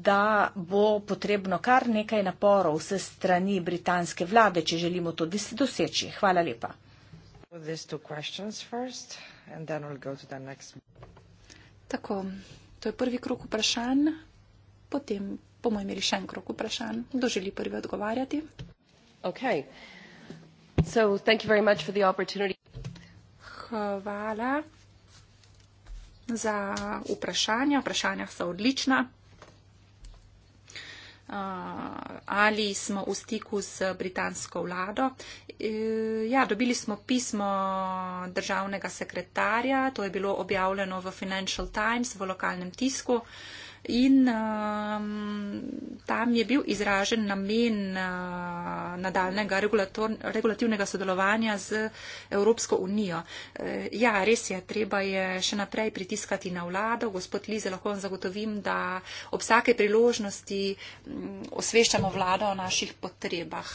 da bo potrebno kar nekaj naporov vse strani britanske vlade, če želimo to doseči. Hvala lepa. Tako, to je prvi krok vprašanj, potem bomo imeli še en krok vprašanj. Kdo želi prvi odgovarjati? Okay. So, thank you very much for the opportunity. Hvala za vprašanja. Vprašanja so odlična. Uh, ali smo v stiku z britansko vlado? E, ja, dobili smo pismo državnega sekretarja, to je bilo objavljeno v Financial Times v lokalnem tisku. Uh, in um, tam je bil izražen namen uh, nadaljnega regulativnega sodelovanja z Evropsko unijo. Uh, ja, res je, treba je še naprej pritiskati na vlado. Gospod Lize, lahko vam zagotovim, da ob vsake priložnosti mm, osveščamo vlado o naših potrebah.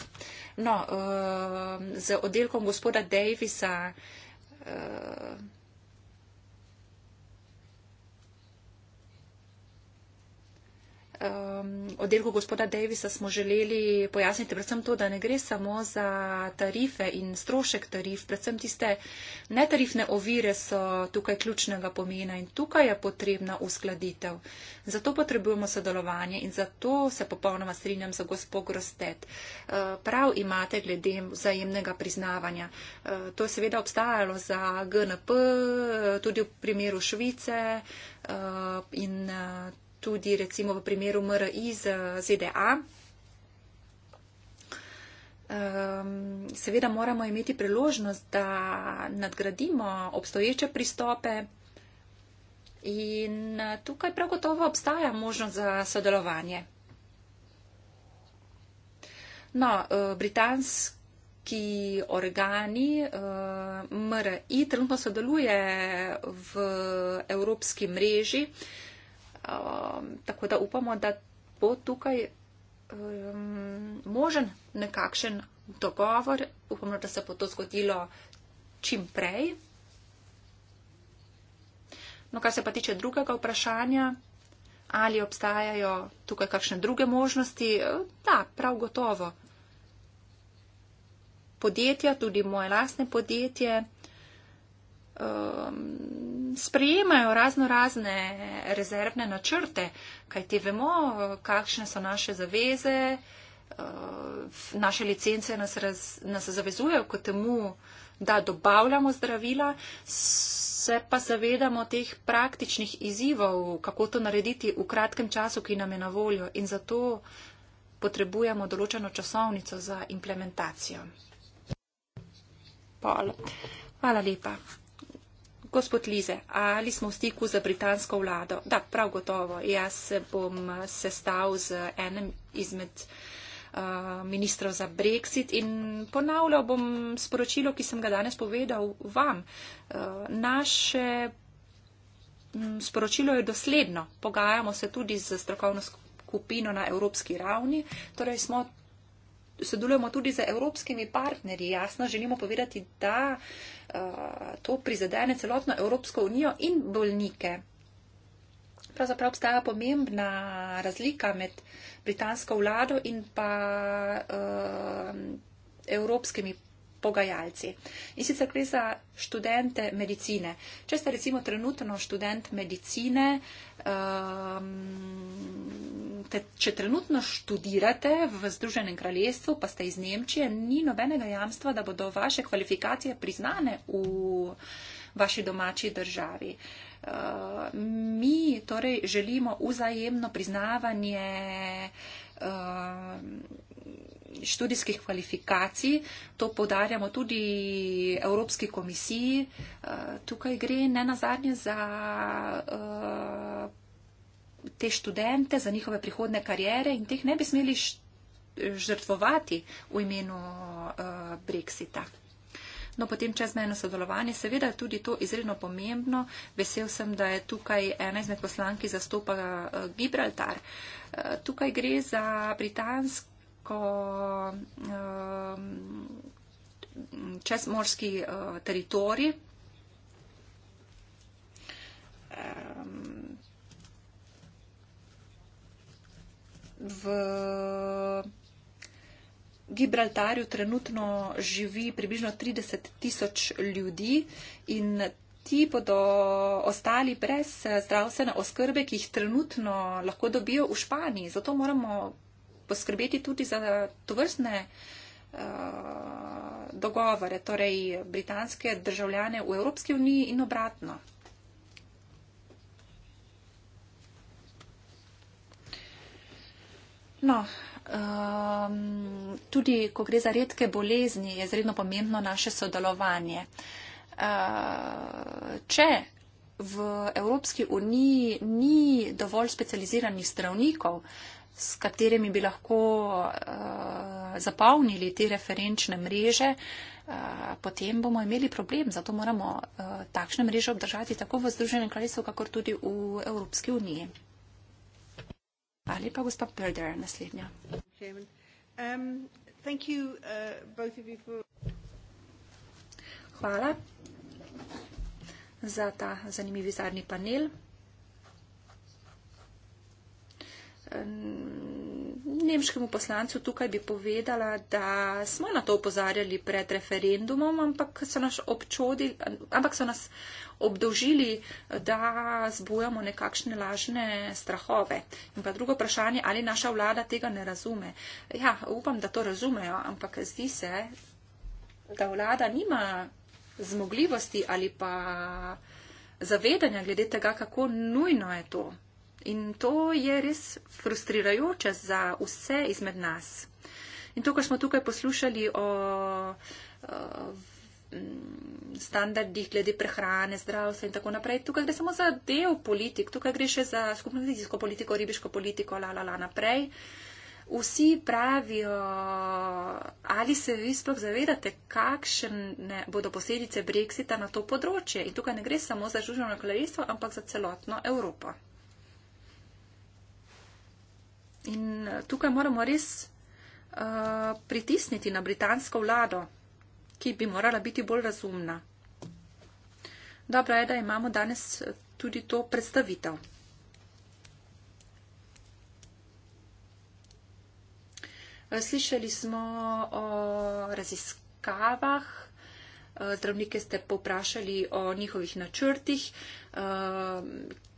No, uh, z oddelkom gospoda Davisa uh, um, oddelku gospoda Davisa smo želeli pojasniti predvsem to, da ne gre samo za tarife in strošek tarif, predvsem tiste netarifne ovire so tukaj ključnega pomena in tukaj je potrebna uskladitev. Zato potrebujemo sodelovanje in zato se popolnoma strinjam za gospod Grostet. Uh, prav imate glede vzajemnega priznavanja. Uh, to je seveda obstajalo za GNP, tudi v primeru Švice uh, in. Uh, tudi recimo v primeru MRI z ZDA. Ehm, seveda moramo imeti priložnost, da nadgradimo obstoječe pristope in eh, tukaj prav gotovo obstaja možnost za sodelovanje. No, eh, britanski organi eh, MRI trenutno sodeluje v evropski mreži, Um, tako da upamo, da bo tukaj um, možen nekakšen dogovor. Upamo, da se bo to zgodilo čim prej. No, kar se pa tiče drugega vprašanja, ali obstajajo tukaj kakšne druge možnosti, e, da, prav gotovo. Podjetja, tudi moje lastne podjetje, um, sprejemajo razno razne rezervne načrte, kajti vemo, kakšne so naše zaveze, eh, naše licence nas, raz, nas zavezujejo k temu, da dobavljamo zdravila, se pa zavedamo teh praktičnih izzivov, kako to narediti v kratkem času, ki nam je na voljo in zato potrebujemo določeno časovnico za implementacijo. Pol. Hvala lepa. Gospod Lize, ali smo v stiku za britansko vlado? Da, prav gotovo. Jaz bom sestal z enem izmed eh, ministrov za Brexit in ponavljal bom sporočilo, ki sem ga danes povedal vam. Eh, naše sporočilo je dosledno. Pogajamo se tudi z strokovno skupino na evropski ravni, torej smo sodelujemo tudi z evropskimi partnerji. Jasno želimo povedati, da eh, to prizadene celotno Evropsko unijo in bolnike. Pravzaprav obstaja pomembna razlika med britansko vlado in pa uh, evropskimi pogajalci. In sicer gre za študente medicine. Če ste recimo trenutno študent medicine, um, te, če trenutno študirate v Združenem kraljestvu, pa ste iz Nemčije, ni nobenega jamstva, da bodo vaše kvalifikacije priznane v vaši domači državi. Uh, mi torej želimo vzajemno priznavanje uh, Eh, študijskih kvalifikacij. To podarjamo tudi Evropski komisiji. Eh, tukaj gre ne nazadnje za eh, te študente, za njihove prihodne karijere in teh ne bi smeli žrtvovati v imenu Brexita. No, potem čezmejno sodelovanje, seveda je tudi to izredno pomembno. Vesel sem, da je tukaj ena izmed poslank, ki zastopa eh, Gibraltar. Eh, tukaj gre za britansko eh, čezmorski teritorij. V Gibraltarju trenutno živi približno 30 tisoč ljudi in ti bodo ostali brez eh, zdravstvene oskrbe, ki jih trenutno lahko dobijo v Španiji. Zato moramo poskrbeti tudi za tovrstne eh, dogovore, torej britanske državljane v Evropski uniji in obratno. No, um, tudi, ko gre za redke bolezni, je izredno pomembno naše sodelovanje. Uh, če v Evropski uniji ni dovolj specializiranih zdravnikov, s katerimi bi lahko uh, zapolnili te referenčne mreže, potem bomo imeli problem, zato moramo takšne mreže obdržati tako v Združenem kraljestvu, kakor tudi v Evropski uniji. Hvala lepa, gospa Pölder, naslednja. Um, uh, Hvala za ta zanimivi zadnji panel. Um, nemškemu poslancu tukaj bi povedala, da smo na to upozarjali pred referendumom, ampak so nas, občodili, ampak so nas obdožili, da zbujamo nekakšne lažne strahove. In pa drugo vprašanje, ali naša vlada tega ne razume. Ja, upam, da to razumejo, ampak zdi se, da vlada nima zmogljivosti ali pa zavedanja glede tega, kako nujno je to. In to je res frustrirajoče za vse izmed nas. In to, kar smo tukaj poslušali o, o eh, standardih glede prehrane, zdravstva in tako naprej, tukaj gre samo za del politik, tukaj gre še za skupno medijsko politiko, ribiško politiko, la, la, la, naprej. Vsi pravijo, ali se vi sploh zavedate, kakšne bodo posledice Brexita na to področje. In tukaj ne gre samo za Združeno kraljestvo, ampak za celotno Evropo. In eh, tukaj moramo res uh, pritisniti na britansko vlado, ki bi morala biti bolj razumna. Dobro je, da imamo danes eh, tudi to predstavitev. Slišali smo o raziskavah, zdravnike ste poprašali o njihovih načrtih,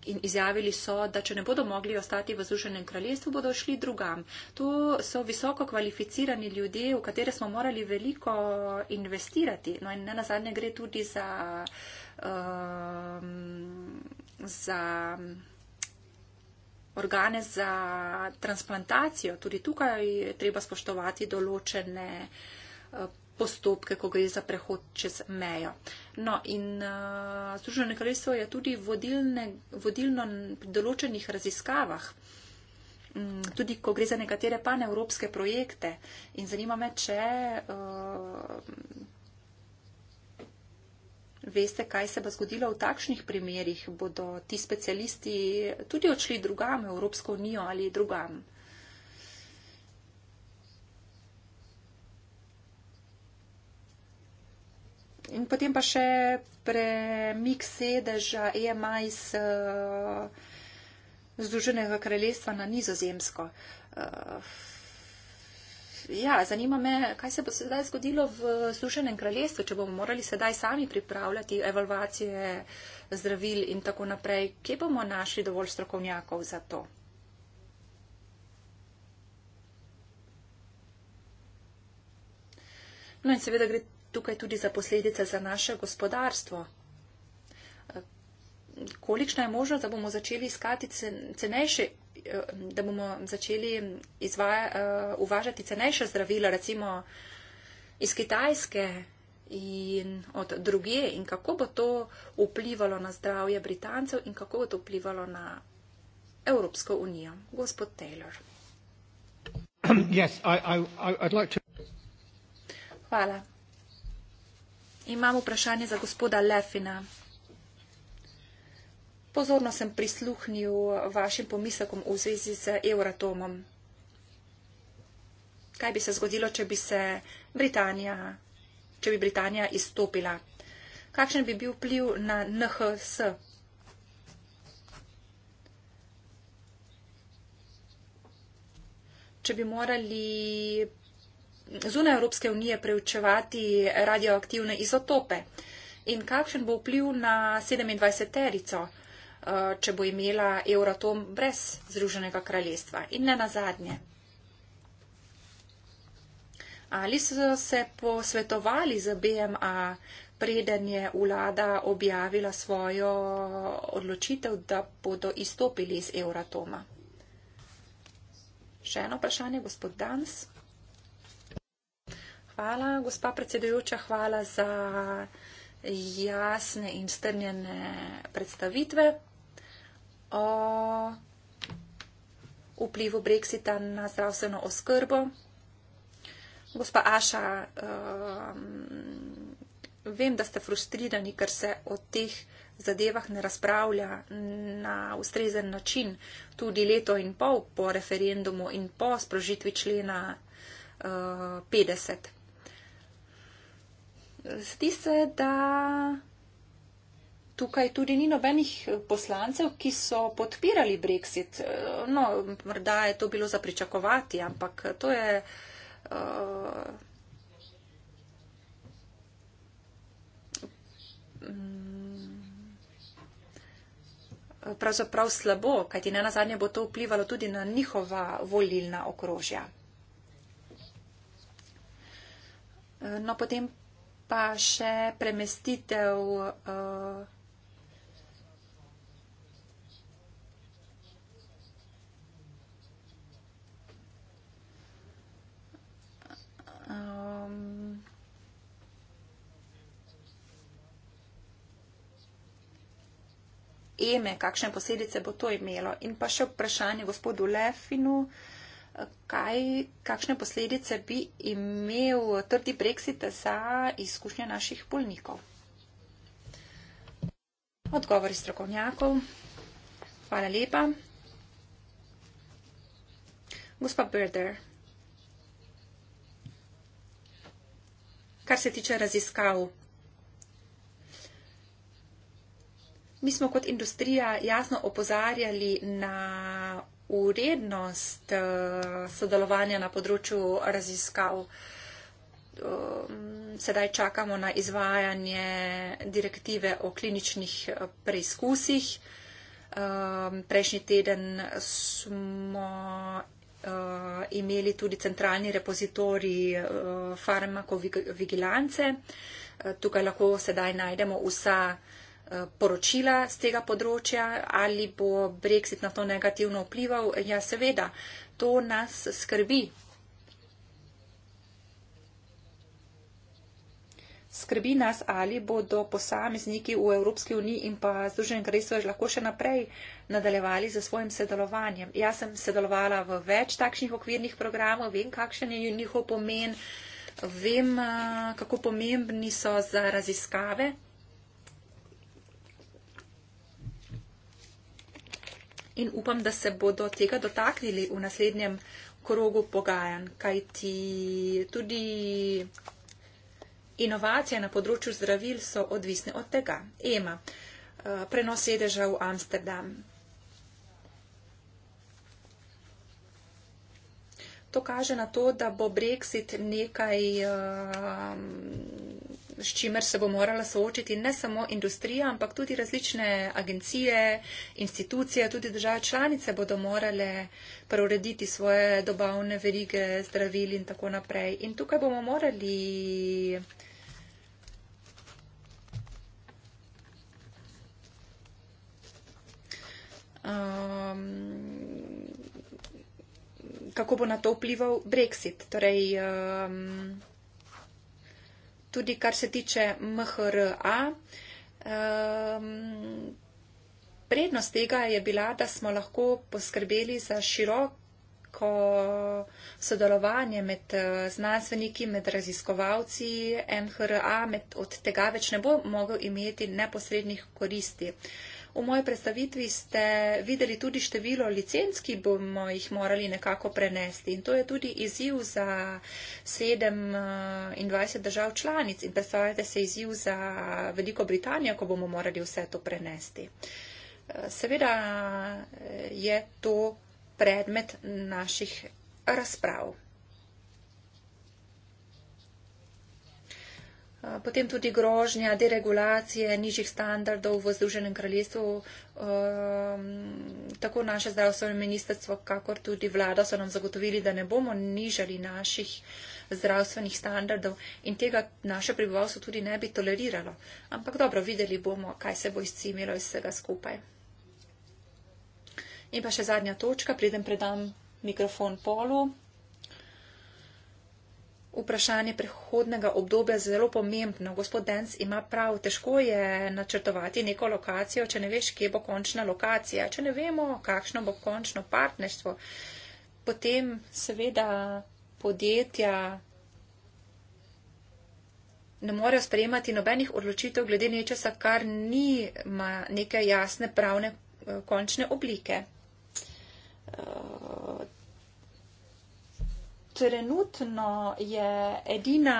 in izjavili so, da če ne bodo mogli ostati v Združenem kraljestvu, bodo šli drugam. To so visoko kvalificirani ljudje, v katere smo morali veliko investirati. No in ne nazadnje gre tudi za. Um, za organe za transplantacijo. Tudi tukaj je treba spoštovati določene postopke, ko gre za prehod čez mejo. No, in uh, Združeno kraljestvo je tudi vodilne, vodilno pri določenih raziskavah, um, tudi ko gre za nekatere panevropske projekte. In zanima me, če uh, veste, kaj se bo zgodilo v takšnih primerjih, bodo ti specialisti tudi odšli drugam, Evropsko unijo ali drugam. In potem pa še premik sedeža EMA iz uh, eh, Združenega kraljestva na Nizozemsko. Uh, ja, zanima me, kaj se bo sedaj zgodilo v Združenem kraljestvu, če bomo morali sedaj sami pripravljati evalvacije zdravil in tako naprej. Kje bomo našli dovolj strokovnjakov za to? No in seveda gre tukaj tudi za posledice za naše gospodarstvo. Kolikšna je možnost, da bomo začeli iskati cenejše, eh, da bomo začeli eh, izvaja, eh, uvažati cenejše zdravila, recimo iz Kitajske in od druge in kako bo to vplivalo na zdravje Britancev in kako bo to vplivalo na Evropsko unijo. Gospod Taylor. Yes, I, I, I'd like to... Hvala. Imam vprašanje za gospoda Lefina. Pozorno sem prisluhnil vašim pomislekom v zvezi z Euratomom. Kaj bi se zgodilo, če bi, se Britanija, če bi Britanija izstopila? Kakšen bi bil vpliv na NHS? Če bi morali zunaj Evropske unije preučevati radioaktivne izotope in kakšen bo vpliv na 27-terico, eh, če bo imela Euratom brez Združenega kraljestva in ne nazadnje. Ali so se posvetovali z BMA, preden je vlada objavila svojo odločitev, da bodo izstopili iz Euratoma? Še eno vprašanje, gospod Dans. Hvala, gospa predsedujoča, hvala za jasne in strnjene predstavitve o vplivu Brexita na zdravstveno oskrbo. Gospa Aša, um, vem, da ste frustrirani, ker se o teh zadevah ne razpravlja na ustrezen način tudi leto in pol po referendumu in po sprožitvi člena 50. Uh, Zdi se, da tukaj tudi ni nobenih poslancev, ki so podpirali Brexit. E, no, morda je to bilo zapričakovati, ampak to je. E, pravzaprav slabo, kajti ne nazadnje bo to vplivalo tudi na njihova volilna okrožja. E, no, potem pa še premestitev eh, um, Eme, kakšne posledice bo to imelo? In pa še vprašanje gospodu Lefinu. Uh, kaj, kakšne posledice bi imel trdi Brexit za izkušnje naših bolnikov. Odgovori strokovnjakov. Hvala lepa. Gospa Birder. Kar se tiče raziskav, mi smo kot industrija jasno opozarjali na urednost eh, sodelovanja na področju raziskav. Um, sedaj čakamo na izvajanje direktive o kliničnih eh, preizkusih. Um, prejšnji teden smo eh, imeli tudi centralni repozitorij farmakovigilance. Tukaj lahko sedaj najdemo vsa uh, Eh, poročila z tega področja, ali bo Brexit na to negativno vplival. Ja, seveda, to nas skrbi. Skrbi nas, ali bodo posamezniki v Evropski uniji in pa Združenem kraljestvu lahko še naprej nadaljevali za svojim sedelovanjem. Jaz sem sedelovala v več takšnih okvirnih programov, vem, kakšen je njihov pomen, vem, eh, kako pomembni so za raziskave. in upam, da se bodo tega dotaknili v naslednjem krogu pogajanj, kajti tudi inovacije na področju zdravil so odvisne od tega. Ema, eh, prenos sedeža v Amsterdam. To kaže na to, da bo Brexit nekaj. Uh, s čimer se bo morala soočiti ne samo industrija, ampak tudi različne agencije, institucije, tudi države članice bodo morale preurediti svoje dobavne verige, zdravili in tako naprej. In tukaj bomo morali. Um, kako bo na to vplival Brexit? Torej, um, tudi kar se tiče MHRA. Um, ehm, prednost tega je bila, da smo lahko poskrbeli za široko sodelovanje med eh, znanstveniki, med raziskovalci MHRA, med, od tega več ne bo mogel imeti neposrednih koristi. Uh, V moji predstavitvi ste videli tudi število licenc, ki bomo jih morali nekako prenesti. In to je tudi izziv za 27 eh, držav članic in predstavljate se izziv za Veliko Britanijo, ko bomo morali vse to prenesti. Eh, seveda eh, je to predmet naših razprav. Eh, potem tudi grožnja deregulacije nižjih standardov v Združenem kraljestvu. Ehm, tako naše zdravstveno ministrstvo, kakor tudi vlada so nam zagotovili, da ne bomo nižali naših zdravstvenih standardov in tega naše prebivalstvo tudi ne bi toleriralo. Ampak dobro, videli bomo, kaj se bo izcimilo iz vsega skupaj. In pa še zadnja točka, preden predam mikrofon polu vprašanje prehodnega obdobja zelo pomembno. Gospod Denc ima prav, težko je načrtovati neko lokacijo, če ne veš, kje bo končna lokacija, če ne vemo, kakšno bo končno partnerstvo. Potem seveda podjetja ne morejo sprejemati nobenih odločitev glede nečesa, kar nima neke jasne pravne eh, končne oblike. Eh, Trenutno je edina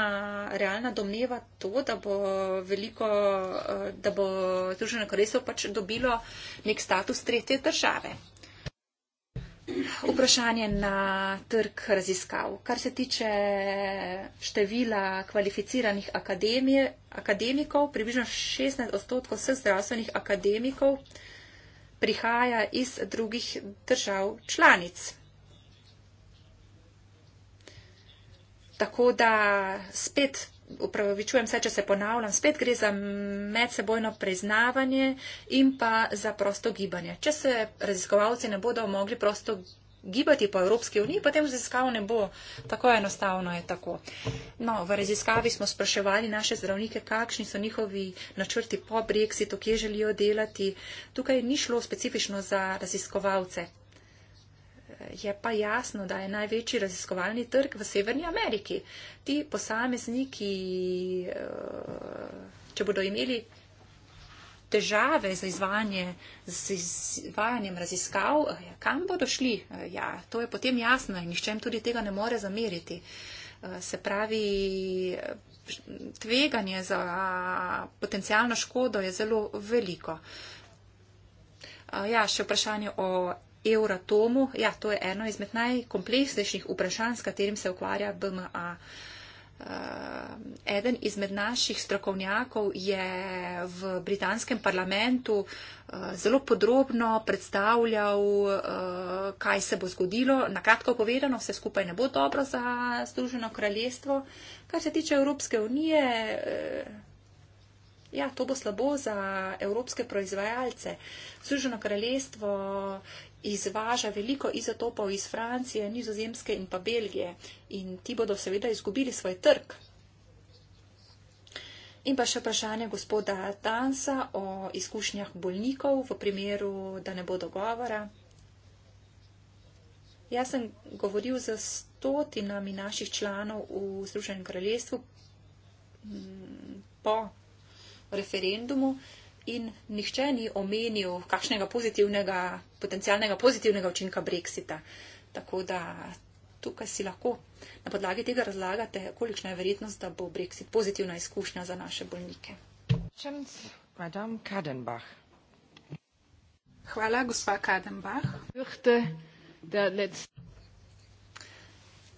realna domneva to, da bo veliko, eh, da bo Združeno kraljestvo pač dobilo nek status tretje države. Vprašanje na trg raziskav. Kar se tiče števila kvalificiranih akademije, akademikov, približno 16 odstotkov vseh zdravstvenih akademikov prihaja iz drugih držav članic. Tako da spet, upravičujem se, če se ponavljam, spet gre za medsebojno priznavanje in pa za prosto gibanje. Če se raziskovalci ne bodo mogli prosto gibati po Evropski uniji, potem raziskav ne bo. Tako enostavno je tako. No, v raziskavi smo spraševali naše zdravnike, kakšni so njihovi načrti po Brexitu, kje želijo delati. Tukaj ni šlo specifično za raziskovalce, je pa jasno, da je največji raziskovalni trg v Severni Ameriki. Ti posamezniki, eh, če bodo imeli težave z, izvanje, z izvanjem raziskav, eh, kam bodo šli? Eh, ja, to je potem jasno in nišče jim tudi tega ne more zameriti. Se pravi, tveganje za potencijalno škodo je zelo veliko. Ja, še vprašanje o Euratomu. Ja, to je eno izmed najkompleksnejših vprašanj, s katerim se ukvarja BMA. Uh, eh, eden izmed naših strokovnjakov je v britanskem parlamentu uh, zelo podrobno predstavljal, uh, kaj se bo zgodilo. Na kratko povedano, vse skupaj ne bo dobro za Združeno kraljestvo. Kar se tiče Evropske unije, uh, ja, to bo slabo za evropske proizvajalce. Združeno kraljestvo izvaža veliko izotopov iz Francije, Nizozemske in pa Belgije. In ti bodo seveda izgubili svoj trg. In pa še vprašanje gospoda Tansa o izkušnjah bolnikov v primeru, da ne bo dogovora. Jaz sem govoril z stotinami naših članov v Združenem kraljestvu mm, po referendumu. Uh, in nihče ni omenil kakšnega pozitivnega, potencialnega pozitivnega učinka Brexita. Tako da tukaj si lahko na podlagi tega razlagate, kolikšna je verjetnost, da bo Brexit pozitivna izkušnja za naše bolnike. Hvala, gospa Kadenbach.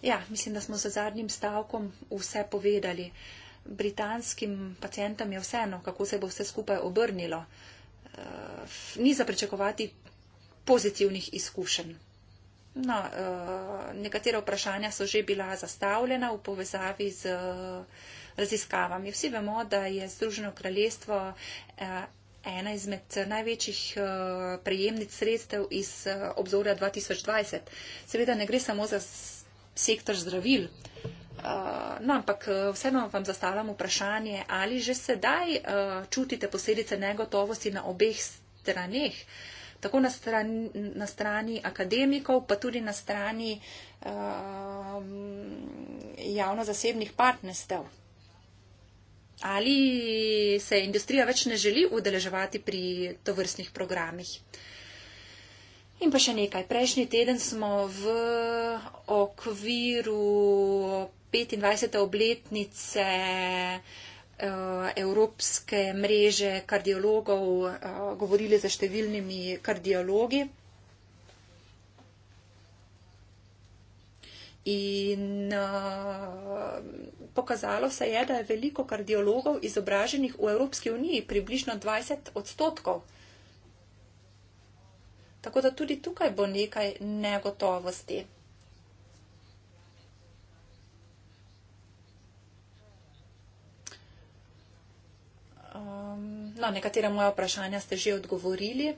Ja, mislim, da smo z zadnjim stavkom vse povedali. Uh, britanskim pacijentam je vseeno, kako se bo vse skupaj obrnilo. Eh, ni za pričakovati pozitivnih izkušenj. No, eh, nekatera vprašanja so že bila zastavljena v povezavi z eh, raziskavami. Vsi vemo, da je Združeno kraljestvo ena izmed največjih prejemnic sredstev iz obzorja 2020. Seveda ne gre samo za sektor zdravil, Eh, no, ampak eh, vseeno vam zastavljam vprašanje, ali že sedaj uh, čutite posledice negotovosti na obeh straneh, tako na strani, na strani akademikov, pa tudi na strani uh, javno-zasebnih partnerstev. Ali se industrija več ne želi udeleževati pri tovrstnih programih? Uh, In pa še nekaj. Prejšnji teden smo v okviru 25. obletnice eh, Evropske mreže kardiologov eh, govorili za številnimi kardiologi. In uh, pokazalo se je, da je veliko kardiologov izobraženih v Evropski uniji, približno 20 odstotkov. Tako da tudi tukaj bo nekaj negotovosti. Um, no, nekatera moja vprašanja ste že odgovorili.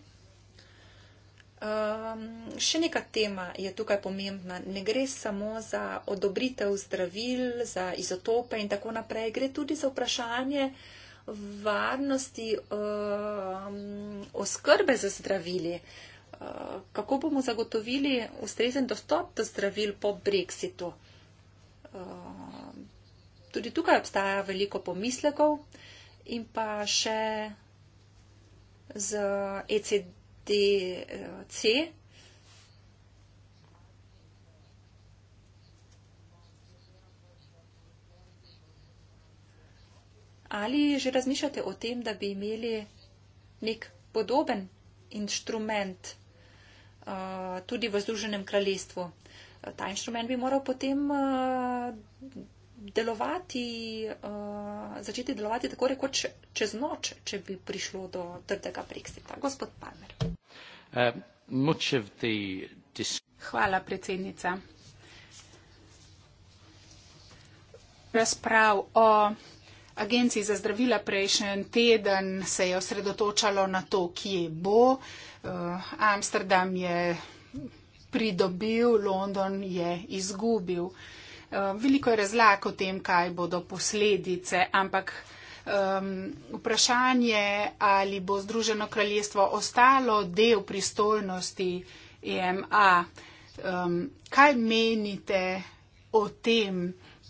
Um, še neka tema je tukaj pomembna. Ne gre samo za odobritev zdravil, za izotope in tako naprej. Gre tudi za vprašanje varnosti um, oskrbe za zdravili. Uh, Eh, kako bomo zagotovili ustrezen dostop do zdravil po brexitu. Eh, tudi tukaj obstaja veliko pomislekov in pa še z ECDC. Ali že razmišljate o tem, da bi imeli nek podoben inštrument? Eh, tudi v Združenem kraljestvu. Eh, ta inštrument bi moral potem eh, delovati, začeti delovati tako rekoč čez noč, če bi prišlo do trdega Brexita. Gospod Palmer. Uh, dis- Hvala, predsednica. Razprav o agenciji za zdravila prejšnji teden se je osredotočalo na to, kje bo uh, Eh, Amsterdam je pridobil, London je izgubil. Eh, veliko je razlag o tem, kaj bodo posledice, ampak vprašanje, ali bo Združeno kraljestvo ostalo del pristojnosti e EMA. Kaj menite o tem,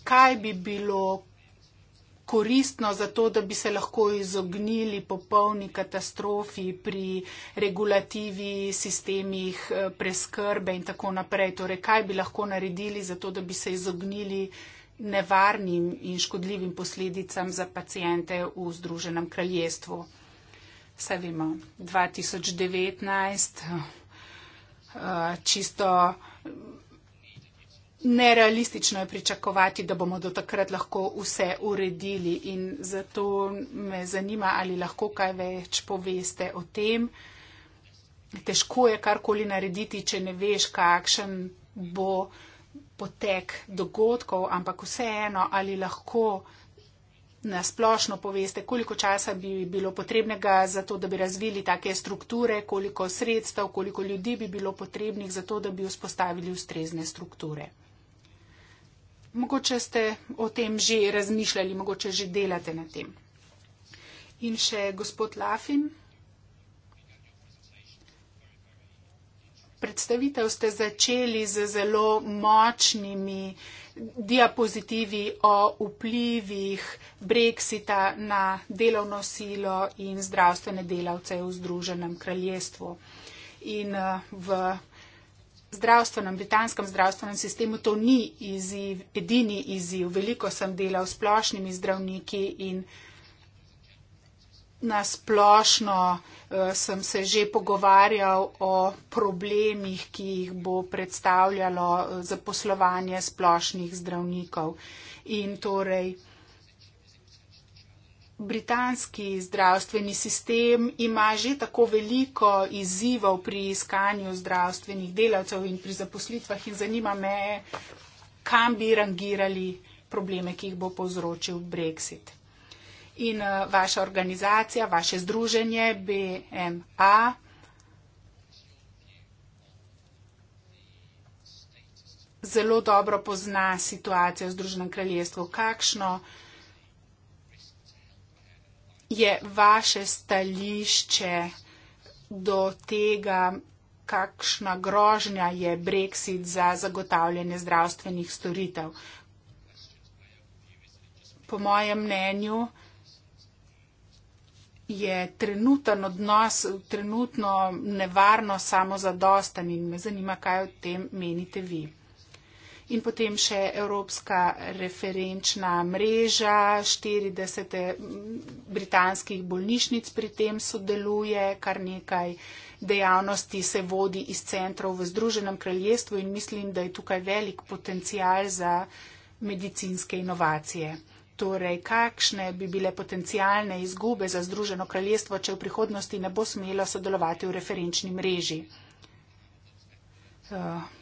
kaj bi bilo, koristno za to, da bi se lahko izognili popolni katastrofi pri regulativi, sistemih eh, preskrbe in tako naprej. Torej, kaj bi lahko naredili za to, da bi se izognili nevarnim in škodljivim posledicam za pacijente v Združenem kraljestvu. Vse vemo, 2019, eh, čisto Nerealistično je pričakovati, da bomo do takrat lahko vse uredili in zato me zanima, ali lahko kaj več poveste o tem. Težko je karkoli narediti, če ne veš, kakšen bo potek dogodkov, ampak vseeno, ali lahko nasplošno poveste, koliko časa bi bilo potrebnega za to, da bi razvili take strukture, koliko sredstev, koliko ljudi bi bilo potrebnih za to, da bi vzpostavili ustrezne strukture mogoče ste o tem že razmišljali, mogoče že delate na tem. In še gospod Lafin. Predstavitev ste začeli z zelo močnimi diapozitivi o vplivih Brexita na delovno silo in zdravstvene delavce v Združenem kraljestvu. In eh, v zdravstvenem, britanskem zdravstvenem sistemu to ni izziv, edini izziv. Veliko sem delal s plošnimi zdravniki in nasplošno uh, eh, sem se že pogovarjal o problemih, ki jih bo predstavljalo uh, zaposlovanje splošnih zdravnikov. In torej, Britanski zdravstveni sistem ima že tako veliko izzivov pri iskanju zdravstvenih delavcev in pri zaposlitvah in zanima me, kam bi rangirali probleme, ki jih bo povzročil Brexit. In eh, vaša organizacija, vaše združenje BMA. Zelo dobro pozna situacijo v Združenem kraljestvu. Kakšno je vaše stališče do tega, kakšna grožnja je Brexit za zagotavljanje zdravstvenih storitev. Po mojem mnenju je trenuten odnos, trenutno nevarno samo zadostan in me zanima, kaj o tem menite vi in potem še Evropska referenčna mreža, 40 eh, britanskih bolnišnic pri tem sodeluje, kar nekaj dejavnosti se vodi iz centrov v Združenem kraljestvu in mislim, da je tukaj velik potencial za medicinske inovacije. Torej, kakšne bi bile potencijalne izgube za Združeno kraljestvo, če v prihodnosti ne bo smelo sodelovati v referenčni mreži? Uh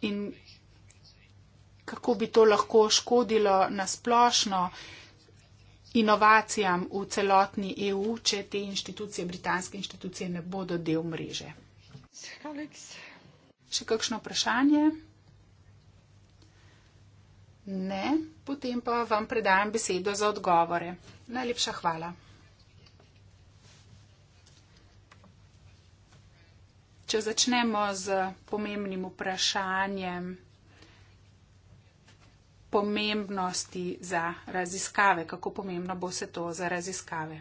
in kako bi to lahko škodilo nasplošno inovacijam v celotni EU, če te inštitucije, britanske inštitucije, ne bodo del mreže. Še kakšno vprašanje? Ne, potem pa vam predajam besedo za odgovore. Najlepša hvala. Če začnemo z pomembnim vprašanjem pomembnosti za raziskave, kako pomembno bo se to za raziskave.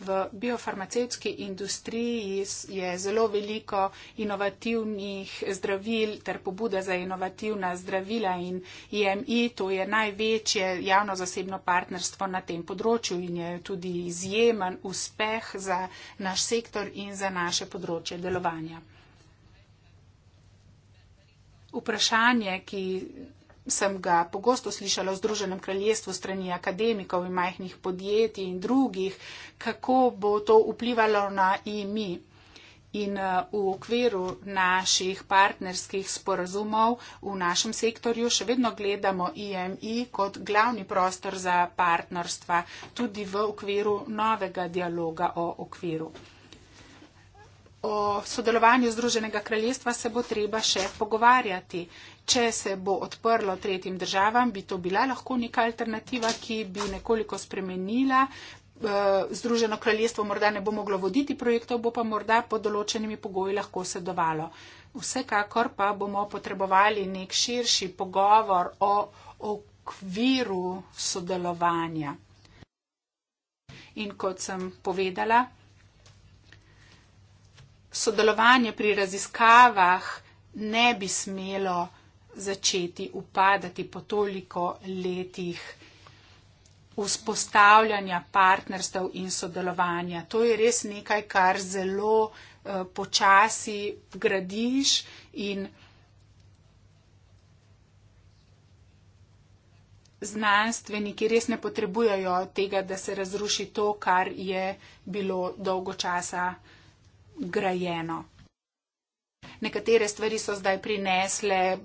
V biofarmacevtski industriji je zelo veliko inovativnih zdravil ter pobuda za inovativna zdravila in IMI, e to je največje javno-zasebno partnerstvo na tem področju in je tudi izjemen uspeh za naš sektor in za naše področje delovanja vprašanje, ki sem ga pogosto slišala v Združenem kraljestvu strani akademikov in majhnih podjetij in drugih, kako bo to vplivalo na imi. In eh, v okviru naših partnerskih sporazumov v našem sektorju še vedno gledamo IMI kot glavni prostor za partnerstva, tudi v okviru novega dialoga o okviru o sodelovanju Združenega kraljestva se bo treba še pogovarjati. Če se bo odprlo tretjim državam, bi to bila lahko neka alternativa, ki bi nekoliko spremenila. Eh, Združeno kraljestvo morda ne bo moglo voditi projektov, bo pa morda pod določenimi pogoji lahko sedovalo. Vsekakor pa bomo potrebovali nek širši pogovor o okviru sodelovanja. In kot sem povedala, sodelovanje pri raziskavah ne bi smelo začeti upadati po toliko letih vzpostavljanja partnerstev in sodelovanja. To je res nekaj, kar zelo eh, počasi gradiš in znanstveniki res ne potrebujejo tega, da se razruši to, kar je bilo dolgo časa eh, grajeno. Nekatere stvari so zdaj prinesle eh,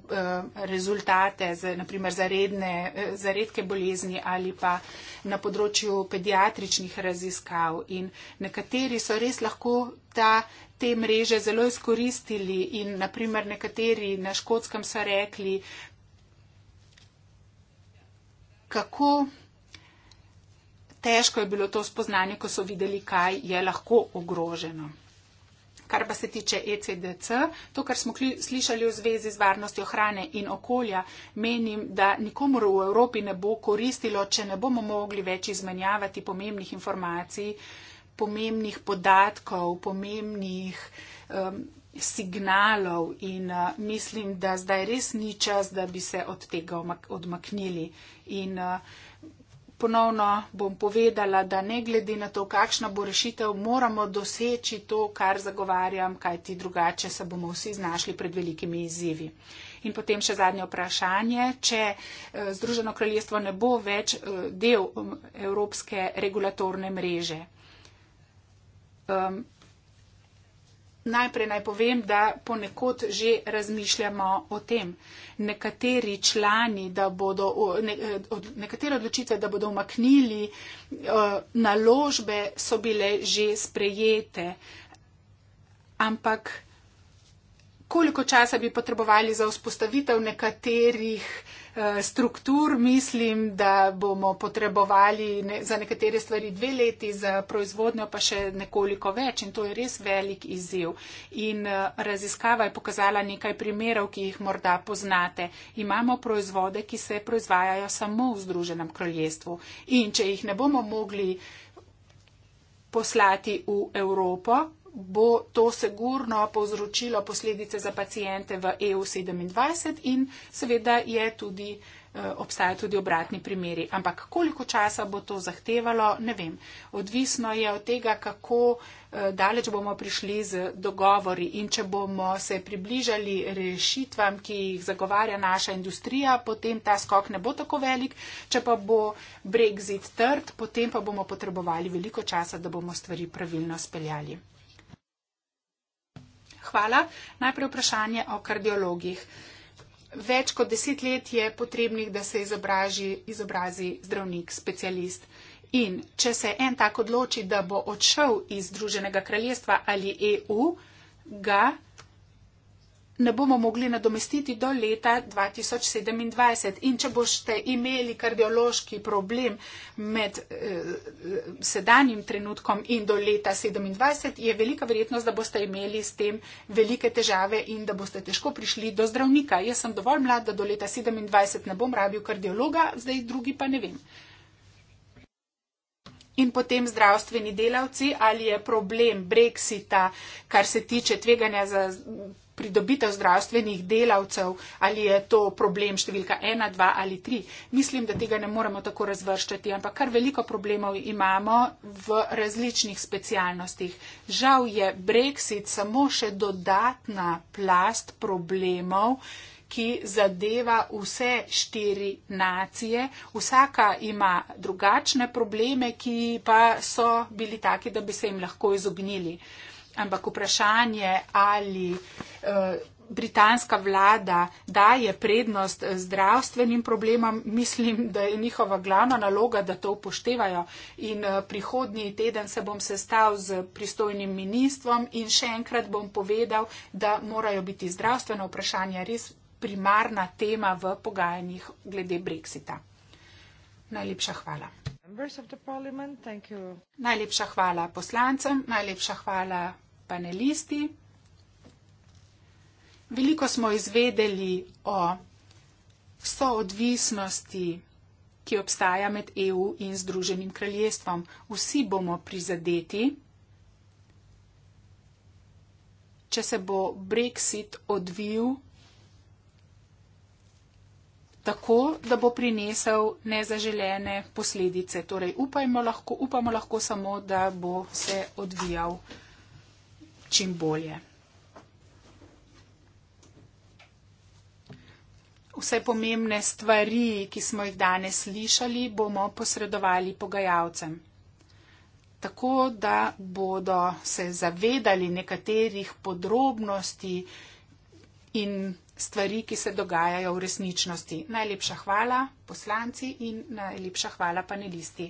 rezultate, naprimer za, redne, eh, za redke bolezni ali pa na področju pediatričnih raziskav. In nekateri so res lahko ta, te mreže zelo izkoristili in naprimer nekateri na škotskem so rekli, kako. Težko je bilo to spoznanje, ko so videli, kaj je lahko ogroženo. Kar pa se tiče ECDC, to, kar smo slišali v zvezi z varnostjo hrane in okolja, menim, da nikomor v Evropi ne bo koristilo, če ne bomo mogli več izmenjavati pomembnih informacij, pomembnih podatkov, pomembnih um, signalov in uh, mislim, da zdaj res ni čas, da bi se od tega odmaknili. In, uh, ponovno bom povedala, da ne glede na to, kakšna bo rešitev, moramo doseči to, kar zagovarjam, kajti drugače se bomo vsi znašli pred velikimi izzivi. In potem še zadnje vprašanje. Če eh, Združeno kraljestvo ne bo več eh, del mm, Evropske regulatorne mreže, najprej naj povem, da ponekod že razmišljamo o tem. Nekateri člani, da bodo, ne, od, nekatere odločitve, da bodo umaknili eh, naložbe, so bile že sprejete. Ampak koliko časa bi potrebovali za vzpostavitev nekaterih uh, Eh, struktur, mislim, da bomo potrebovali ne, za nekatere stvari dve leti, za proizvodnjo pa še nekoliko več in to je res velik izziv. In eh, raziskava je pokazala nekaj primerov, ki jih morda poznate. Imamo proizvode, ki se proizvajajo samo v Združenem kraljestvu in če jih ne bomo mogli poslati v Evropo, bo to sigurno povzročilo posledice za pacijente v EU27 in seveda je tudi, eh, obstaja tudi obratni primeri. Ampak koliko časa bo to zahtevalo, ne vem. Odvisno je od tega, kako eh, daleč bomo prišli z dogovori in če bomo se približali rešitvam, ki jih zagovarja naša industrija, potem ta skok ne bo tako velik. Če pa bo Brexit trd, potem pa bomo potrebovali veliko časa, da bomo stvari pravilno speljali hvala. Najprej vprašanje o kardiologih. Več kot deset let je potrebnih, da se izobraži, izobrazi zdravnik, specialist. In če se en tak odloči, da bo odšel iz Združenega kraljestva ali EU, ga ne bomo mogli nadomestiti do leta 2027. In če boste imeli kardiološki problem med eh, sedanjim trenutkom in do leta 27, je velika verjetnost, da boste imeli s tem velike težave in da boste težko prišli do zdravnika. Jaz sem dovolj mlad, da do leta 27 ne bom rabil kardiologa, zdaj drugi pa ne vem. In potem zdravstveni delavci, ali je problem Brexita, kar se tiče tveganja za pridobitev zdravstvenih delavcev, ali je to problem številka ena, dva ali tri. Mislim, da tega ne moremo tako razvrščati, ampak kar veliko problemov imamo v različnih specialnostih. Žal je Brexit samo še dodatna plast problemov ki zadeva vse štiri nacije. Vsaka ima drugačne probleme, ki pa so bili taki, da bi se jim lahko izognili ampak vprašanje, ali eh, britanska vlada daje prednost zdravstvenim problemom, mislim, da je njihova glavna naloga, da to upoštevajo. In eh, prihodnji teden se bom sestal z pristojnim ministrom in še enkrat bom povedal, da morajo biti zdravstvena vprašanja res primarna tema v pogajanjih glede Brexita. Najlepša hvala. Najlepša hvala poslancem, najlepša hvala panelisti. Veliko smo izvedeli o soodvisnosti, ki obstaja med EU in Združenim kraljestvom. Vsi bomo prizadeti, če se bo Brexit odvil tako, da bo prinesel nezaželene posledice. Torej, upajmo lahko, upamo lahko samo, da bo se odvijal čim bolje. Vse pomembne stvari, ki smo jih danes slišali, bomo posredovali pogajalcem. Tako, da bodo se zavedali nekaterih podrobnosti in stvari, ki se dogajajo v resničnosti. Najlepša hvala poslanci in najlepša hvala panelisti.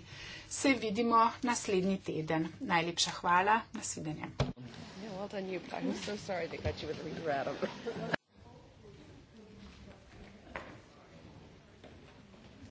Se vidimo naslednji teden. Najlepša hvala, nasvidenje. Yeah, well